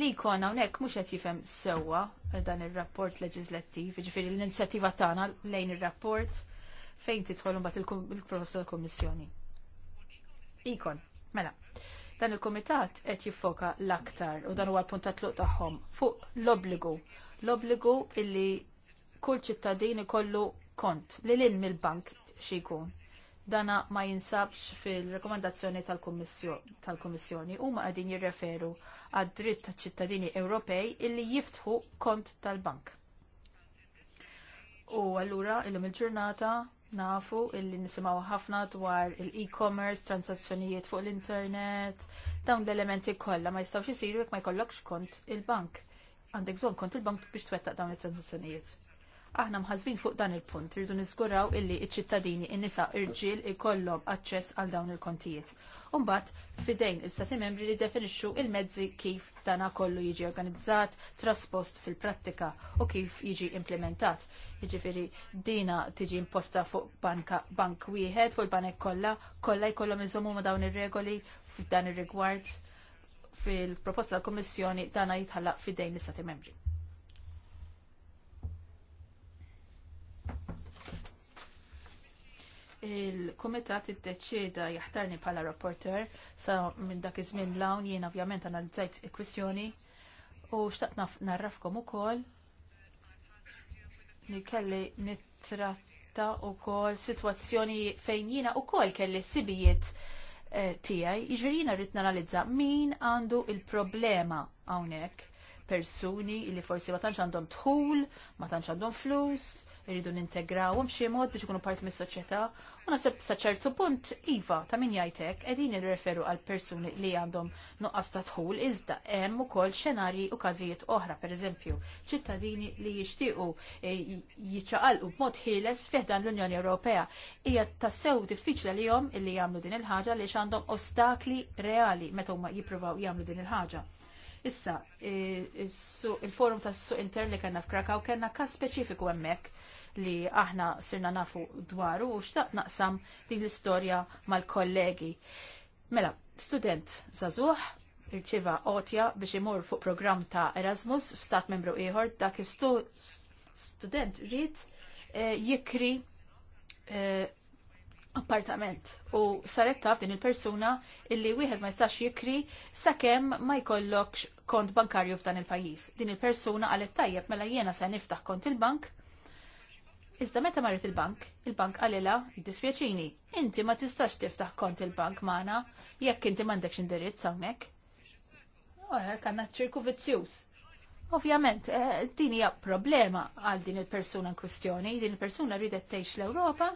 C: li jkun hawnhekk mhux qed jifhem sewwa dan ir-rapport leġislattiv, jiġifieri l-inizjattiva tagħna lejn ir-rapport fejn tidħol mbagħad il-proposta tal-Kummissjoni. Ikon, mela dan il kumitat qed jiffoka l-aktar u dan huwa l-punt ta' tluq tagħhom fuq l-obbligu. L-obbligu illi kull ċittadin ikollu kont li lin mill-bank xi jkun dana ma jinsabx fil-rekomendazzjoni tal-Kommissjoni u ma għadin jirreferu għad dritt ta' ċittadini Ewropej illi jiftħu kont tal-bank. U allura illum il-ġurnata nafu illi nisimaw ħafna dwar il-e-commerce, transazzjonijiet fuq l-internet, dawn l-elementi kollha ma jistawx isiru jekk ma jkollokx kont il-bank. Għandek bżonn kont il-bank biex twettaq dawn it transazzjonijiet Aħna mħazbin fuq dan il-punt, rridu niżguraw illi iċ-ċittadini in-nisa irġiel ikollhom aċċess għal dawn il-kontijiet. Umbat, fidejn il sati membri li definixxu il-mezzi kif dana kollu jiġi organizzat, traspost fil-prattika u kif jiġi implementat. Jiġifieri dina tiġi imposta fuq banka, bank wieħed fuq il-banek kollha, kollha jkollhom iżommu ma dawn ir-regoli f'dan ir-rigward fil-proposta tal-Kommissjoni dana jitħallaq fidejn is-sati membri. il-komitat iddeċieda jaħtarni bħala rapporter sa minn dak iż-żmien lawn hawn jien ovvjament analizzajt il-kwistjoni u xtaqt narrafkom ukoll li kelli nittratta kol sitwazzjoni fejn jiena kol kelli sibijiet eh, tiegħi, jiġri rrit nanalizza min għandu il-problema hawnhekk persuni li forsi ma tantx għandhom tħul, ma tantx għandhom flus, irridu nintegrawhom b'xi mod biex ikunu part mis-soċjetà u naħseb sa ċertu punt iva ta' min jajtek, edin qegħdin irreferu għal persuni li għandhom nuqqas ta' tħul iżda hemm ukoll xenarji u każijiet oħra pereżempju ċittadini li jixtiequ eh, jiċċaqalqu b'mod ħieles fih dan l-Unjoni Ewropea hija tassew diffiċli lihom illi jagħmlu din il-ħaġa li għandhom ostakli reali meta huma jippruvaw jagħmlu din il-ħaġa. Issa, eh, il-forum tas suq intern li kena f'Krakaw kena kas speċifiku hemmhekk li aħna sirna nafu dwaru u xtaqt naqsam din l-istorja mal-kollegi. Mela, student zazuħ, irċiva otja biex imur fuq program ta' Erasmus f'stat membru ieħor dak istu student rrit e, jikri eh, appartament u saret taf din il-persuna illi wieħed ma jistax jikri sakemm ma jkollokx kont bankarju f'dan il-pajjiż. Din il-persuna qalet tajjeb mela jiena se niftaħ kont il-bank Iżda meta marit il-bank, il-bank għalila, dispjaċini, inti ma tistax tiftaħ kont il-bank maħna, jekk inti mandek indirizz hawnhekk. Oħra, kanna ċirku vizzjus. Ovvjament, eh, din hija problema għal din il-persuna in kwistjoni, din il-persuna ridet tgħix l-Ewropa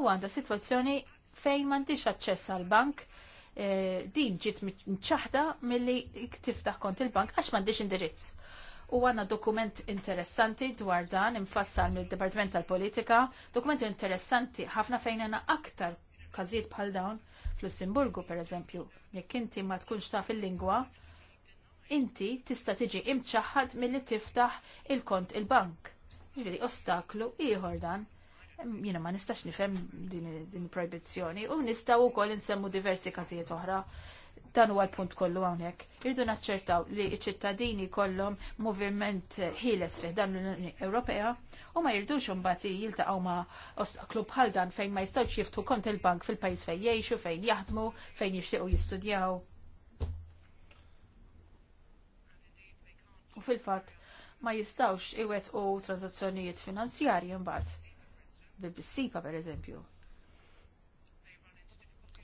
C: u għandha sitwazzjoni fejn m'għandix aċċess għal bank eh, din ġiet mċaħda mill-li tiftaħ kont il-bank għax m'għandix indirizz u għanna dokument interessanti dwar dan imfassal mill-Departiment tal-Politika, dokument interessanti ħafna fejn għanna aktar każijiet bħal dawn fl-Lussemburgu per eżempju, jekk inti ma tkunx taf il-lingwa, inti tista' tiġi imċaħħad milli tiftaħ il-kont il-bank. Ġifieri ostaklu ieħor dan. Jiena ma nistax nifhem din il-proibizzjoni u nistgħu wkoll insemmu diversi każijiet oħra Dan huwa l-punt kollu hawnhekk. Irdu naċċertaw li ċ-ċittadini kollhom moviment ħieles fih dan l-Unjoni Ewropea u ma jirdux imbagħad jiltaqgħu ma' ostaklu bħal dan fejn ma jistgħux jiftu kont il-bank fil-pajjiż fejn jgħixu, fejn jaħdmu, fejn jixtiequ jistudjaw. U fil-fatt ma jistgħux iwettqu transazzjonijiet finanzjarji imbagħad bil-bissipa pereżempju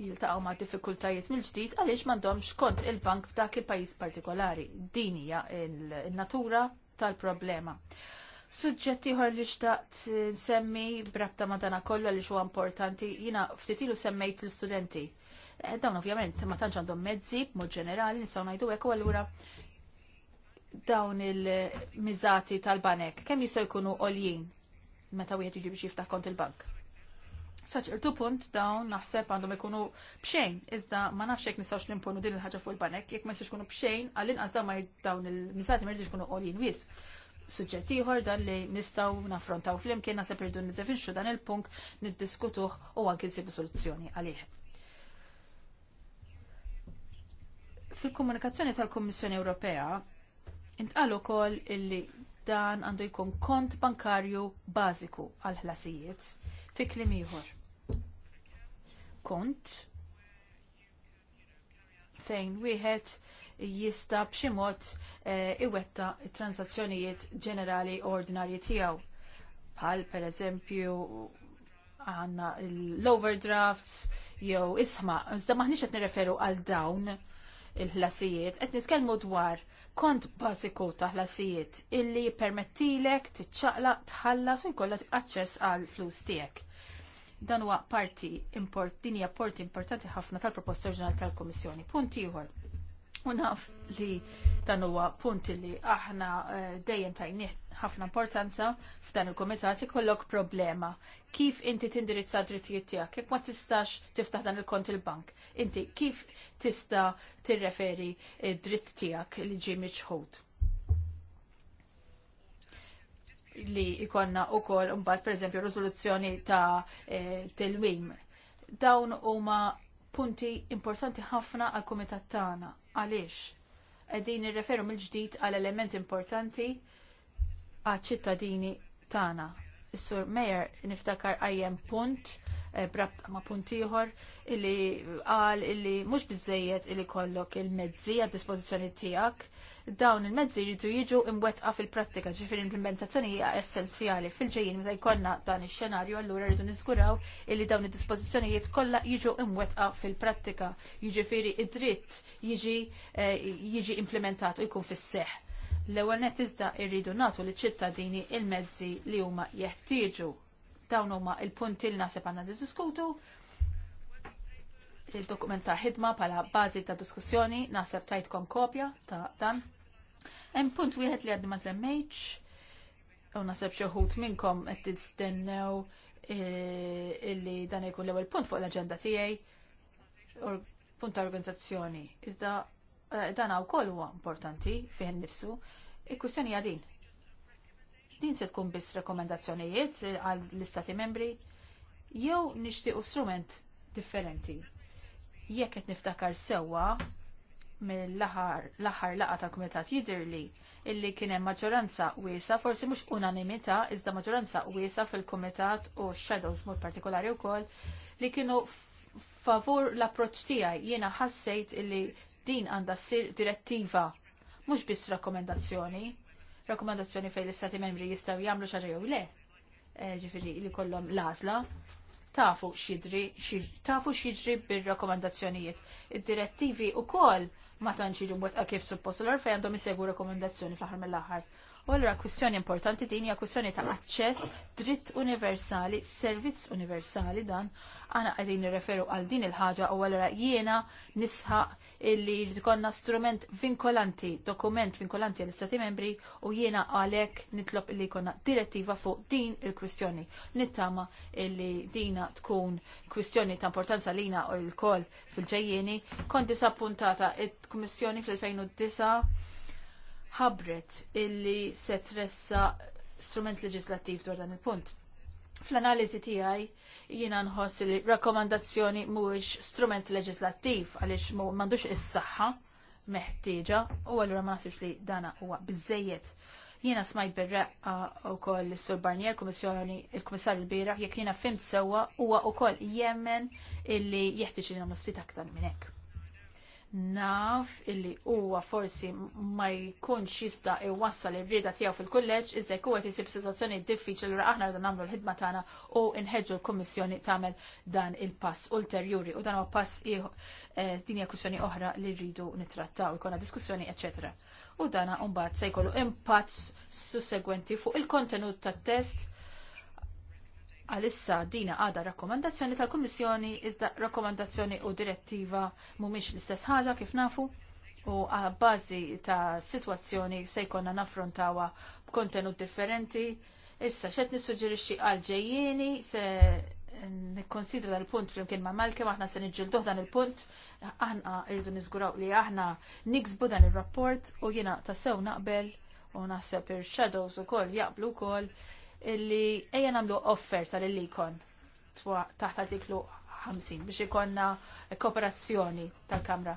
C: jiltaqgħu ma' diffikultajiet mill-ġdid għaliex m'għandhomx kont il-bank f'dak il-pajjiż partikolari. Din hija n-natura tal-problema. Suġġetti ħor li xtaqt nsemmi brabta ma' dana kollu għaliex huwa importanti, jina ftitilu semmejt l-studenti. Eh, dawn ovvjament ma tantx għandhom mezzi b'mod ġenerali nistgħu ngħidu hekk u allura dawn il-miżati tal-banek kemm jistgħu jkunu għoljin meta wieħed jiġi biex jiftaħ kont il-bank Saċertu punt dawn naħseb għandhom ikunu bxejn, iżda ma nafx jekk nistgħux nimponu din il-ħaġa fuq il-banek, jekk ma jistax ikunu bxejn, għallin għazda dawn ma dawn il misati ma jkunu ikunu qolin wis. Suġġett ieħor dan li nistgħu naffrontaw flimkien naħseb irdu niddefinxu dan il-punt, niddiskutuh u anke nsibu soluzzjoni għalih. Fil-komunikazzjoni tal-Kummissjoni Ewropea intqal ukoll illi dan għandu jkun kont bankarju bażiku għal ħlasijiet fi klim ieħor. Kont fejn wieħed jista b'xi mod eh, iwetta t transazzjonijiet ġenerali ordinarji tiegħu. Bħal pereżempju għandna l-overdrafts jew isma, iżda maħniex qed nirreferu għal dawn il-ħlasijiet, qed nitkellmu dwar kont bażiku ta' ħlasijiet illi jippermettilek tiċċaqlaq tħallas u jkollok aċċess għal flus tiegħek. Dan huwa parti import, din hija parti importanti ħafna tal-proposta oriġinali tal-Kummissjoni. Punt ieħor. U naf li dan huwa punt li aħna eh, dejjem tajnieh ħafna importanza f'dan il-komitat ikollok problema. Kif inti tindirizza drittijiet tiegħek? Jekk ma tistax tiftaħ dan il-kont il-bank. Inti kif tista tirreferi dritt tiegħek li ġie miċħud? li ikonna u mbagħad pereżempju riżoluzzjoni ta' eh, telwim. Dawn huma punti importanti ħafna għal kumitat tagħna. Għaliex? Qegħdin nirreferu mill-ġdid għal element importanti għaċ-ċittadini tagħna. Is-Sur Mejer niftakar għajjem punt eh, brab ma' punt ieħor illi qal illi mhux bizzejiet illi kollok il-mezzi għad dispożizzjoni tiegħek. Dawn il-mezzi jridu jiġu imwetqa fil-prattika, ġifir l-implementazzjoni hija essenzjali fil-ġejjin meta jkollna dan ix-xenarju allura rridu niżguraw illi dawn id-dispożizzjonijiet kollha jiġu imwetqa fil-prattika. Jiġifieri id-dritt jiġi eh, jiġi implementat u jkun fis-seħħ. L-ewwel nett iżda rridu nagħtu liċ ċittadini l mezzi li huma jeħtieġu. Dawn huma l punti li naħseb għandna niddiskutu. Il-dokument ta' ħidma bħala bażi ta' diskussjoni naħseb tajtkom kopja ta' dan. Hemm punt wieħed li għadni ma semmejtx u naħseb xi wħud minnkom qed tistennew e, illi dan ikun l-ewwel punt fuq l-aġenda tiegħi punt ta' organizzazzjoni. Iżda Eh, dan wkoll huwa importanti fih innifsu. Il-kwistjoni hija din. Din se tkun biss rekomendazzjonijiet eh, għall istati membri jew nixtiequ strument differenti. Jekk qed niftakar sewwa mill-aħħar laqgħa tal-Kumitat jidhirli illi kien hemm maġġoranza wiesa, forsi mhux unanimità, iżda maġġoranza wiesa fil-Kumitat u shadows mod partikolari wkoll li kienu favur l-approċċ tiegħi jiena ħassejt illi din għandha ssir direttiva mhux biss rakkomendazzjoni, Rakkomandazzjoni fejn l-istati membri jistgħu jagħmlu xi jew le. Eh, ġifieri li kollhom l-għażla tafu x'jiġri tafu x'jiġri bir-rakkomandazzjonijiet. Id-direttivi wkoll ma tantx jiġu kif suppost l fejn għandhom isegwu rakkomandazzjoni fl-aħħar mill-aħħar. U allura kwistjoni importanti din hija kwistjoni ta' aċċess dritt universali, servizz universali dan. Għana qegħdin nirreferu għal din il-ħaġa u allura jiena nisħa illi jrid ikollna strument vinkolanti, dokument vinkolanti għall istati membri u jiena għalhekk nitlob illi jkollna direttiva fuq din il-kwistjoni. Nittama illi dina tkun kwistjoni ta' importanza lina u l-koll fil-ġejjeni. Kont disappuntata il-Kummissjoni fl-2009 ħabret illi se tressa strument leġislattiv dwar dan il-punt. Fl-analiżi tiegħi jiena nħoss li rakkomandazzjoni mhuwiex strument leġislattiv għaliex m'għandux is-saħħa meħtieġa u allura ma nasibx li dana huwa biżejjed. Jiena smajt berreqqa wkoll is-Sur Barnier, kummissjoni il-Kummissar il-Bieraħ, jekk jiena fimt sewwa huwa wkoll jemmen illi jeħtieġ li nagħmlu ftit aktar minn hekk naf illi huwa forsi ma jkunx jista' iwassal ir-rieda tiegħu fil-kulleġġ iżda jkun qed isib sitwazzjoni diffiċli ra aħna rridu nagħmlu l-ħidma tagħna u nħeġġu l-Kummissjoni tagħmel dan il-pass ulterjuri u dan huwa pass eh, din hija kwistjoni oħra li rridu nittrattaw jkollna diskussjoni eċetera. U dana mbagħad se jkollu impatt sussegwenti fuq il-kontenut tat-test Għalissa dina għada rakkomandazzjoni tal-Kummissjoni iżda rakkomandazzjoni u direttiva mhumiex l-istess ħaġa kif nafu u għabbażi ta' situazzjoni se jkollna naffrontawa b'kontenut differenti. Issa xed nissuġġerixxi għal ġejjieni se nikkonsidra l-punt flimkien ma' Malkem aħna se niġġilduh dan il-punt aħna irridu niżguraw li aħna niksbu dan ir rapport u jiena tassew naqbel u naħseb ir-shadows ukoll jaqblu wkoll illi ejja nagħmlu offerta lil ikon taħt artiklu 50 biex ikonna kooperazzjoni tal-Kamra.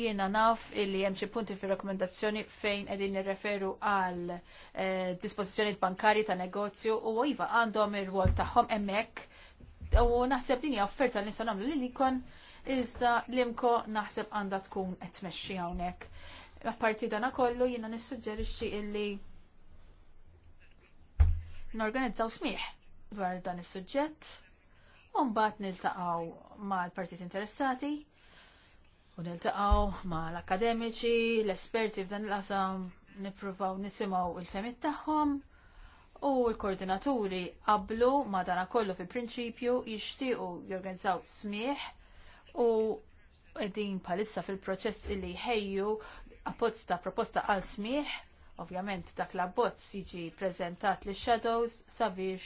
C: Jiena naf illi hemm xi punti fir-rakkomendazzjoni fejn qegħdin nirreferu għal eh, dispożizzjonijiet bankarji ta' negozju u iva għandhom ir-rwol tagħhom hemmhekk u naħseb din hija offerta li nistgħu nagħmlu li ikon iżda l-imko naħseb għandha tkun qed tmexxi hawnhekk. Apparti dana kollu jiena nissuġġerixxi illi norganizzaw smieħ dwar dan is-suġġett u mbagħad niltaqgħu mal-partit interessati u niltaqgħu mal-akademiċi, l-esperti f'dan il-qasam nippruvaw nisimgħu il-femit tagħhom u l-koordinaturi qablu madana kollu fil-prinċipju jixtiequ jorganizzaw smieħ u qegħdin bħalissa fil-proċess illi jħejju apposta proposta għal smieħ Ovvjament dak l-abbozz jiġi ppreżentat li shadows sabiex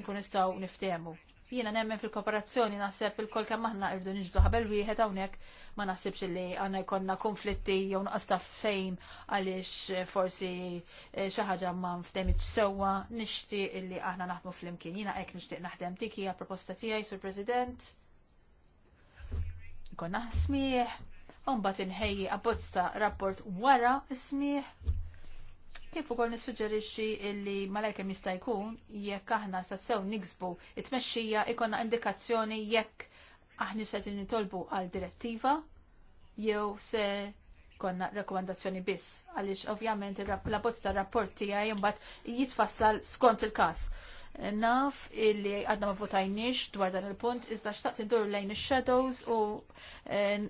C: inkun nistgħu niftehmu. Jiena nemmen fil-kooperazzjoni naħseb il-kol kemm aħna irdu niġdu ħabel wieħed hawnhekk ma naħsibx li għandna jkollna konflitti jew nuqqas ta' fejn għaliex forsi eh, xi ħaġa ma nftemiċ sewwa nixtieq li aħna naħdmu flimkien. Jiena hekk nixtieq naħdem dik hija proposta tiegħi sur President. Konna smieħ, Umbat inħejji abbozz ta' rapport wara smieħ Kif ukoll nissuġġerixxi illi malajr kemm jista' jkun jekk aħna tassew niksbu it-tmexxija ikonna indikazzjoni jekk aħna se nitolbu għal direttiva jew se konna rekomendazzjoni biss, għaliex ovvjament la bozza rapporti tiegħi jimbat jitfassal skont il-kas naf illi għadna ma votajniex dwar dan il-punt, iżda xtaqt indur lejn il-shadows u eh,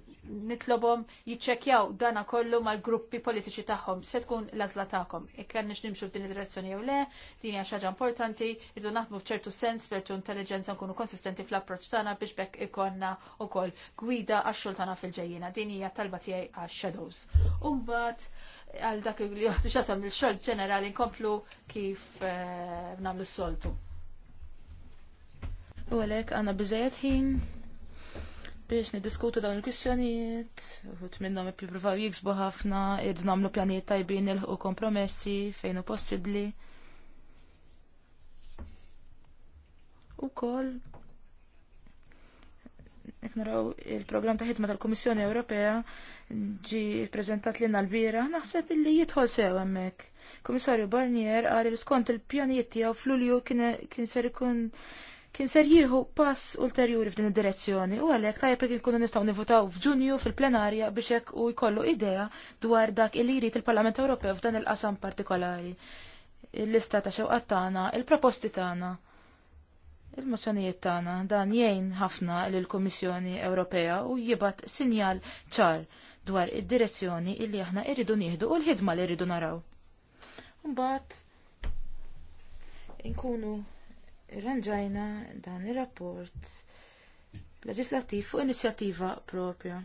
C: nitlobom jiċċekjaw dana kollu mal-gruppi politiċi tagħhom. Se tkun lazla tagħkom. Ikkan nix nimxu f'din id-direzzjoni jew le, din hija xaġa importanti, irdu naħdmu f'ċertu sens pertu intelligenza nkunu konsistenti fl-approċċ tagħna biex bekk ikonna wkoll gwida għax-xogħol tagħna fil-ġejjina. Din hija talba tiegħi għax-shadows. Umbagħad għal dak li għattu xasam il-xol ġenerali nkomplu kif eh, namlu s-soltu.
D: U għalek għanna bizzajet ħin biex nidiskutu dawn il-kwistjonijiet, u t-minnom pjibruvaw jiksbu ħafna, irdu namlu pjaniet tajbin il-ħu kompromessi fejn u possibli. U kol Jek naraw il-programm ta' ħidma tal-Kummissjoni Ewropea ġi prezentat l-inna l-bira, naħseb illi jidħol sew hemmhekk. Kummissarju Barnier għal li skont il-pjanijiet tiegħu f'Lulju kien ser ikun kien ser jieħu pass ulterjuri f'din id-direzzjoni u għalhekk tajjeb jekk ikunu nistgħu nivutaw f'Ġunju fil-plenarja biex hekk u jkollu idea dwar dak li jrid il-Parlament Ewropew f'dan il-qasam partikolari. Il-lista ta' xewqat tagħna, il-proposti tagħna. il proposti tagħna il-mozzjonijiet tagħna dan jgħin ħafna lill kummissjoni Ewropea u jibgħat sinjal ċar dwar id-direzzjoni illi aħna irridu nieħdu u l-ħidma li rridu naraw. Mbagħad inkunu rranġajna dan ir-rapport leġislattiv fuq inizjattiva propja.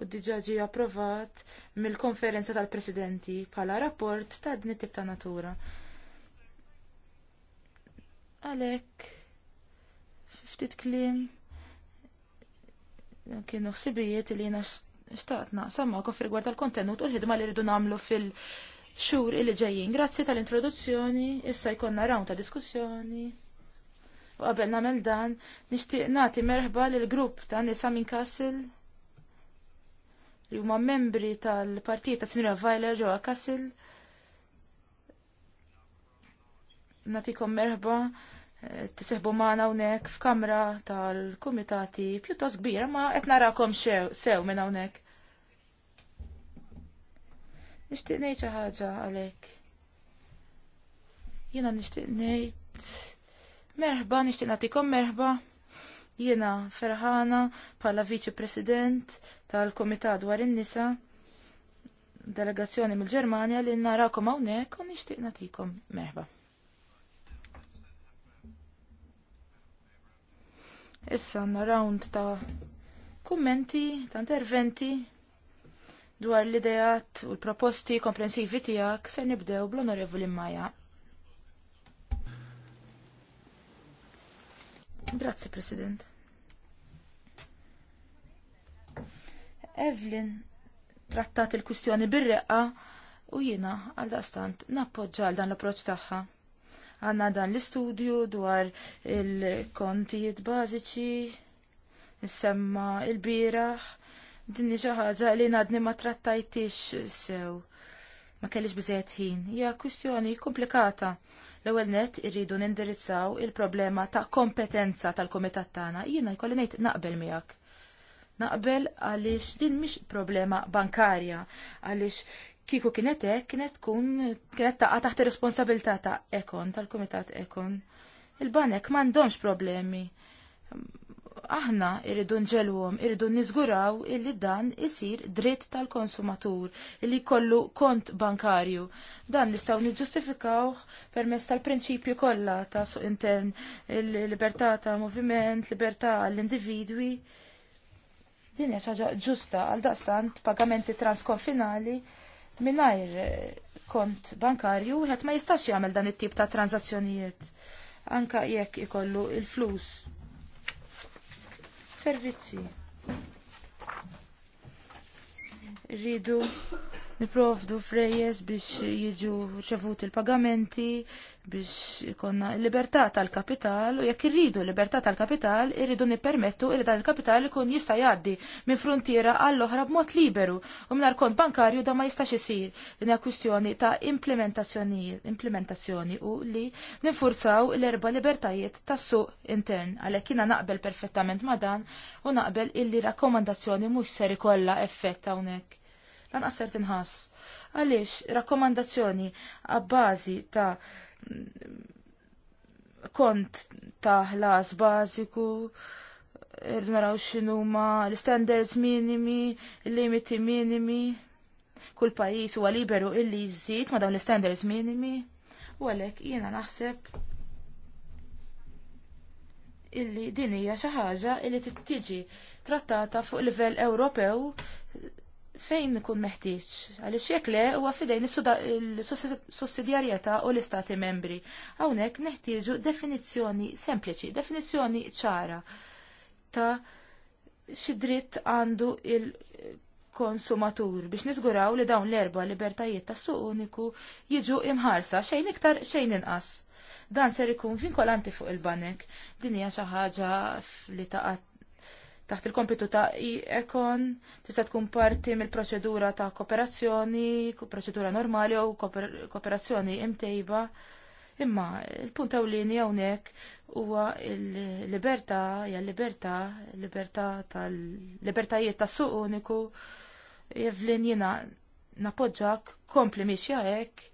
D: U diġà ġie approvat mill-konferenza tal-presidenti bħala rapport ta' din it-tip ta' natura. Għalek, ftit klim, kienu ħsibijiet li jina xtaqt naqsa ma fil-gwar tal-kontenut u l-ħidma li rridu namlu fil-xur il ġejjin. Grazzi tal-introduzzjoni, issa jkonna rawn ta' diskussjoni. U qabel namel dan, nishtiq nati merħba l grupp ta' nisa minn Kassil, li huma membri tal partita ta' Sinjora Vajla ġewwa Kassel natikom merħba eh, tisehbu maħna unek f'kamra tal-komitati pjuttos kbira ma qed narakom sew minn hawnhekk. Nixtieq ngħid xi ħaġa għalhekk. Jiena nixtieq ngħid merħba nixtieq nagħtikom merħba. Jiena ferħana bħala viċi president tal-Komitat dwar in-nisa delegazzjoni mill-Ġermanja li narakom hawnhekk u nixtieq nagħtikom merħba. Issa għandna round ta' kummenti, ta' interventi dwar l-idejat u l-proposti komprensivi tiegħek se nibdew bl-Onorevoli Maja. Grazzi, President. Evelyn trattat il-kustjoni bir-reqqa u jiena għal dastant nappoġġa għal dan l-approċ tagħha. Għanna dan l-istudju dwar il-kontijiet bażiċi, semma il-biraħ, din xi ħaġa li nadni ma trattajtix sew. Ma kellix biżejjed ħin. Ja kwistjoni komplikata. L-ewwel nett irridu nindirizzaw il-problema ta' kompetenza tal-kumitat tagħna. Jiena jkolli ngħid naqbel miegħek naqbel għaliex din mhix problema bankarja, għaliex Kiku kienet hekk kienet tkun kienet taqa taħt ir-responsabilità ta' ekon tal-Kumitat Ekon. Il-banek m'għandhomx problemi. Aħna irridu nġelwhom, irridu niżguraw illi dan isir dritt tal-konsumatur illi kollu kont bankarju. Dan nistgħu niġġustifikawh permezz tal-prinċipju kollha ta' suq intern, il-libertà ta' moviment, libertà għall-individwi. Din hija ħaġa ġusta għal daqstant pagamenti transkonfinali Minajr eh, kont bankarju, għet ma jistax jagħmel dan it-tip ta' tranzazzjonijiet. Anka jekk ikollu il-flus. Servizzi. Ridu niprovdu frejjes biex jiġu ċevut il-pagamenti, biex ikonna libertà tal-kapital, u jekk irridu libertà tal-kapital, irridu nippermettu li dan il-kapital ikun jista' jgħaddi minn frontiera għall-oħra b'mod liberu, u minn kont bankarju da ma jistax isir. Din hija kwistjoni ta' implementazzjoni u li ninfurzaw l-erba libertajiet tas-suq intern, għalhekk jiena naqbel perfettament ma' dan u naqbel illi rakkomandazzjoni mhux ser ikollha effett hawnhekk dan qasser tinħass. Għaliex, rakkomandazzjoni għabbażi ta' kont ta' ħlas bażiku, irdu naraw x'inhuma l-standards minimi, il-limiti minimi, kull pajjiż huwa liberu illi jżid ma' dawn l-standards minimi, u għalhekk jiena naħseb illi din hija xi ħaġa li tittiġi trattata fuq livell Ewropew fejn ikun meħtieġ għaliex jekk le huwa fidejn is-sussidjarjetà u l-istati membri. Hawnhekk neħtieġu definizzjoni sempliċi, definizzjoni ċara ta' xi dritt għandu il-konsumatur biex niżguraw li dawn l-erba libertajiet tas-suq uniku jiġu imħarsa xejn iktar xejn inqas. Dan ser ikun vinkolanti fuq il-banek. Din hija xi ħaġa li taqgħat taħt il-kompitu ta' ekon tista' tkun parti mill-proċedura ta' kooperazzjoni, proċedura normali u kooperazzjoni imtejba. Imma il-punt ewlieni hawnhekk huwa l-libertà, hija l-libertà, libertà tal-libertajiet tas-suq uniku jevlin jiena napoġġak kompli mixja hekk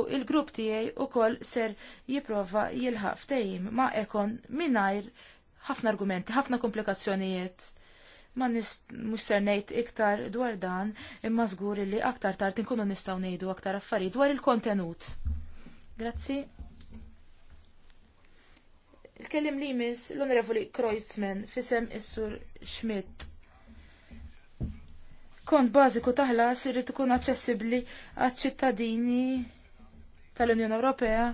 D: u l grupp tiegħi ukoll ser jipprova jilħaq ftehim ma' ekon mingħajr ħafna argumenti, ħafna komplikazzjonijiet. Ma mux ser ngħid iktar dwar dan, imma zgur li aktar tard inkunu nistgħu ngħidu aktar affarijiet dwar il-kontenut. Grazzi. Il-kellim li jmiss l-Onorevoli Kreuzman fisem is-Sur Schmidt. Kont bażiku taħlas irrid ikun aċċessibbli għaċ-ċittadini tal-Unjoni Ewropea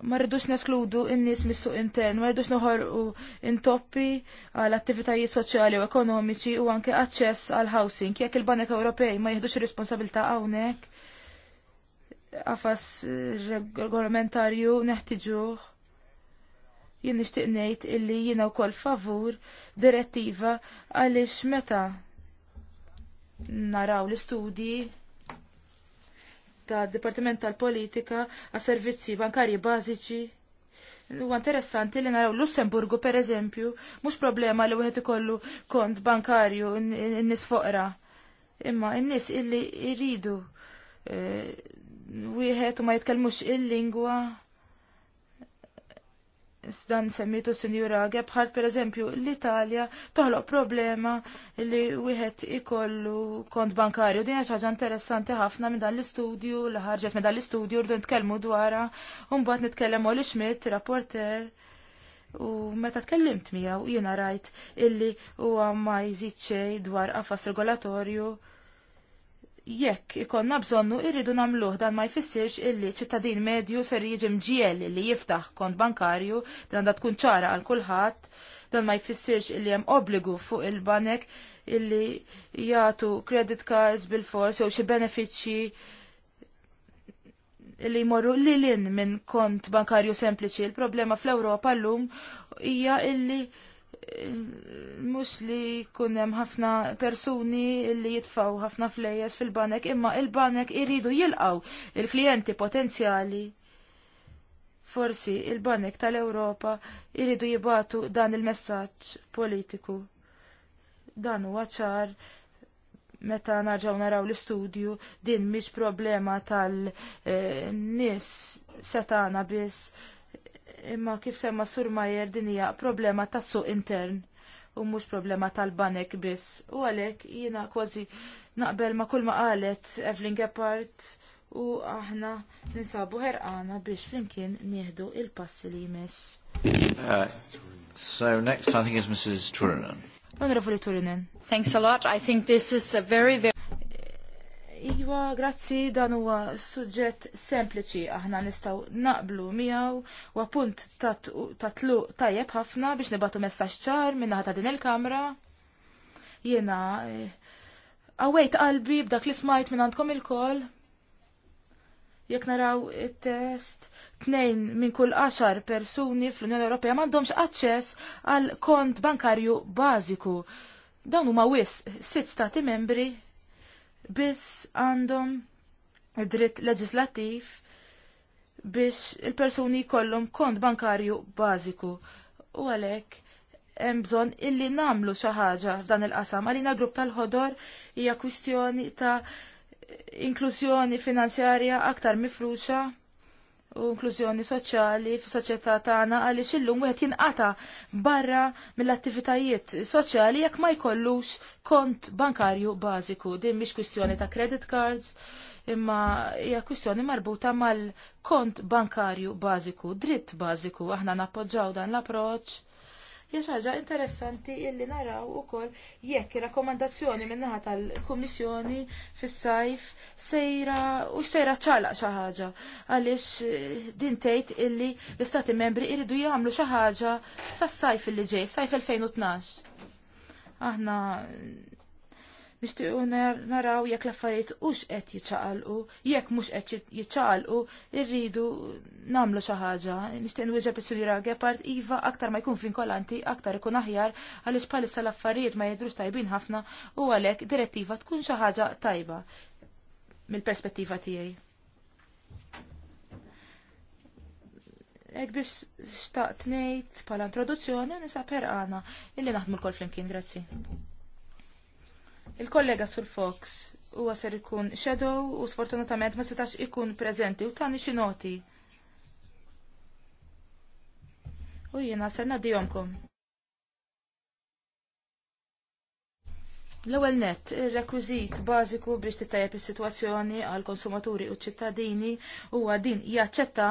D: ma rridux neskludu n-nies mis-suq intern, ma rridux noħorqu intoppi għal attivitajiet soċjali u ekonomiċi u anke aċċess għal housing. Jekk il-Banek Ewropej ma jieħdux ir-responsabilità hawnhekk regolamentarju neħtiġuh. Jien nixtieq ngħid illi jiena wkoll favur direttiva għaliex meta naraw l-istudji ta' Dipartiment tal-Politika għas servizzi bankarji bażiċi. Huwa interessanti li naraw Lussemburgu per eżempju, mhux problema li wieħed ikollu kont bankarju n-nies foqra. Imma n-nies illi jridu eh, wieħed u ma jitkellmux il-lingwa dan semmitu sinjura Gebhardt per eżempju l-Italja toħloq problema li wieħed ikollu kont bankarju. Din hija ħaġa interessanti ħafna minn dan l-istudju li ħarġet minn dan l-istudju rdu nitkellmu dwarha u mbagħad nitkellem Oli Schmidt, rapporter. U meta tkellimt miegħu jiena rajt illi huwa ma jżid xej dwar qafas regolatorju jekk ikonna bżonnu irridu namluħ dan ma jfissirx illi ċittadin medju ser jiġi mġiel li jiftaħ kont bankarju dan da tkun ċara għal kulħadd dan ma jfissirx illi hemm obbligu fuq il-banek illi jagħtu credit cards bil-fors jew xi benefiċċji li jmorru lilin minn kont bankarju sempliċi. Il-problema fl-Ewropa llum hija illi mux li kunem ħafna persuni li jitfaw ħafna flejes fil-banek, imma il-banek iridu jilqaw il-klienti potenzjali. Forsi il-banek tal-Europa iridu jibatu dan il-messaġġ politiku. Dan huwa ċar meta naġaw naraw l-istudju din mhix problema tal-nies setana biss imma kif semma Sur Majer din hija problema tas-suq intern u mhux problema tal-banek biss. U għalhekk jiena kważi naqbel ma' kull ma qalet Evelyn Gephardt u aħna ninsabu ħerqana biex flimkien nieħdu il-passi li jmiss.
A: Uh, so next I think is Mrs. Turinen.
D: Onorevoli Turinen. Thanks a lot. I think this is a very very Iva, grazzi, dan huwa suġġett sempliċi aħna nistgħu naqblu miegħu u appunt ta' tluq tajjeb ħafna biex nibatu messaġġ ċar minnaħa ta' din il-kamra. Jiena għawejt eh, qalbi b'dak li smajt minn għandkom il jekk naraw it-test, tnejn minn kull 10 persuni fl-Unjoni Ewropea m'għandhomx aċċess għal kont bankarju bażiku. Dawn huma wis sitt stati membri biss għandhom dritt leġislattiv biex il-persuni jkollhom kont bankarju bażiku. U għalhekk hemm bżonn illi nagħmlu xi ħaġa f'dan il-qasam. Għalina grupp tal-ħodor hija kwistjoni ta' inklużjoni finanzjarja aktar mifruxa u inklużjoni soċjali fis-soċjetà tagħna għaliex illum wieħed jinqata barra mill-attivitajiet soċjali jekk ma jkollux kont bankarju bażiku. Din mhix kwistjoni ta' credit cards, imma hija kwistjoni marbuta mal-kont bankarju bażiku, dritt bażiku. Aħna nappoġġaw dan l-approċċ hija xi ħaġa interessanti illi naraw ukoll jekk ir-rakkomandazzjoni min-naħa tal-Kummissjoni fis-sajf sejra u sejra ċalaq xi ħaġa għaliex din tgħid illi l-Istati Membri jridu jagħmlu xi ħaġa sas-sajf illi ġej, sajf 2012. Aħna nixtiequ naraw jekk l-affarijiet hux qed jiċċaqalqu, jekk mhux qed jiċċaqalqu, irridu nagħmlu xi ħaġa. Nixtieq nwieġeb is-Sinjura Gepard iva aktar ma jkun vinkolanti, aktar ikun aħjar għaliex bħalissa l-affarijiet ma jidrux tajbin ħafna u għalhekk direttiva tkun xi ħaġa tajba mill-perspettiva tiegħi. Ek biex xtaqt nejt pala introduzzjoni nisa per għana illi naħdmu l-kol flimkien, grazzi. Il-kollega Sur Fox huwa ser ikun shadow u sfortunatament ma setax ikun preżenti u tani xi noti. U jiena ser nadihomkom. L-ewwel nett, ir-rekwiżit bażiku biex tittajjeb is-sitwazzjoni għal konsumaturi u ċittadini huwa din jaċċetta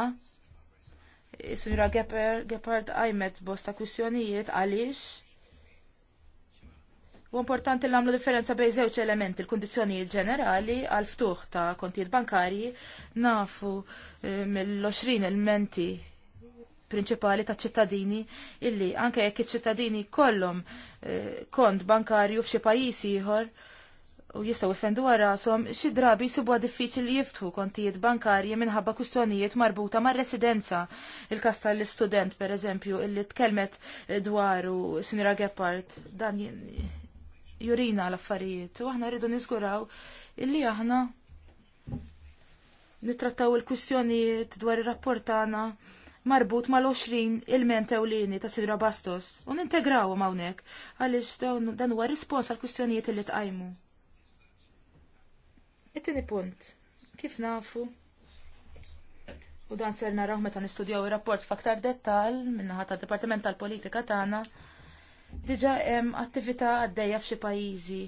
D: Sinjura Gepard għajmet bosta kwistjonijiet għaliex U importanti l-għamlu differenza bej żewġ elementi, l-kondizjonijiet ġenerali għal ftuħ ta' kontijiet bankarji nafu eh, mill-20 elementi prinċipali ta' ċittadini illi anke jekk iċ-ċittadini kollom eh, kont bankarju f'xi pajjiż ieħor u jistgħu jfendu rashom xi drabi jsibuha diffiċli jiftħu kontijiet bankarji minħabba kustjonijiet marbuta mar-residenza. Il-każ tal-istudent pereżempju illi tkellmet eh, dwaru Sinra Gephardt dan jurina l-affarijiet u aħna rridu niżguraw illi aħna nitrattaw il-kwistjonijiet dwar ir-rapport tagħna marbut mal-20 il-ment ewlieni ta' Sidra Bastos u nintegraw hawnhekk għaliex dan huwa rispons għal kwistjonijiet li tqajmu. It-tieni punt, kif nafu? U dan ser naraw meta nistudjaw ir-rapport f'aktar dettal minna tad-Dipartiment tal-Politika tagħna diġa hemm attività għaddejja f'xi pajjiżi.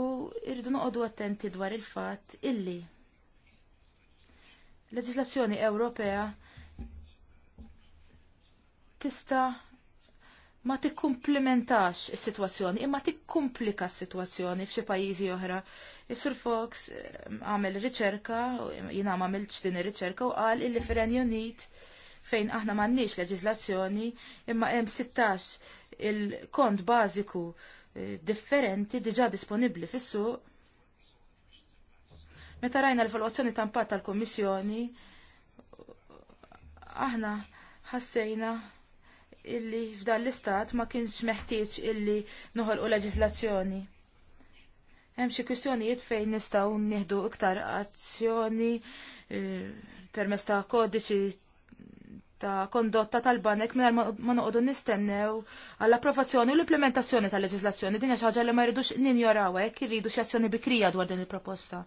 D: U irridu noqogħdu attenti dwar il-fatt illi leġislazzjoni Ewropea tista' ma tikkumplimentax is-sitwazzjoni, imma tikkumplika s-sitwazzjoni f'xi pajjiżi oħra. Is-Sur Fox eh, għamel riċerka, jien għamilt din ir-riċerka u qal illi fir-Renju Unit fejn aħna m'għandniex leġiżlazzjoni imma hemm 16 il-kont bażiku eh, differenti diġà disponibbli fis-suq. Meta rajna l-valwazzjoni ta' tal-Kummissjoni, aħna ħassejna illi f'dan l-istat ma kienx meħtieġ illi noħolqu leġiżlazzjoni. Hemm xi kwistjonijiet fejn nistgħu nieħdu iktar azzjoni eh, permezz ta' kodiċi ta' kondotta tal-banek minn ma noqogħdu nistennew għall-approvazzjoni u l-implementazzjoni tal-leġislazzjoni. Din hija xi ħaġa li ma jridux ninjoraw hekk, irridu xi azzjoni bikrija dwar din il-proposta.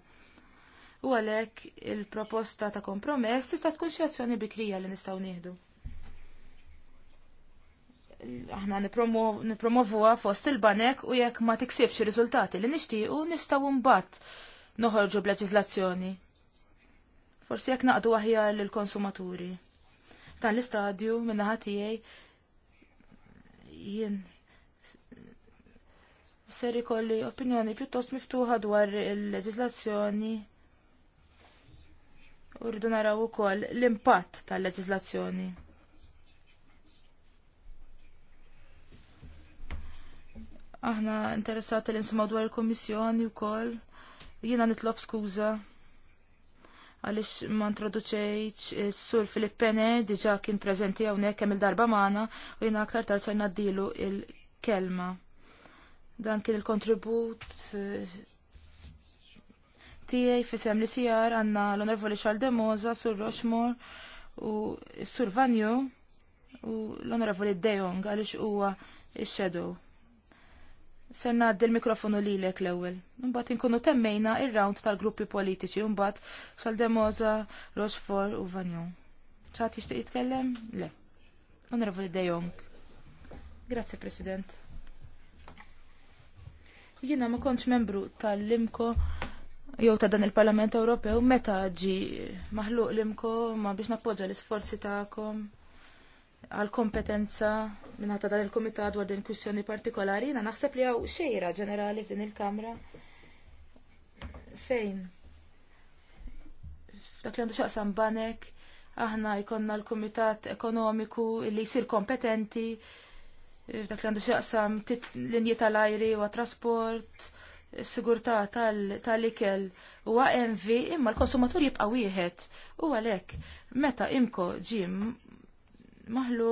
D: U għalhekk il-proposta ta' kompromess tista' tkun xi azzjoni bikrija li nistgħu nieħdu. Aħna nipromovuha fost il-banek u jekk ma tiksibx riżultati li nixtiequ nistgħu mbagħad noħorġu b'leġiżlazzjoni. Forsi jekk naqdu aħjar lill-konsumaturi ta' l-istadju minna ħatijaj jien ser ikolli opinjoni pjuttost miftuħa dwar il-leġislazzjoni u rridu naraw ukoll l-impatt tal-leġislazzjoni. Aħna interessati li nsimgħu dwar il-Kummissjoni wkoll jiena nitlob skuża għalix ma introduċejċ sur Filippene diġa kien prezenti għawnek kemm il-darba maħna u jina aktar tar ser naddilu il-kelma. Dan kien il-kontribut eh, tijaj fisem li sijar għanna l-onorvoli Moza, sur Roxmore u sur Vanju u l-onorvoli Dejong għalix huwa il-shadow. Se ngħaddi l-mikrofonu lilek l-ewwel. Imbagħad inkunu temmejna ir-round tal-gruppi politiċi u mbagħad Xaldemoza, Rochefort u Vanjon. ċaħt jixtieq jitkellem? Le. Onorevoli De Jong. Grazzi President. Jiena ma kontx membru tal-Limko jew ta' dan il-Parlament Ewropew meta ġi maħluq l-imko ma biex nappoġġa l-isforzi tagħkom għal kompetenza minn ħata dan il-komitat dwar din kwistjoni partikolari, na naħseb li għaw xejra ġenerali f'din il-kamra. Fejn? F'dak li għandu xaqsam banek, aħna jkonna l-komitat ekonomiku li jisir kompetenti, f'dak li għandu xaqsam linji tal-ajri u trasport, s sigurtà tal-ikel u għenvi imma l-konsumatur jibqa wieħed u għalek meta imko ġim maħlu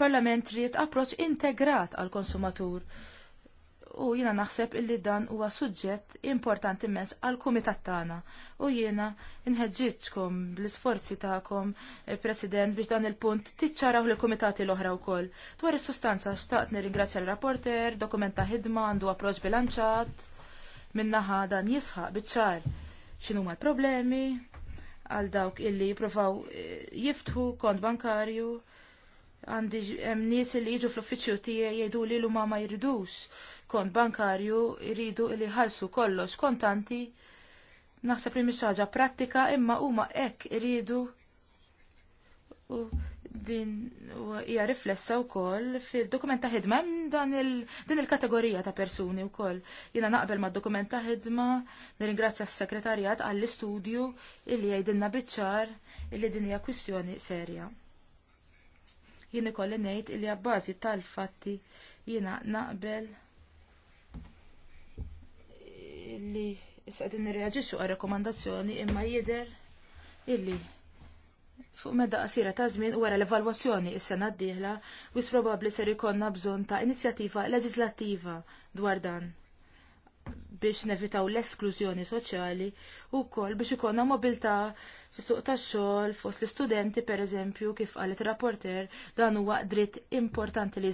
D: parlament rrit approċ integrat għal konsumatur. U jiena naħseb illi dan huwa suġġett importanti immens għal kumitat tagħna. U jiena inħeġġitkom bl-isforzi tagħkom, eh, President, biex dan il-punt tiċċaraw lil kumitati l-oħra wkoll. Dwar is-sustanza xtaqt nirringrazzja l-rapporter, dokumenta ħidma għandu approċ bilanċat, minnaħa dan jisħaq biċ-ċar x'inhuma l-problemi, għal dawk illi jiprofaw eh, jiftħu kont bankarju għandi nies li jiġu fl-uffiċċju tiegħi jgħidu li l ma jridux kont bankarju jridu li ħalsu kollox kontanti naħseb li mhix ħaġa prattika imma huma hekk iridu u din hija riflessa wkoll fid-dokument ta' ħidma dan il din il-kategorija ta' persuni wkoll. Jiena naqbel mad-dokument ta' ħidma, nirringrazzja s-sekretarjat għall-istudju li jgħidilna biċ-ċar illi din hija kwistjoni serja jien ikolli ngħid li abbażi tal-fatti jiena naqbel li issa qegħdin nirreaġixxu għal rekomandazzjoni imma jidher illi fuq medda qasira ta' żmien wara l-evalwazzjoni is-sena d-dieħla wis probabbli ser ikonna bżonn ta' inizjattiva leġislattiva dwar dan biex nevitaw l-esklużjoni soċjali u kol biex ikonna mobilta fis-suq tax-xogħol fost l-istudenti pereżempju kif qalet rapporter dan huwa dritt importanti li,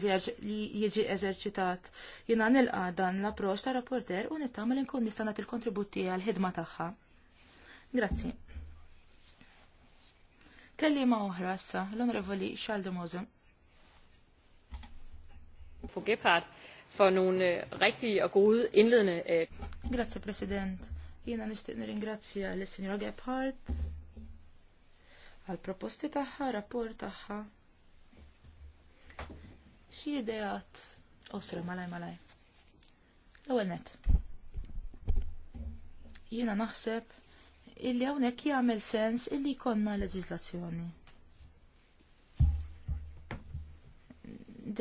D: li jiġi eżerċitat. Jina nilqa dan l-approċċ ta' rapporter u li nkun nista' nagħti l-kontributi għall-ħidma tagħha. Grazzi. Kellima oħra issa l-Onorevoli Xaldu Mozum. Fu Gebhardt, for nogle øh, rigtige og gode indledende... Øh. Grazie, President. Jena nishtiq nirringrazzja l signora Gebhardt Al proposti tagħha, rapport tagħha. Xi ideat osra malaj malaj. Ewel ewwel net. Jiena naħseb illi hawnhekk jagħmel sens illi jkollna leġiżlazzjoni.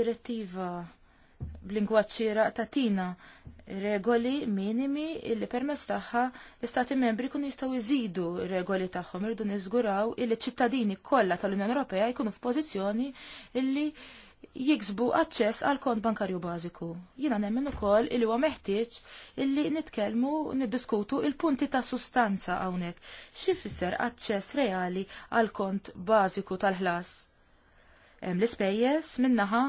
D: Direttiva b'lingwaċċira tatina regoli minimi illi permess tagħha l-istati membri kun jistgħu jżidu regoli tagħhom irdu niżguraw illi ċittadini kollha tal-Unjoni Ewropea jkunu f'pożizzjoni illi jiksbu aċċess għal kont bankarju bażiku. Jiena nemmen ukoll illi huwa meħtieġ illi nitkellmu niddiskutu il-punti ta' sustanza hawnhekk. x'ifisser aċċess reali għal kont bażiku tal-ħlas? Hemm l-ispejjeż minnaħa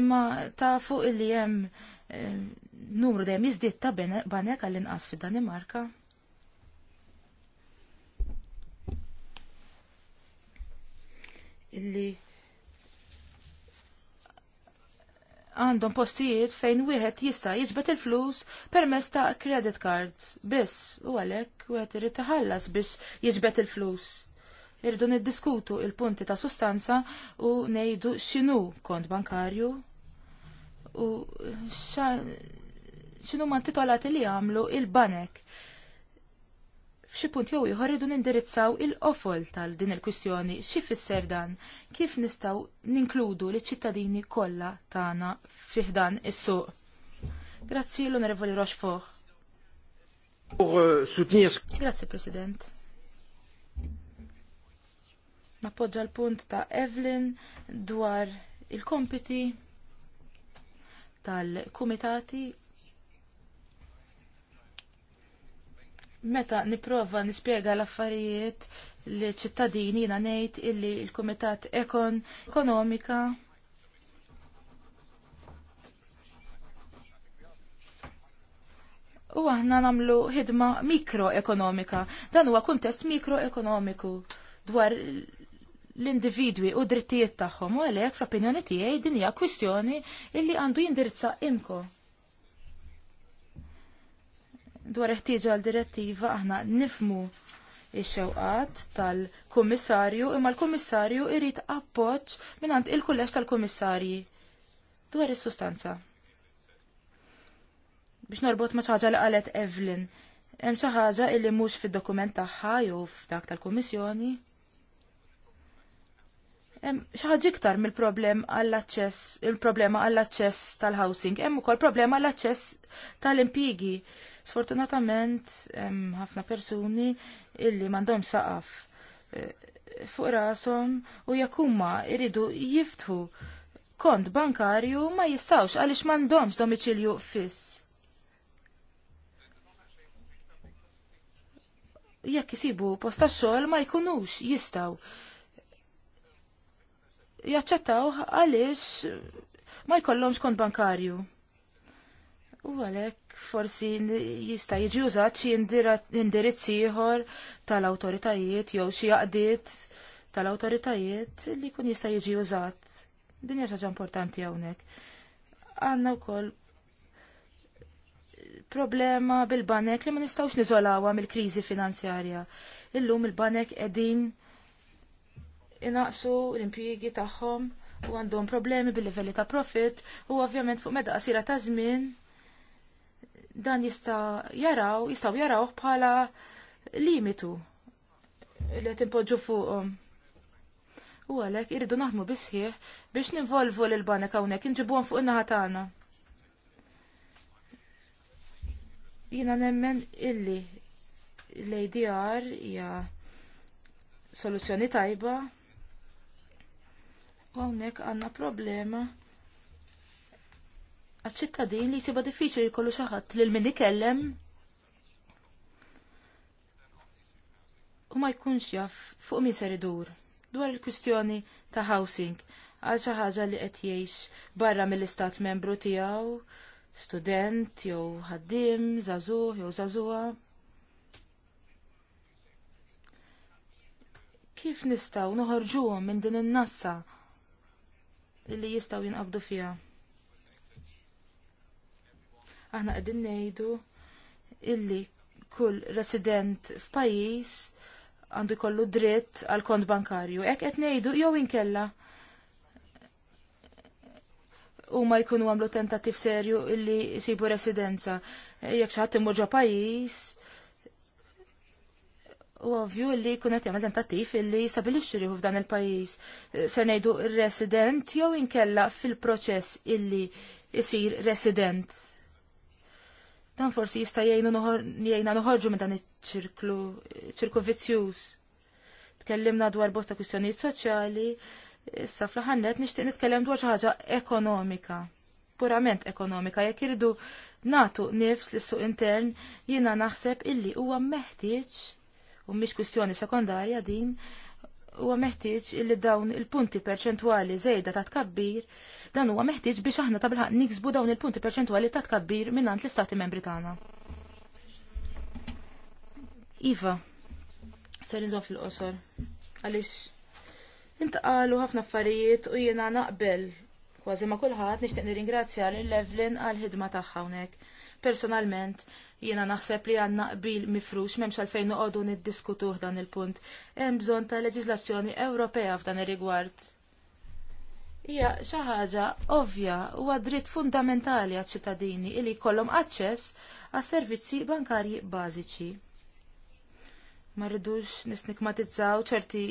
D: imma ta' fuq illi hemm eh, numru dejjem jizdiet ta' banek għall-inqas fid-Danimarka. Illi għandhom postijiet fejn wieħed jista' jisbet il-flus permezz ta' credit cards biss u għalhekk wieħed irid iħallas biex jisbet il-flus irridu niddiskutu il-punti ta' sustanza u nejdu x'inhu kont bankarju u x'inhu ma' titolati li għamlu il-banek. F'xi punt jew ieħor irridu nindirizzaw il-qofol tal din il-kwistjoni xi fisser dan kif nistgħu ninkludu l ċittadini kollha tagħna fih dan is-suq. Grazzi l-Onorevoli Rochefort.
A: Euh,
D: Grazie President. Nappoġġa l-punt ta' Evelyn dwar il-kompiti tal-kumitati meta niprofa nispjega l-affarijiet li ċittadini jina ngħid illi l-Kumitat Ekon Ekonomika U aħna namlu ħidma mikroekonomika. Dan huwa kuntest mikroekonomiku dwar l-individwi u drittijiet tagħhom u għalhekk fl-opinjoni tiegħi din hija kwistjoni illi għandu jindirizza imkom. Dwar ħtieġa għal direttiva aħna nifmu ix-xewqat tal-kummissarju imma l-kummissarju irid appoġġ mingħand il-kulleġġ tal-kummissarji dwar is-sustanza. Biex norbot ma' ħaġa li qalet Evelyn, hemm xi ħaġa illi mhux fid-dokument tagħha jew f'dak tal-Kummissjoni xaħġi iktar mill-problem għall-aċċess, il-problema għall-aċċess tal-housing, hemm ukoll problema għall-aċċess tal impigi Sfortunatament hemm ħafna persuni illi m'għandhom saqaf eh, fuq rashom u jekk huma jridu jiftħu kont bankarju ma jistawx għaliex m'għandhomx domiċilju fiss. Jekk isibu posta xogħol ma jkunux jistgħu jaċċettaw għaliex ma jkollhomx kont bankarju. U għalhekk forsi jista' jiġi użat xi indirizz ieħor tal-awtoritajiet jew xi jaqdiet tal-awtoritajiet li jkun jista' jiġi użat. Din hija ħaġa importanti hawnhekk. Għandna wkoll problema bil-banek li ma nistgħux niżolawha mill-kriżi finanzjarja. Illum il-banek qegħdin inaqsu l-impjiegi tagħhom u għandhom problemi bil-livelli ta' profit u ovvjament fuq meda qasira ta' żmien dan jista' jaraw, jistgħu jaraw bħala limitu li impoġġu fuqhom. U għalhekk irridu naħdmu bisħieħ biex ninvolvu lil banek hawnhekk inġibuhom fuq in-naħa tagħna. Jiena nemmen illi l-ADR hija soluzzjoni tajba Hawnhekk għandna problema għaċ-ċittadin li jsiba diffiċli kollu xi ħadd lil minni kellem. u ma jkunx jaf fuq min ser idur dwar il-kwistjoni ta' housing għal xi ħaġa li qed jgħix barra mill-istat membru tiegħu, student jew ħaddim, żagħżugħ jew żagħżugħa. Kif nistgħu noħorġuhom minn din in-nassa li jistgħu jinqabdu fiha. Aħna qegħdin ngħidu illi kull resident f'pajjiż għandu jkollu dritt għal kont bankarju. Hekk qed ngħidu jew inkella huma jkunu għamlu tentattiv serju illi jsibu residenza. Jekk xi ħadd imur ġo pajjiż, u ovvju li kunet jagħmel tentattiv li jisabilixxi rieħu f'dan il-pajjiż. Eh, ser ngħidu resident jew inkella fil-proċess illi jsir resident. Dan forsi jista' jgħinna noħorġu minn dan il ċirklu ċirku vizzjuż. Tkellimna dwar bosta kwistjonijiet soċjali, issa fl-ħannet nixtieq nitkellem dwar ħaġa ekonomika purament ekonomika, jekk irridu natu nifs l suq intern, jiena naħseb illi huwa meħtieġ u mhix kwistjoni sekondarja din huwa meħtieġ li dawn il-punti perċentwali żejda ta' tkabbir, dan huwa meħtieġ biex aħna ta' niksbu dawn il-punti perċentwali ta' tkabbir għand l-Istati Membri tagħna. Iva, ser fil-qosor, għaliex intqalu ħafna affarijiet u jiena naqbel kważi ma' kulħadd nixtieq nirringrazzja lil Levlin għall ħidma tagħha hawnhekk. Personalment, Jiena naħseb li għandna qbil mifrux memx għalfejn noqogħdu niddiskutuh dan il-punt. Hemm bżonn ta' leġiżlazzjoni Ewropea f'dan ir-rigward. Hija xi ħaġa ovvja huwa dritt fundamentali għaċ-ċittadini li jkollhom aċċess għas servizzi bankarji bażiċi. Ma rridux nisnikmatizzaw ċerti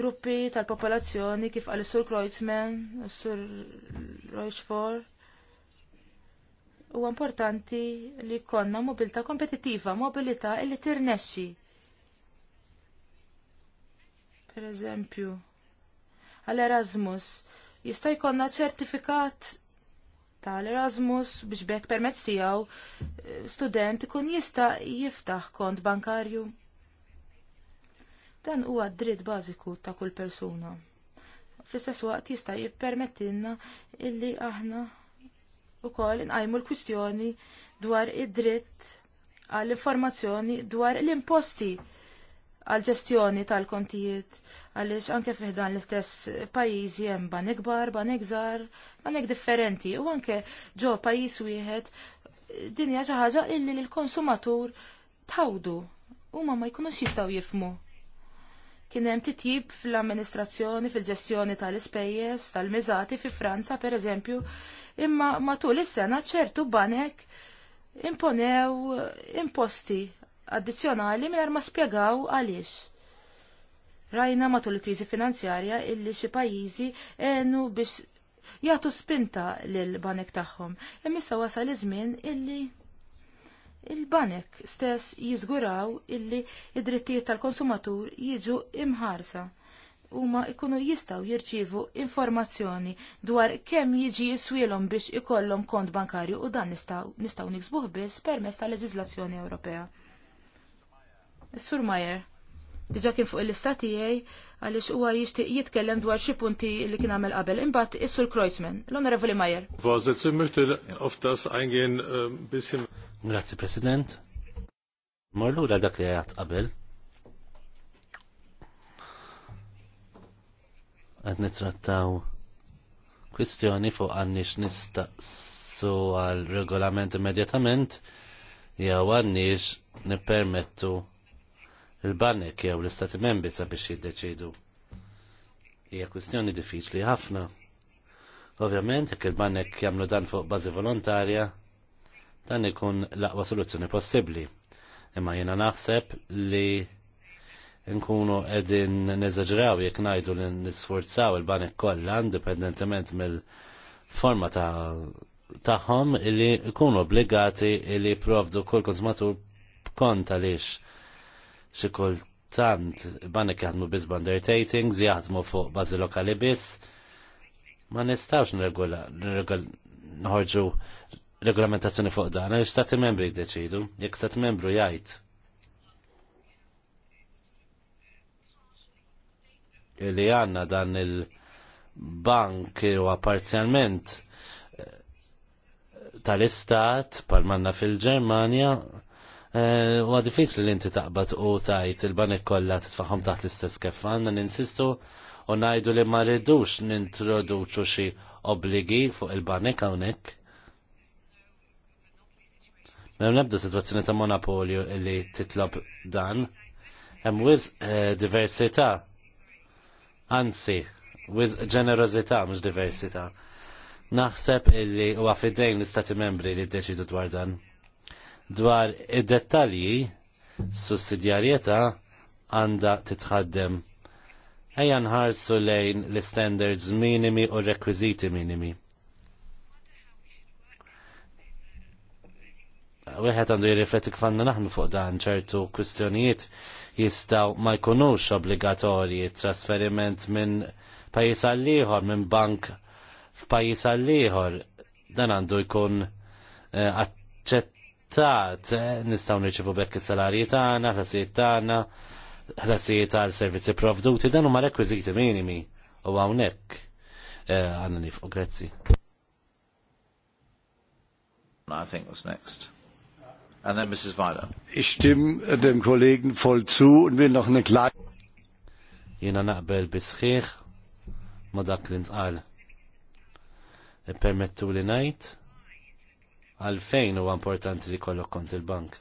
D: gruppi tal-popolazzjoni kif għal sur Kreuzmann, sur Rochefort U importanti li konna mobilta kompetitiva, mobilita illi tirnexxi. Per eżempju, għal Erasmus, jista' jkollna ċertifikat tal-Erasmus biex bekk permezz tiegħu eh, student ikun jista' jiftaħ kont bankarju. Dan huwa dritt bażiku ta' kull persuna. Fl-istess waqt jista' jippermettilna illi aħna kol inqajmu l-kwistjoni dwar id-dritt għall informazzjoni dwar l-imposti għal ġestjoni tal-kontijiet għaliex anke fiħdan l-istess pajjiżi hemm banek bar, banek zar, banek differenti u anke ġo pajjiż wieħed din hija xi ħaġa illi l-konsumatur tawdu u ma jkunux jistgħu jifmu Kien hemm titjib fl-amministrazzjoni fil-ġestjoni tal-ispejjeż tal-miżati fi Franza pereżempju, imma matul is-sena ċertu banek imponew imposti addizzjonali mingħajr ma spjegaw għaliex. Rajna matul il-kriżi finanzjarja illi xi pajjiżi għenu biex jagħtu spinta lil banek tagħhom. Imma issa wasal iż-żmien illi il-banek stess jiżguraw illi id-drittijiet tal-konsumatur jiġu imħarsa huma jkunu jistgħu jirċievu informazzjoni dwar kemm jiġi jiswielhom biex ikollhom kont bankarju u dan nistgħu niksbuh biss permezz tal leġiżlazzjoni Ewropea. Sur Majer, diġa kien fuq il-lista tiegħi għaliex huwa jixtieq jitkellem dwar xi punti li kien għamel qabel. Imbagħad is-Sur Kreuzman, l-Onorevoli Majer.
B: Grazzi, President. la dak li għajat qabel. Għad nitrattaw kwistjoni fuq għannix nistaqsu għal regolament immedjatament jew għannix nippermettu il-banek jew l-istati membri sabiex jiddeċidu. Hija kwistjoni diffiċli ħafna. Ovvjament, jekk il-banek jagħmlu dan fuq bażi volontarja, dan ikun l-aqwa soluzzjoni possibbli. Imma jiena naħseb li nkunu edin neżagġraw jekk ngħidu li nisforzaw il-banek kollha indipendentement mill-forma ta' tagħhom li jkunu obbligati li provdu kull konsumatur kont għaliex xi kultant banek jaħdmu biss tatings, jaħdmu fuq bażi lokali biss, ma nistgħux nirregola nħorġu regolamentazzjoni fuq dan, għax stati membri jiddeċidu, jekk stati membru jgħid li għanna dan il-bank huwa parzjalment eh, tal-istat pal manna fil-Ġermanja eh, u għadifiċ li inti taqbad u tajt il-banek kollha titfaħħom taħt l-istess kif n-insistu u najdu li ma rridux nintroduċu xi obligi fuq il-banek hawnhekk Mem nebda situazzjoni ta' monopolju li titlob dan, hemm wiz eh, diversità, anzi, wiz ġenerozità mhux diversità. Naħseb illi huwa fidejn l-istati membri li ddeċidu dwar dan. Dwar id-dettalji sussidjarjetà għandha titħaddem. Ejja nħarsu lejn l-standards minimi u r rekwiżiti minimi. Wieħed għandu jirrifletti kif naħnu fuq dan ċertu kwistjonijiet jistgħu ma jkunux obbligatorji trasferiment minn pajjiż għal ieħor minn bank f'pajjiż għal ieħor. Dan għandu jkun eh, aċċettat eh, nistgħu nirċevu bekk is-salarji tagħna, ħlasijiet tagħna, ħlasijiet għal servizzi provduti dan huma rekwiżiti minimi u hawnhekk eh, għandna nifqu grezzi. I think what's next. And then Mrs. Weiler. Ich stimme äh, dem Kollegen voll zu und will noch eine kleine. Jena naqbel bisħiħ ma dak li nsqal. E permettu li najt għalfejn huwa importanti li kollok kont il-bank.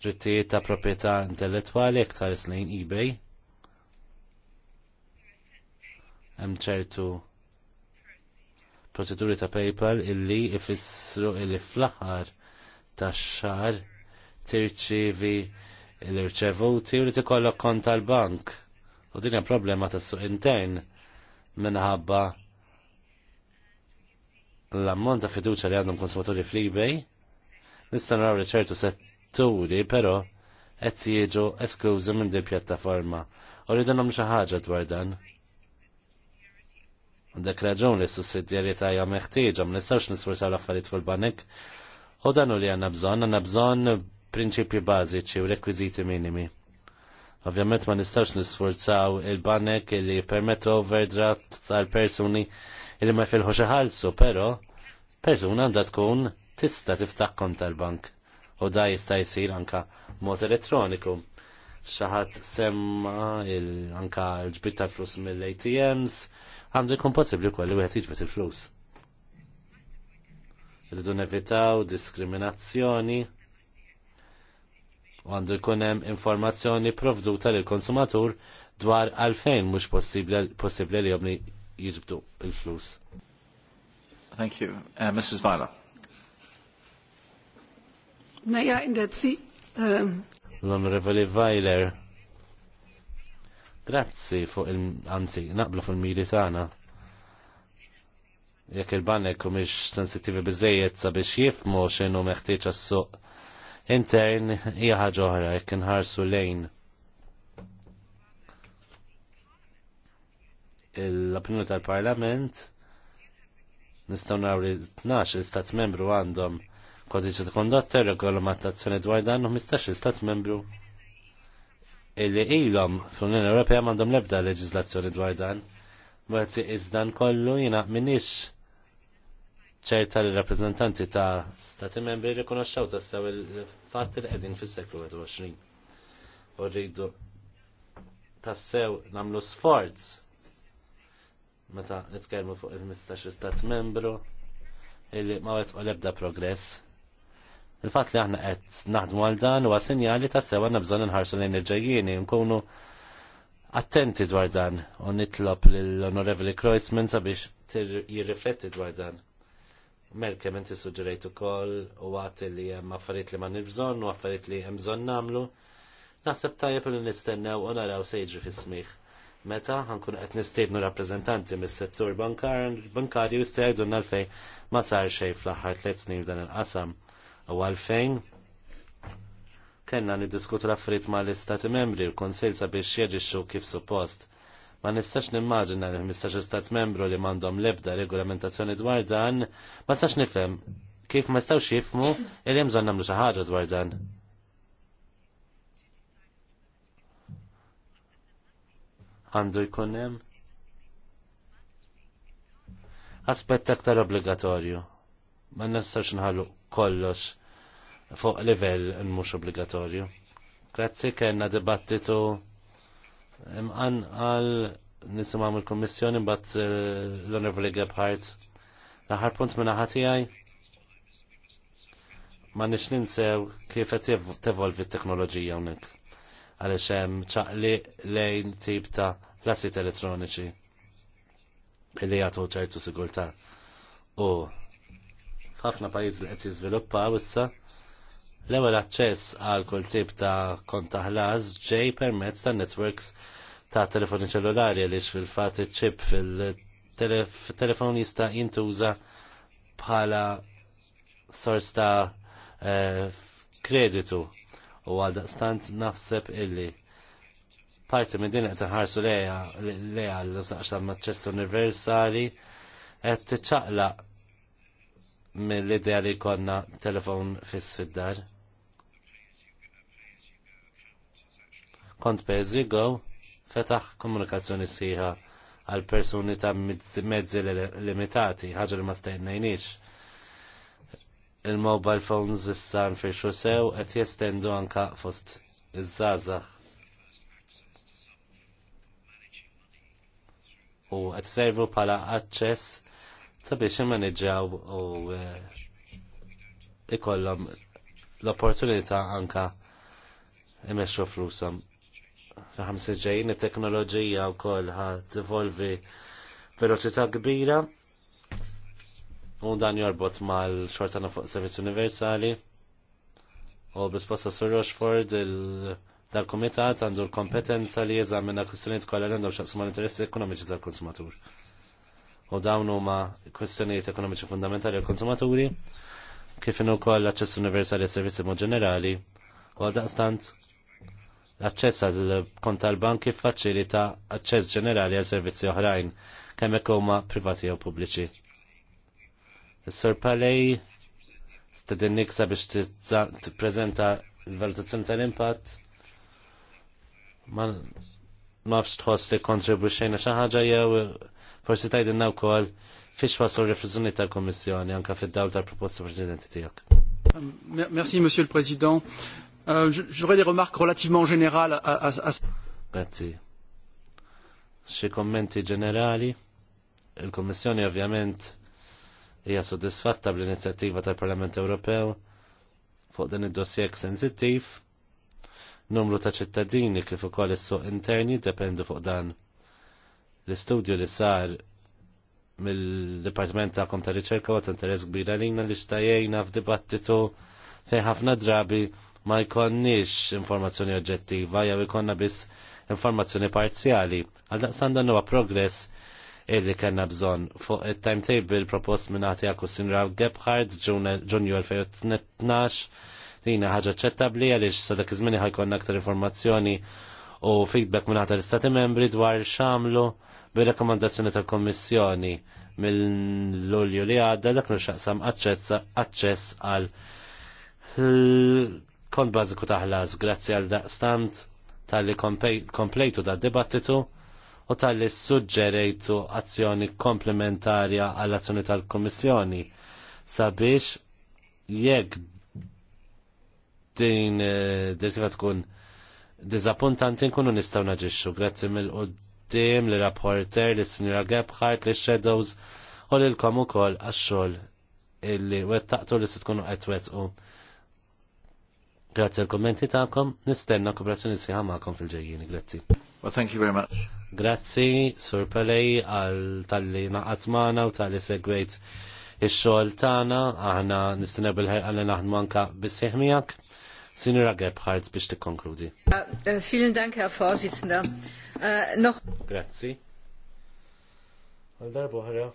B: Drittijiet ta' proprjetà intellettwali iktar snin eBay. Hemm ċertu proċeduri ta' PayPal illi ifissru illi fl-aħħar tax-xahar tirċivi l-irċevuti u li tikollok kont tal-bank. U din hija problema tas-suq intern minħabba l-ammont ta' fiduċa li għandhom konsumaturi fl-eBay, nista' naraw li ċertu setturi, però qed jiġu esklużi minn din pjattaforma. U rridu nagħmlu xi ħaġa dwar dan. Dak raġun li s-sussidjarjetà jgħam meħtieġa, ma nistgħux nisforsa l-affarijiet fil-banek. U dan u li għandna bżonn, għandna bżonn prinċipji bażiċi u rekwiżiti minimi. Ovvjament ma nistgħux nisforzaw il-banek li permettu overdraft tal persuni li ma filħu ħalsu, però persuna għandha tkun tista tiftaħ kont tal-bank. U da jista' jsir anka mod elettroniku xaħat semma anka l-ġbit tal-flus mill-ATMs, għandu jkun possibli kolli u jħetiġbet il-flus. Rridu nevitaw diskriminazzjoni u għandu jkun hemm informazzjoni provduta lil konsumatur dwar għalfejn mhux possibbli li jobni jiġbdu il-flus. Thank you. Uh, Mrs. Vila. Naja, in l-Onorevoli Weiler. Grazzi fuq il-anzi, naqblu fuq il-miri tagħna. Jekk il-banek u mhix sensittivi biżejjed sabiex jifmu xenu meħtieġ għas-suq intern hija ħaġa oħra jekk inħarsu lejn l-opinjoni tal-Parlament nistgħu naraw li 12 istat membru għandhom kodiċi ta' kondotta, regolamentazzjoni dwar dan u 15 stat membru illi ilhom fl-Unjoni Ewropea m'għandhom l-ebda dwar dan. Mbagħad iżdan kollu jiena minix ċerta li rappreżentanti ta' stati membri rikonoxxew tassew il-fatt li qegħdin fis-seklu 21. U rridu tassew nagħmlu sforz meta nitkellmu fuq il-15 stat membru illi ma wetqu l-ebda progress Il-fat li aħna qed naħdmu għal dan huwa sinjali ta' sewa nabżon nħarsu inħarsu lejn il-ġejjieni nkunu attenti dwar dan u nitlob lill-Onorevoli Kreuzman sabiex jirrifletti dwar dan. Merke menti suġġerejt ukoll u għat li hemm affarijiet li ma nibżonn u affarijiet li hemm bżonn nagħmlu. Naħseb tajjeb li nistennew u naraw se jiġri fis-smih. Meta ħankun qed nistiednu rappreżentanti mis-settur bankarju jistgħu jgħidulna l ma sar xejn fl-aħħar tliet snin dan il-qasam U għalfejn kena niddiskutu l-affarijiet mal istati membri u l-Konsil sabiex jeġixxu kif suppost. Ma nistax nimmaġina li mistax istat membru li m'għandhom l-ebda regolamentazzjoni dwar dan, ma nistax nifhem kif ma nistax jifmu li hemm namlu nagħmlu xi ħaġa dwar dan. Għandu jkun hemm aspett aktar obbligatorju. Ma nistax nħallu kollox fuq livell mhux obbligatorju. Grazzi kellna dibattitu imqan għal nisimgħu mill-Kummissjoni mbagħad eh, l-Onorevoli Gebhardt. L-aħħar punt minn aħħar tiegħi ma nix ninsew kif qed tevolvi t-teknoloġija hawnhekk għaliex hemm ċaqli lejn tip ta' klassit elettroniċi li jagħtu ċertu sigurtà. U ħafna pajjiżi li qed jiżviluppaw issa l-ewwel aċċess għal kull tip ta' konta ħlas ġej permezz ta' networks ta' telefoni ċellulari għaliex fil-fatt iċ-ċip fil-telefon jista' jintuża bħala sors ta' eh, kreditu u għaldaqstant naħseb illi parti minn din qed inħarsu lejha leja l-użaqx ta' maċċess universali qed tiċċaqlaq mill-idea li konna telefon fiss fid-dar. Kont pezzi go fetaħ komunikazzjoni siħa għal persuni ta' mezzi limitati, ħaġa li ma stejnejniex. Il-mobile phones issa nfirxu sew qed jestendu anka fost iż-żgħażagħ. U qed servu bħala aċċess sabiex immaneġġaw u eh, ikollhom l-opportunità anka imexxu flusom. F'ħamsi ġejjin it-teknoloġija wkoll ħadd evolvi veloċità kbira u dan jorbot mal-xorta fuq servizz universali u b'risposta Sir Rochford dal-Kumitat għandu l-kompetenza li jeżamina kwistjonijiet kollha li għandhom x'aqsma l-interessi ekonomiċi tal-konsumatur u dawn huma kwestjonijiet ekonomiċi fundamentali għall konsumaturi kif inhu wkoll l-aċċess universali għas servizzi mod ġenerali u għal daqstant l-aċċess għal kont tal banki kif faċilita aċċess ġenerali għal servizzi oħrajn kemm hekk huma privati jew pubbliċi. Is-Sur niksa biex sabiex tippreżenta l-valutazzjoni tal-impatt ma nafx tħoss li kontribuxxejna xi ħaġa jew Forsi tajdinna wkoll fiex waslu rifriżuni tal komissjoni anka fid-dawl tal-proposta preċedenti tiegħek.
A: Um, merci, Monsieur le Président. Euh, j'aurais des remarques relativement générales à, ce.
B: Grazie. Xi kommenti ġenerali. Il-Kommissjoni ovvjament hija soddisfatta bl-inizjattiva tal-Parlament Ewropew fuq din id-dossier sensittiv. Numru ta' ċittadini kif ukoll is-suq interni dependu fuq dan L-istudju li sar mill-Dipartiment ta' Kom Riċerka għat interess kbira lina li xtajjejna f'dibattitu fej ħafna drabi ma jkonniex informazzjoni oġġettiva jew ikonna biss informazzjoni parzjali. Għal daqsan dan huwa progress illi kellna bżonn fuq it-timetable propost minn għati għaku Sinra Gebhardt ġunju 2012 lina ħaġa ċettabli għaliex sadak iż ħajkonna aktar informazzjoni u feedback minn ħata l-istati membri dwar xamlu bir rekomandazzjoni tal-Kommissjoni mill-Lulju li għadda dak xaqsam aċċess għal kont bażiku taħlas grazzi għal daqstant tal-li komplejtu da' dibattitu u tal-li suġġerejtu azzjoni komplementarja għall azzjoni tal-Kommissjoni sabiex jekk din eh, direttiva tkun dizappuntanti nkunu nistgħu naġixxu grazzi mill-qud ħaddim, li rapporter, li sinjura Gebhardt, li Shadows u li l komu ukoll għax-xogħol illi wettaqtu li se tkunu qed wettqu. Grazzi għal-kommenti ta'kom, nistenna kooperazzjoni siħa ma'kom fil-ġejjini, grazzi. Well, thank you very much. Grazzi, Sur Palej, għal tal-li naqat u tal-li segwejt il-xol tana, aħna nistenna bil-ħer għalli naħdmanka bis-sihmijak. Sinira Gebhardt biex tikkonkludi.
D: Äh, vielen Dank, Herr Vorsitzender. Äh, noch.
B: Grazzi. Għal-darba ħra.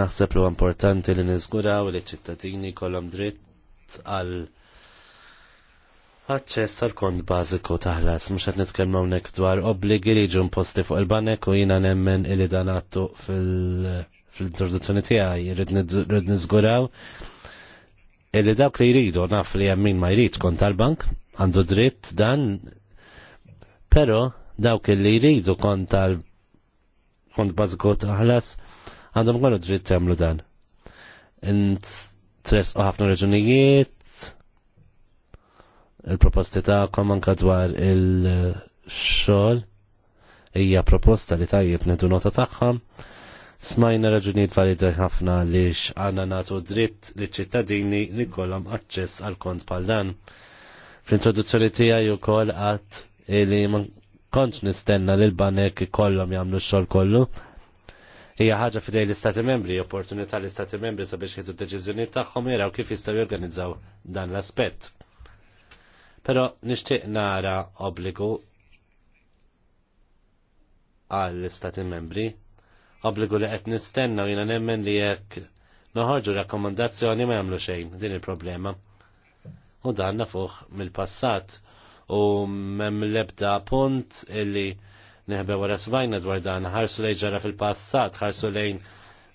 B: Naħseb lu importanti li niżguraw li ċittadini kolom dritt għal Aċċess għal kont bażiku taħlas, mhux qed nitkellmu hawnhekk dwar obbligi li jiġu imposti fuq il-banek u jiena nemmen illi dan għattu fil-introduzzjoni tiegħi. Rid niżguraw illi dawk li jridu naf li hemm min ma jrid kont tal-bank għandu dritt dan però dawk li jridu kont tal-kont bazgot aħlas għandhom kollu dritt jagħmlu dan. Int tres ħafna raġunijiet, il-proposti tagħkom anke dwar il xol hija proposta li tajjeb nedu nota tagħha Smajna raġunijiet validi ħafna li għanna natu dritt li ċittadini li jkollhom aċċess għal kont pal dan. Fl-introduzzjoni tiegħi wkoll qatt li ma kontx nistenna li l-banek ikollhom jagħmlu x-xogħol kollu. Hija ħaġa fidej l-Istati Membri, opportunità l-Istati Membri sabiex jieħdu d-deċiżjonijiet tagħhom jaraw kif jistgħu jorganizzaw dan l-aspett. Però nixtieq nara obbligu għall istati membri obbligu li qed nistenna u jiena nemmen li jekk noħorġu rakkomandazzjoni ma jagħmlu xejn din il-problema. U dan nafuh mill-passat u mem l-ebda punt illi neħbe wara svajna dwar dan ħarsu lejn ġara fil-passat, ħarsu lejn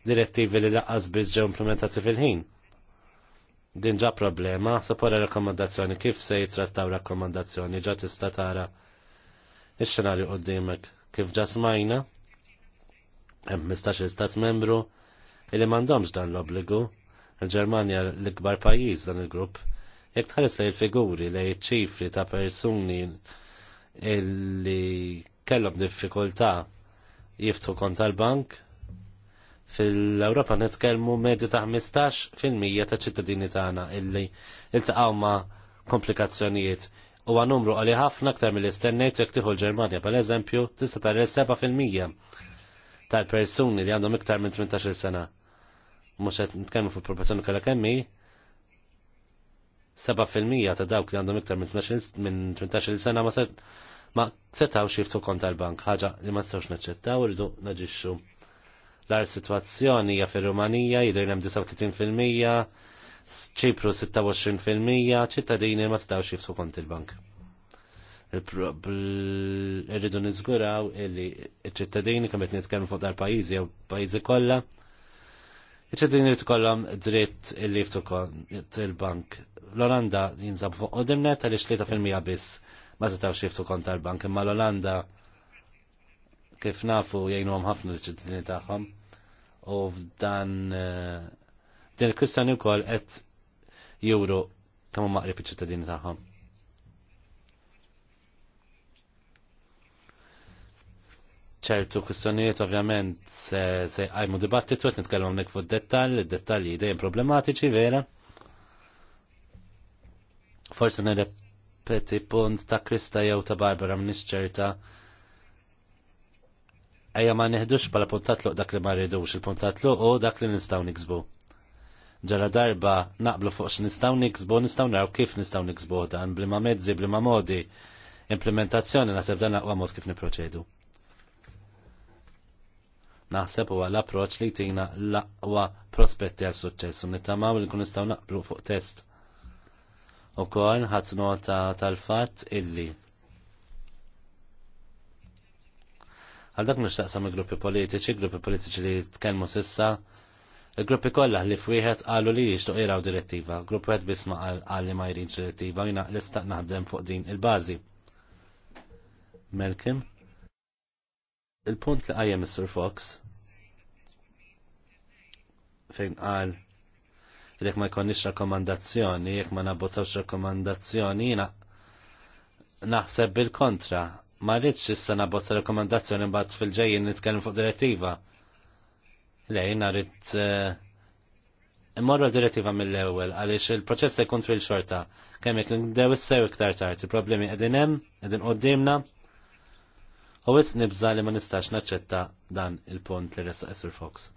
B: direttivi li laqqas biss ġew implementati fil-ħin. Din ġa problema, sapora rakkomandazzjoni kif se jitrattaw rakkomandazzjoni ġa tista' tara ix-xenarju qudiemek kif ġa smajna Hemm 15 stat membru illi m'għandhomx dan l-obbligu. Il-Ġermanja l-ikbar pajjiż dan il-grupp. Jekk tħares lej il-figuri lej ċifri ta' persuni illi kellhom diffikultà jiftu kont tal-bank, fil ewropa netkellmu medju ta' 15% ta' ċittadini tagħna illi iltaqgħu ma' komplikazzjonijiet u numru għali ħafna aktar mill-istennejt jekk tieħu l-Ġermanja pal-eżempju, tista' tarel 7% tal-persuni li għandhom iktar minn 18 sena. Mhux qed nitkellmu fuq proporzjoni kollha kemmi, 7% ta' dawk li għandhom iktar minn 18 sena ma set ma setaw xiftu kont tal-bank, ħagġa li ma setawx naċċettaw irdu naġixxu. L-ar situazzjoni hija fir-Rumanija jidher hemm 39%, Ċipru 26%, ċittadini ma setawx jiftu kont il-bank irridu nizguraw illi iċ ċittadini kemm qed nitkellmu fuq dar pajjiżi jew pajjiżi kollha. Iċ-ċittadini li tkollhom dritt illi jiftu kont il-bank. L-Olanda jinsab fuq qudimnet għaliex 3% biss ma setgħux jiftu kont tal-bank, imma l-Olanda kif nafu jgħinuhom ħafna l-ċittadini tagħhom. U f'dan eh, din il-kwistjoni wkoll qed juru kemm maqrib iċ-ċittadini tagħhom. ċertu kwistjonijiet ovvjament se għajmu dibattitu għet nitkellmu nek fuq dettal, dettalji dejjem problematiċi vera. Forse nirrepeti punt ta' Krista jew ta' Barbara mnix ċerta. Ejja ma neħdux bħala puntat luq dak li ma rridux il-puntat luq u dak li nistaw niksbu. Ġara darba naqblu fuq x'nistgħu niksbu, nistgħu naraw kif nistgħu niksbu dan blima mezzi, blima modi. Implementazzjoni naħseb dan aqwa mod kif niproċedu naħseb huwa l approċċ li jtina l-aqwa prospetti għal suċċess u nittamaw li kun nistgħu naqblu fuq test. Ukoll ħadd nota tal-fatt illi għal dak mhux taqsam il-gruppi politiċi, gruppi politiċi li tkellmu sissa, il-gruppi kollha li fwieħed qalu li jixtu jiraw direttiva, grupp wieħed bisma qal li ma jridx direttiva, jina l-istaq naħdem fuq din il-bażi. Melkim? il-punt li għajja Mr. Fox fejn qal jek ma jkonniex rakkomandazzjoni, jekk ma nabbozawx rakkomandazzjoni, jina naħseb bil-kontra. Ma rridx issa nabbozza rakkomandazzjoni mbagħad fil-ġejjin nitkellem fuq direttiva. Le, jina rrid eh, immorru direttiva mill-ewwel għaliex il-proċess se jkun twil xorta. Kemm jekk ndew issew iktar tard, il-problemi qegħdin hemm, qegħdin qudiemna, U wis nibża li ma nistax naċċetta dan il-punt li ressa Esser Fox.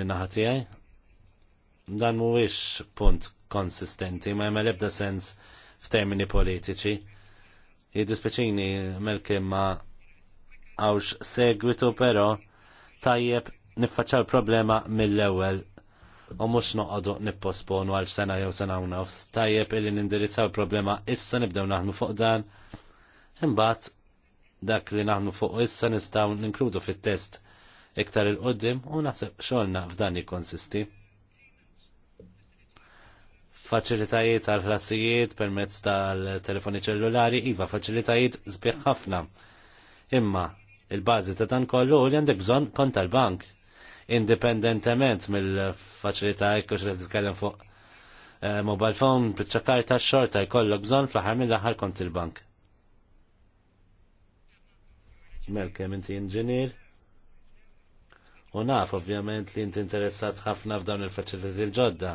B: Minna ħatijaj? Dan mhuwiex punt konsistenti, ma jemel ebda sens f'termini politiċi. Jiddispeċini melkim ma għawx segwitu, pero tajjeb niffaċċaw problema mill-ewwel u mhux noqogħdu nipposponu għal sena jew sena u nofs. Tajjeb illi nindirizzaw il-problema issa nibdew naħnu fuq dan. Imbagħad dak li naħnu fuq issa nistgħu ninkludu fit-test iktar il-qoddim u naħseb xogħolna f'dan jikkonsisti. Faċilitajiet għal ħlasijiet permezz tal-telefoni ċellulari, iva faċilitajiet zbieħ ħafna. Imma il-bażi ta' dan kollu li għandek bżonn kont tal-bank indipendentement mill facilità ekku xe titkellem fuq eh, mobile phone, bieċakar ta' xorta jkollok bżon fl-ħar mill-ħar kont il-bank. Melkem inti inġinier. U naf, ovvjament, li inti interessat ħafna f'dawn il facilità il-ġodda.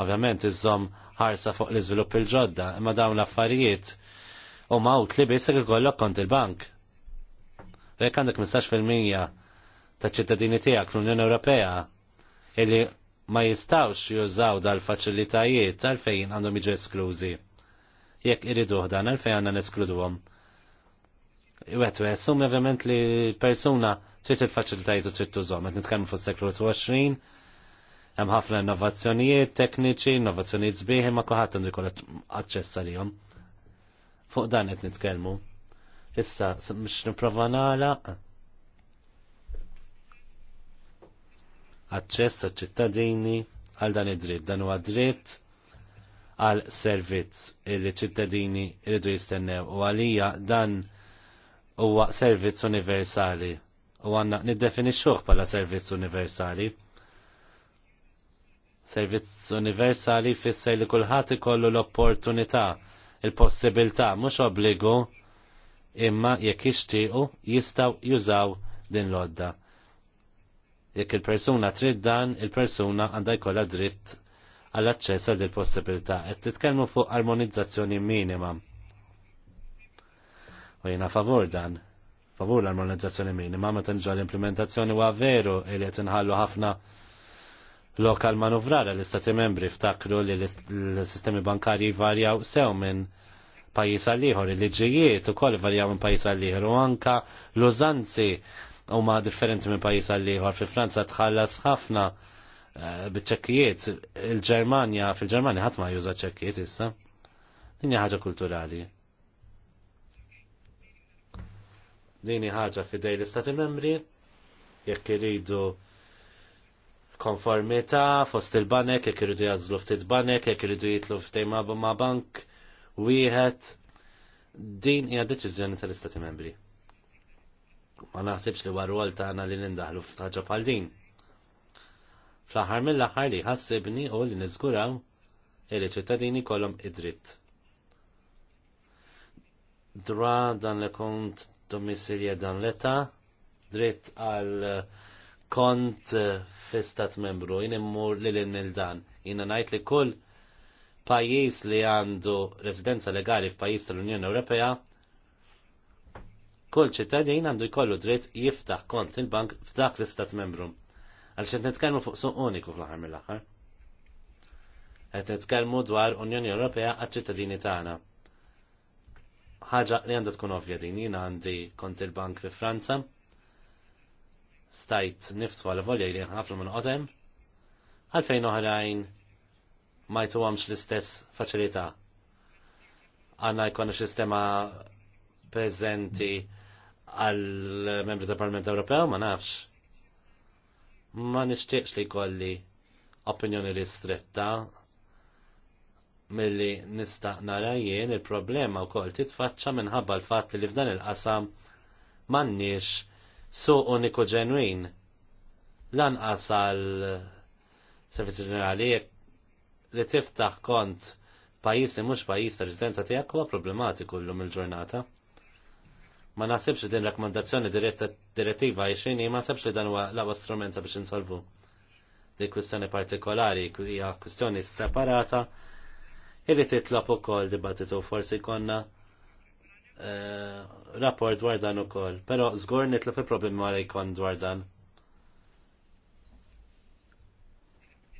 B: Ovvjament, iżom ħarsa fuq l-izvilupp il-ġodda, imma dawn l-affarijiet u mawt li bisek ikollok kont il-bank. Rek għandek fil-mija ta' ċittadini tiegħek l-Unjoni Ewropea illi ma jistawx jużaw dal-faċilitajiet għalfejn għandhom jiġu esklużi. Jekk iridu dan għalfejn għandna neskluduhom. Wet, wet, sum ovvjament li persuna trid il-faċilitajiet u trid tużhom, qed nitkellmu fis-seklu 20, hemm ħafna innovazzjonijiet tekniċi, innovazzjonijiet sbieħ ma kulħadd għandu jkun aċċess għalihom. Fuq dan qed nitkellmu. Issa, mhux nipprova nagħlaq aċċess għal-ċittadini għal dan id-dritt. Dan huwa dritt għal servizz li ċittadini irridu jistennew u għalija dan huwa servizz universali u għanna niddefinixxuh bħala servizz universali. Servizz universali fisser li kulħadd ikollu l-opportunità, il-possibilità mhux obbligu imma jekk jixtiequ jistgħu jużaw din l-odda. Jekk il-persuna trid dan, il-persuna għandha jkollha dritt għall aċċess għal il possibilità qed titkellmu fuq armonizzazzjoni minima. U jiena favur dan. Favur l-armonizzazzjoni minima meta nġu l-implementazzjoni huwa veru li qed inħallu ħafna lokal manuvrara għall istati membri ftakru li l-sistemi bankarji varjaw sew minn pajjiż għal ieħor, il-liġijiet ukoll varjaw minn pajjiż għal ieħor u anka l-użanzi huma differenti minn pajjiż għal ieħor. Franza tħallas ħafna eh, biċ-ċekkijiet. Il-Ġermanja, fil-Ġermanja ħadd ma juża ċekkijiet issa. Din hija ħaġa kulturali. Din ħagġa ħaġa fidej l-Istati Membri jekk iridu konformita fost il-banek, jek iridu jazlu ftit banek, jek iridu jitlu ftit ma' bank, wieħed. Din hija deċiżjoni tal-Istati Membri ma naħsibx li waru għal tagħna li nindaħlu f'ħaġa bħal din. Fl-aħħar mill-aħħar li ħassibni u li niżguraw li ċittadini kolom id-dritt. Dra dan li kont domicilja dan l-età, dritt għal kont fistat membru, jien immur li l dan. Jina najt li kull pajis li għandu residenza legali f'pajis tal-Unjoni Ewropea Kull ċittadin għandu jkollu dritt jiftaħ kont il-bank f'dak l-istat membru. Għaliex qed nitkellmu fuq suq uniku fl-aħħar mill-aħħar. Qed nitkellmu dwar Unjoni Ewropea għaċ-ċittadini tagħna. Ħaġa li għandha tkun ovvja din jien għandi kont il-bank fi Franza. Stajt niftwa l-volja li ħafna minn qodem. Għalfejn oħrajn ma jtuwamx l-istess faċilità. Għanna jkun sistema preżenti għal membri tal Parlament Ewropew ma nafx. Ma nixtieqx li kolli opinjoni ristretta milli nista' nara jien il-problema wkoll titfaċċa minħabba l-fatt li f'dan il-qasam m'għandniex su uniku ġenwin lanqas qasal servizzi ġenerali li tiftaħ kont pajjiż li mhux pajjiż ta' residenza tiegħek huwa problematiku llum il-ġurnata ma naħsibx li din rakkomandazzjoni direttiva jxini, ma naħsibx li dan huwa l-ewwel strument biex insolvu di kwistjoni partikolari, hija kwistjoni separata, titlop titlob ukoll dibattitu forsi konna eh, rapport dwar dan ukoll, però żgur nitlu fi problemi għal jkun dwar dan.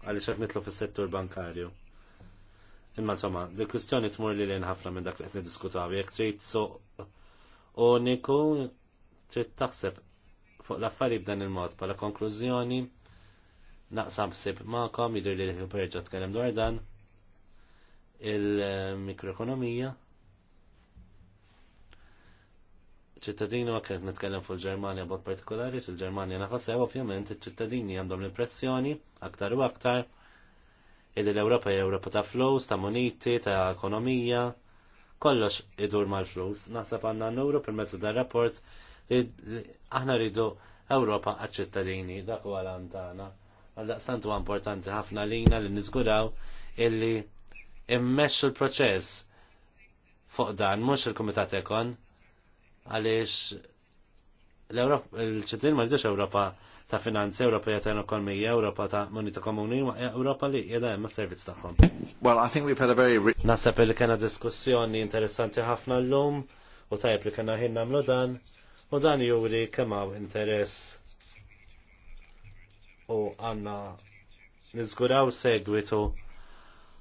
B: Għaliex qed nitlu fis-settur bankarju. Imma insomma, di kwistjoni tmur li lejn ħafna minn dak li qed niddiskutu jekk trid so U Niku trid taħseb fuq l-affari b'dan il-mod bħala konklużjoni naqsam sib ma'kom jidir li l-ħuperġa tkellem dwar dan il-mikroekonomija ċittadini ma kienet nitkellem fuq il-Ġermanja bot partikolari, fil-Ġermanja nafassew ovvjament iċ-ċittadini għandhom l-impressjoni aktar u aktar illi l-Ewropa hija Europa ta' flows, ta' moniti, ta' ekonomija, kollox idur mal-flus, naħseb għandna n-nuru permezz dan rapport li aħna rridu Ewropa għaċ-ċittadini, dak huwa l-antana. Għal-daqstant huwa importanti ħafna lina li niżguraw illi mmexxu l-proċess fuq dan, mhux il-Kumitat Ekon, għaliex l-Ewropa, il-ċittadini ma rridux Ewropa ta' finanzi Ewropeja ta' ekonomija Ewropa ta' Monita komuni u Ewropa li qiegħda hemm servizz tagħhom. Well, I think we've had a very Nasab li kena diskussjoni interessanti ħafna llum u tajb li kena ħin nagħmlu dan u dan juri kemm hawn interess u għandna niżguraw segwitu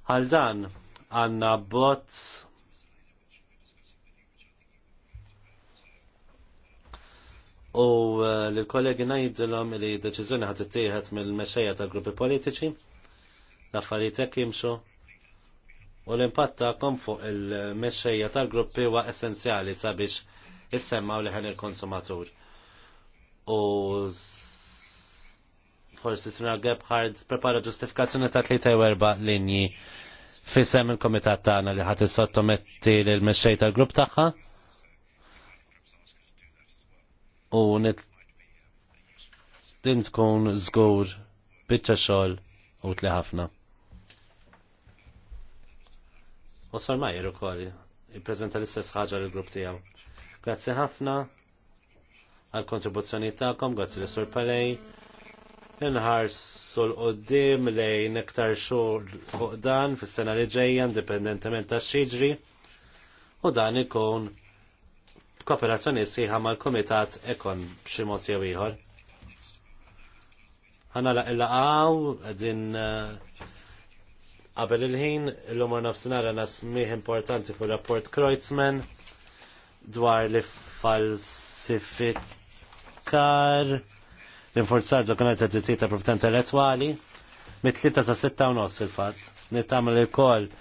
B: għal dan għandna bots u eh, l-kollegi najdilom li deċizjoni ħat ittieħed mill-mexxejja tal gruppi politiċi, l-affarijiet hekk jimxu u l-impatt tagħkom fuq il-mexxejja tal-gruppi huwa essenzjali sabiex u liħen il-konsumatur. U forsi sra Gebhard prepara ġustifikazzjoni ta' 34 linji fissem il-komitat tagħna li ħadd sottometti lill mexxej tal-grupp tagħha u din tkun żgur bitċa xogħol u tli ħafna. U sor Majer ukoll jippreżenta l-istess ħaġa lill grupp tiegħu. Grazzi ħafna għal kontribuzzjoni tagħkom, grazzi li sur Palej. Nħar sol qoddim lejn iktar xur fuq dan fis-sena li ġejja indipendentement tax-xiġri u dan ikun kooperazzjoni sħiħa mal-Komitat Ekon b'xi mod jew ieħor. Ħanala il-laqgħu din uh, qabel il-ħin l-umor nafsinar għandna smiħ importanti fuq rapport Kreutzmann dwar li falsifikar l-inforzar dokumenti ta' drittijiet ta' proprjetà intellettwali mit-3 sa' 6 u nos il fatt nittamil il-koll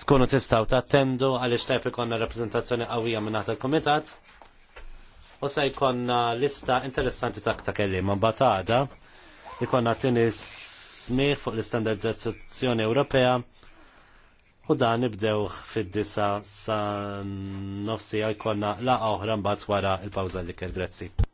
B: tkunu tistaw tattendu għaliex tajb ikonna rappresentazzjoni qawwija minnaħt il kumitat u se jkollna lista interessanti ta' ta' kellim mbagħad għada jkollna tieni smieħ fuq l standardizzazzjoni Ewropea u dan nibdew fid-disa sa' nofsi jkollna la' oħra mbagħad wara l pawża li kell grazzi.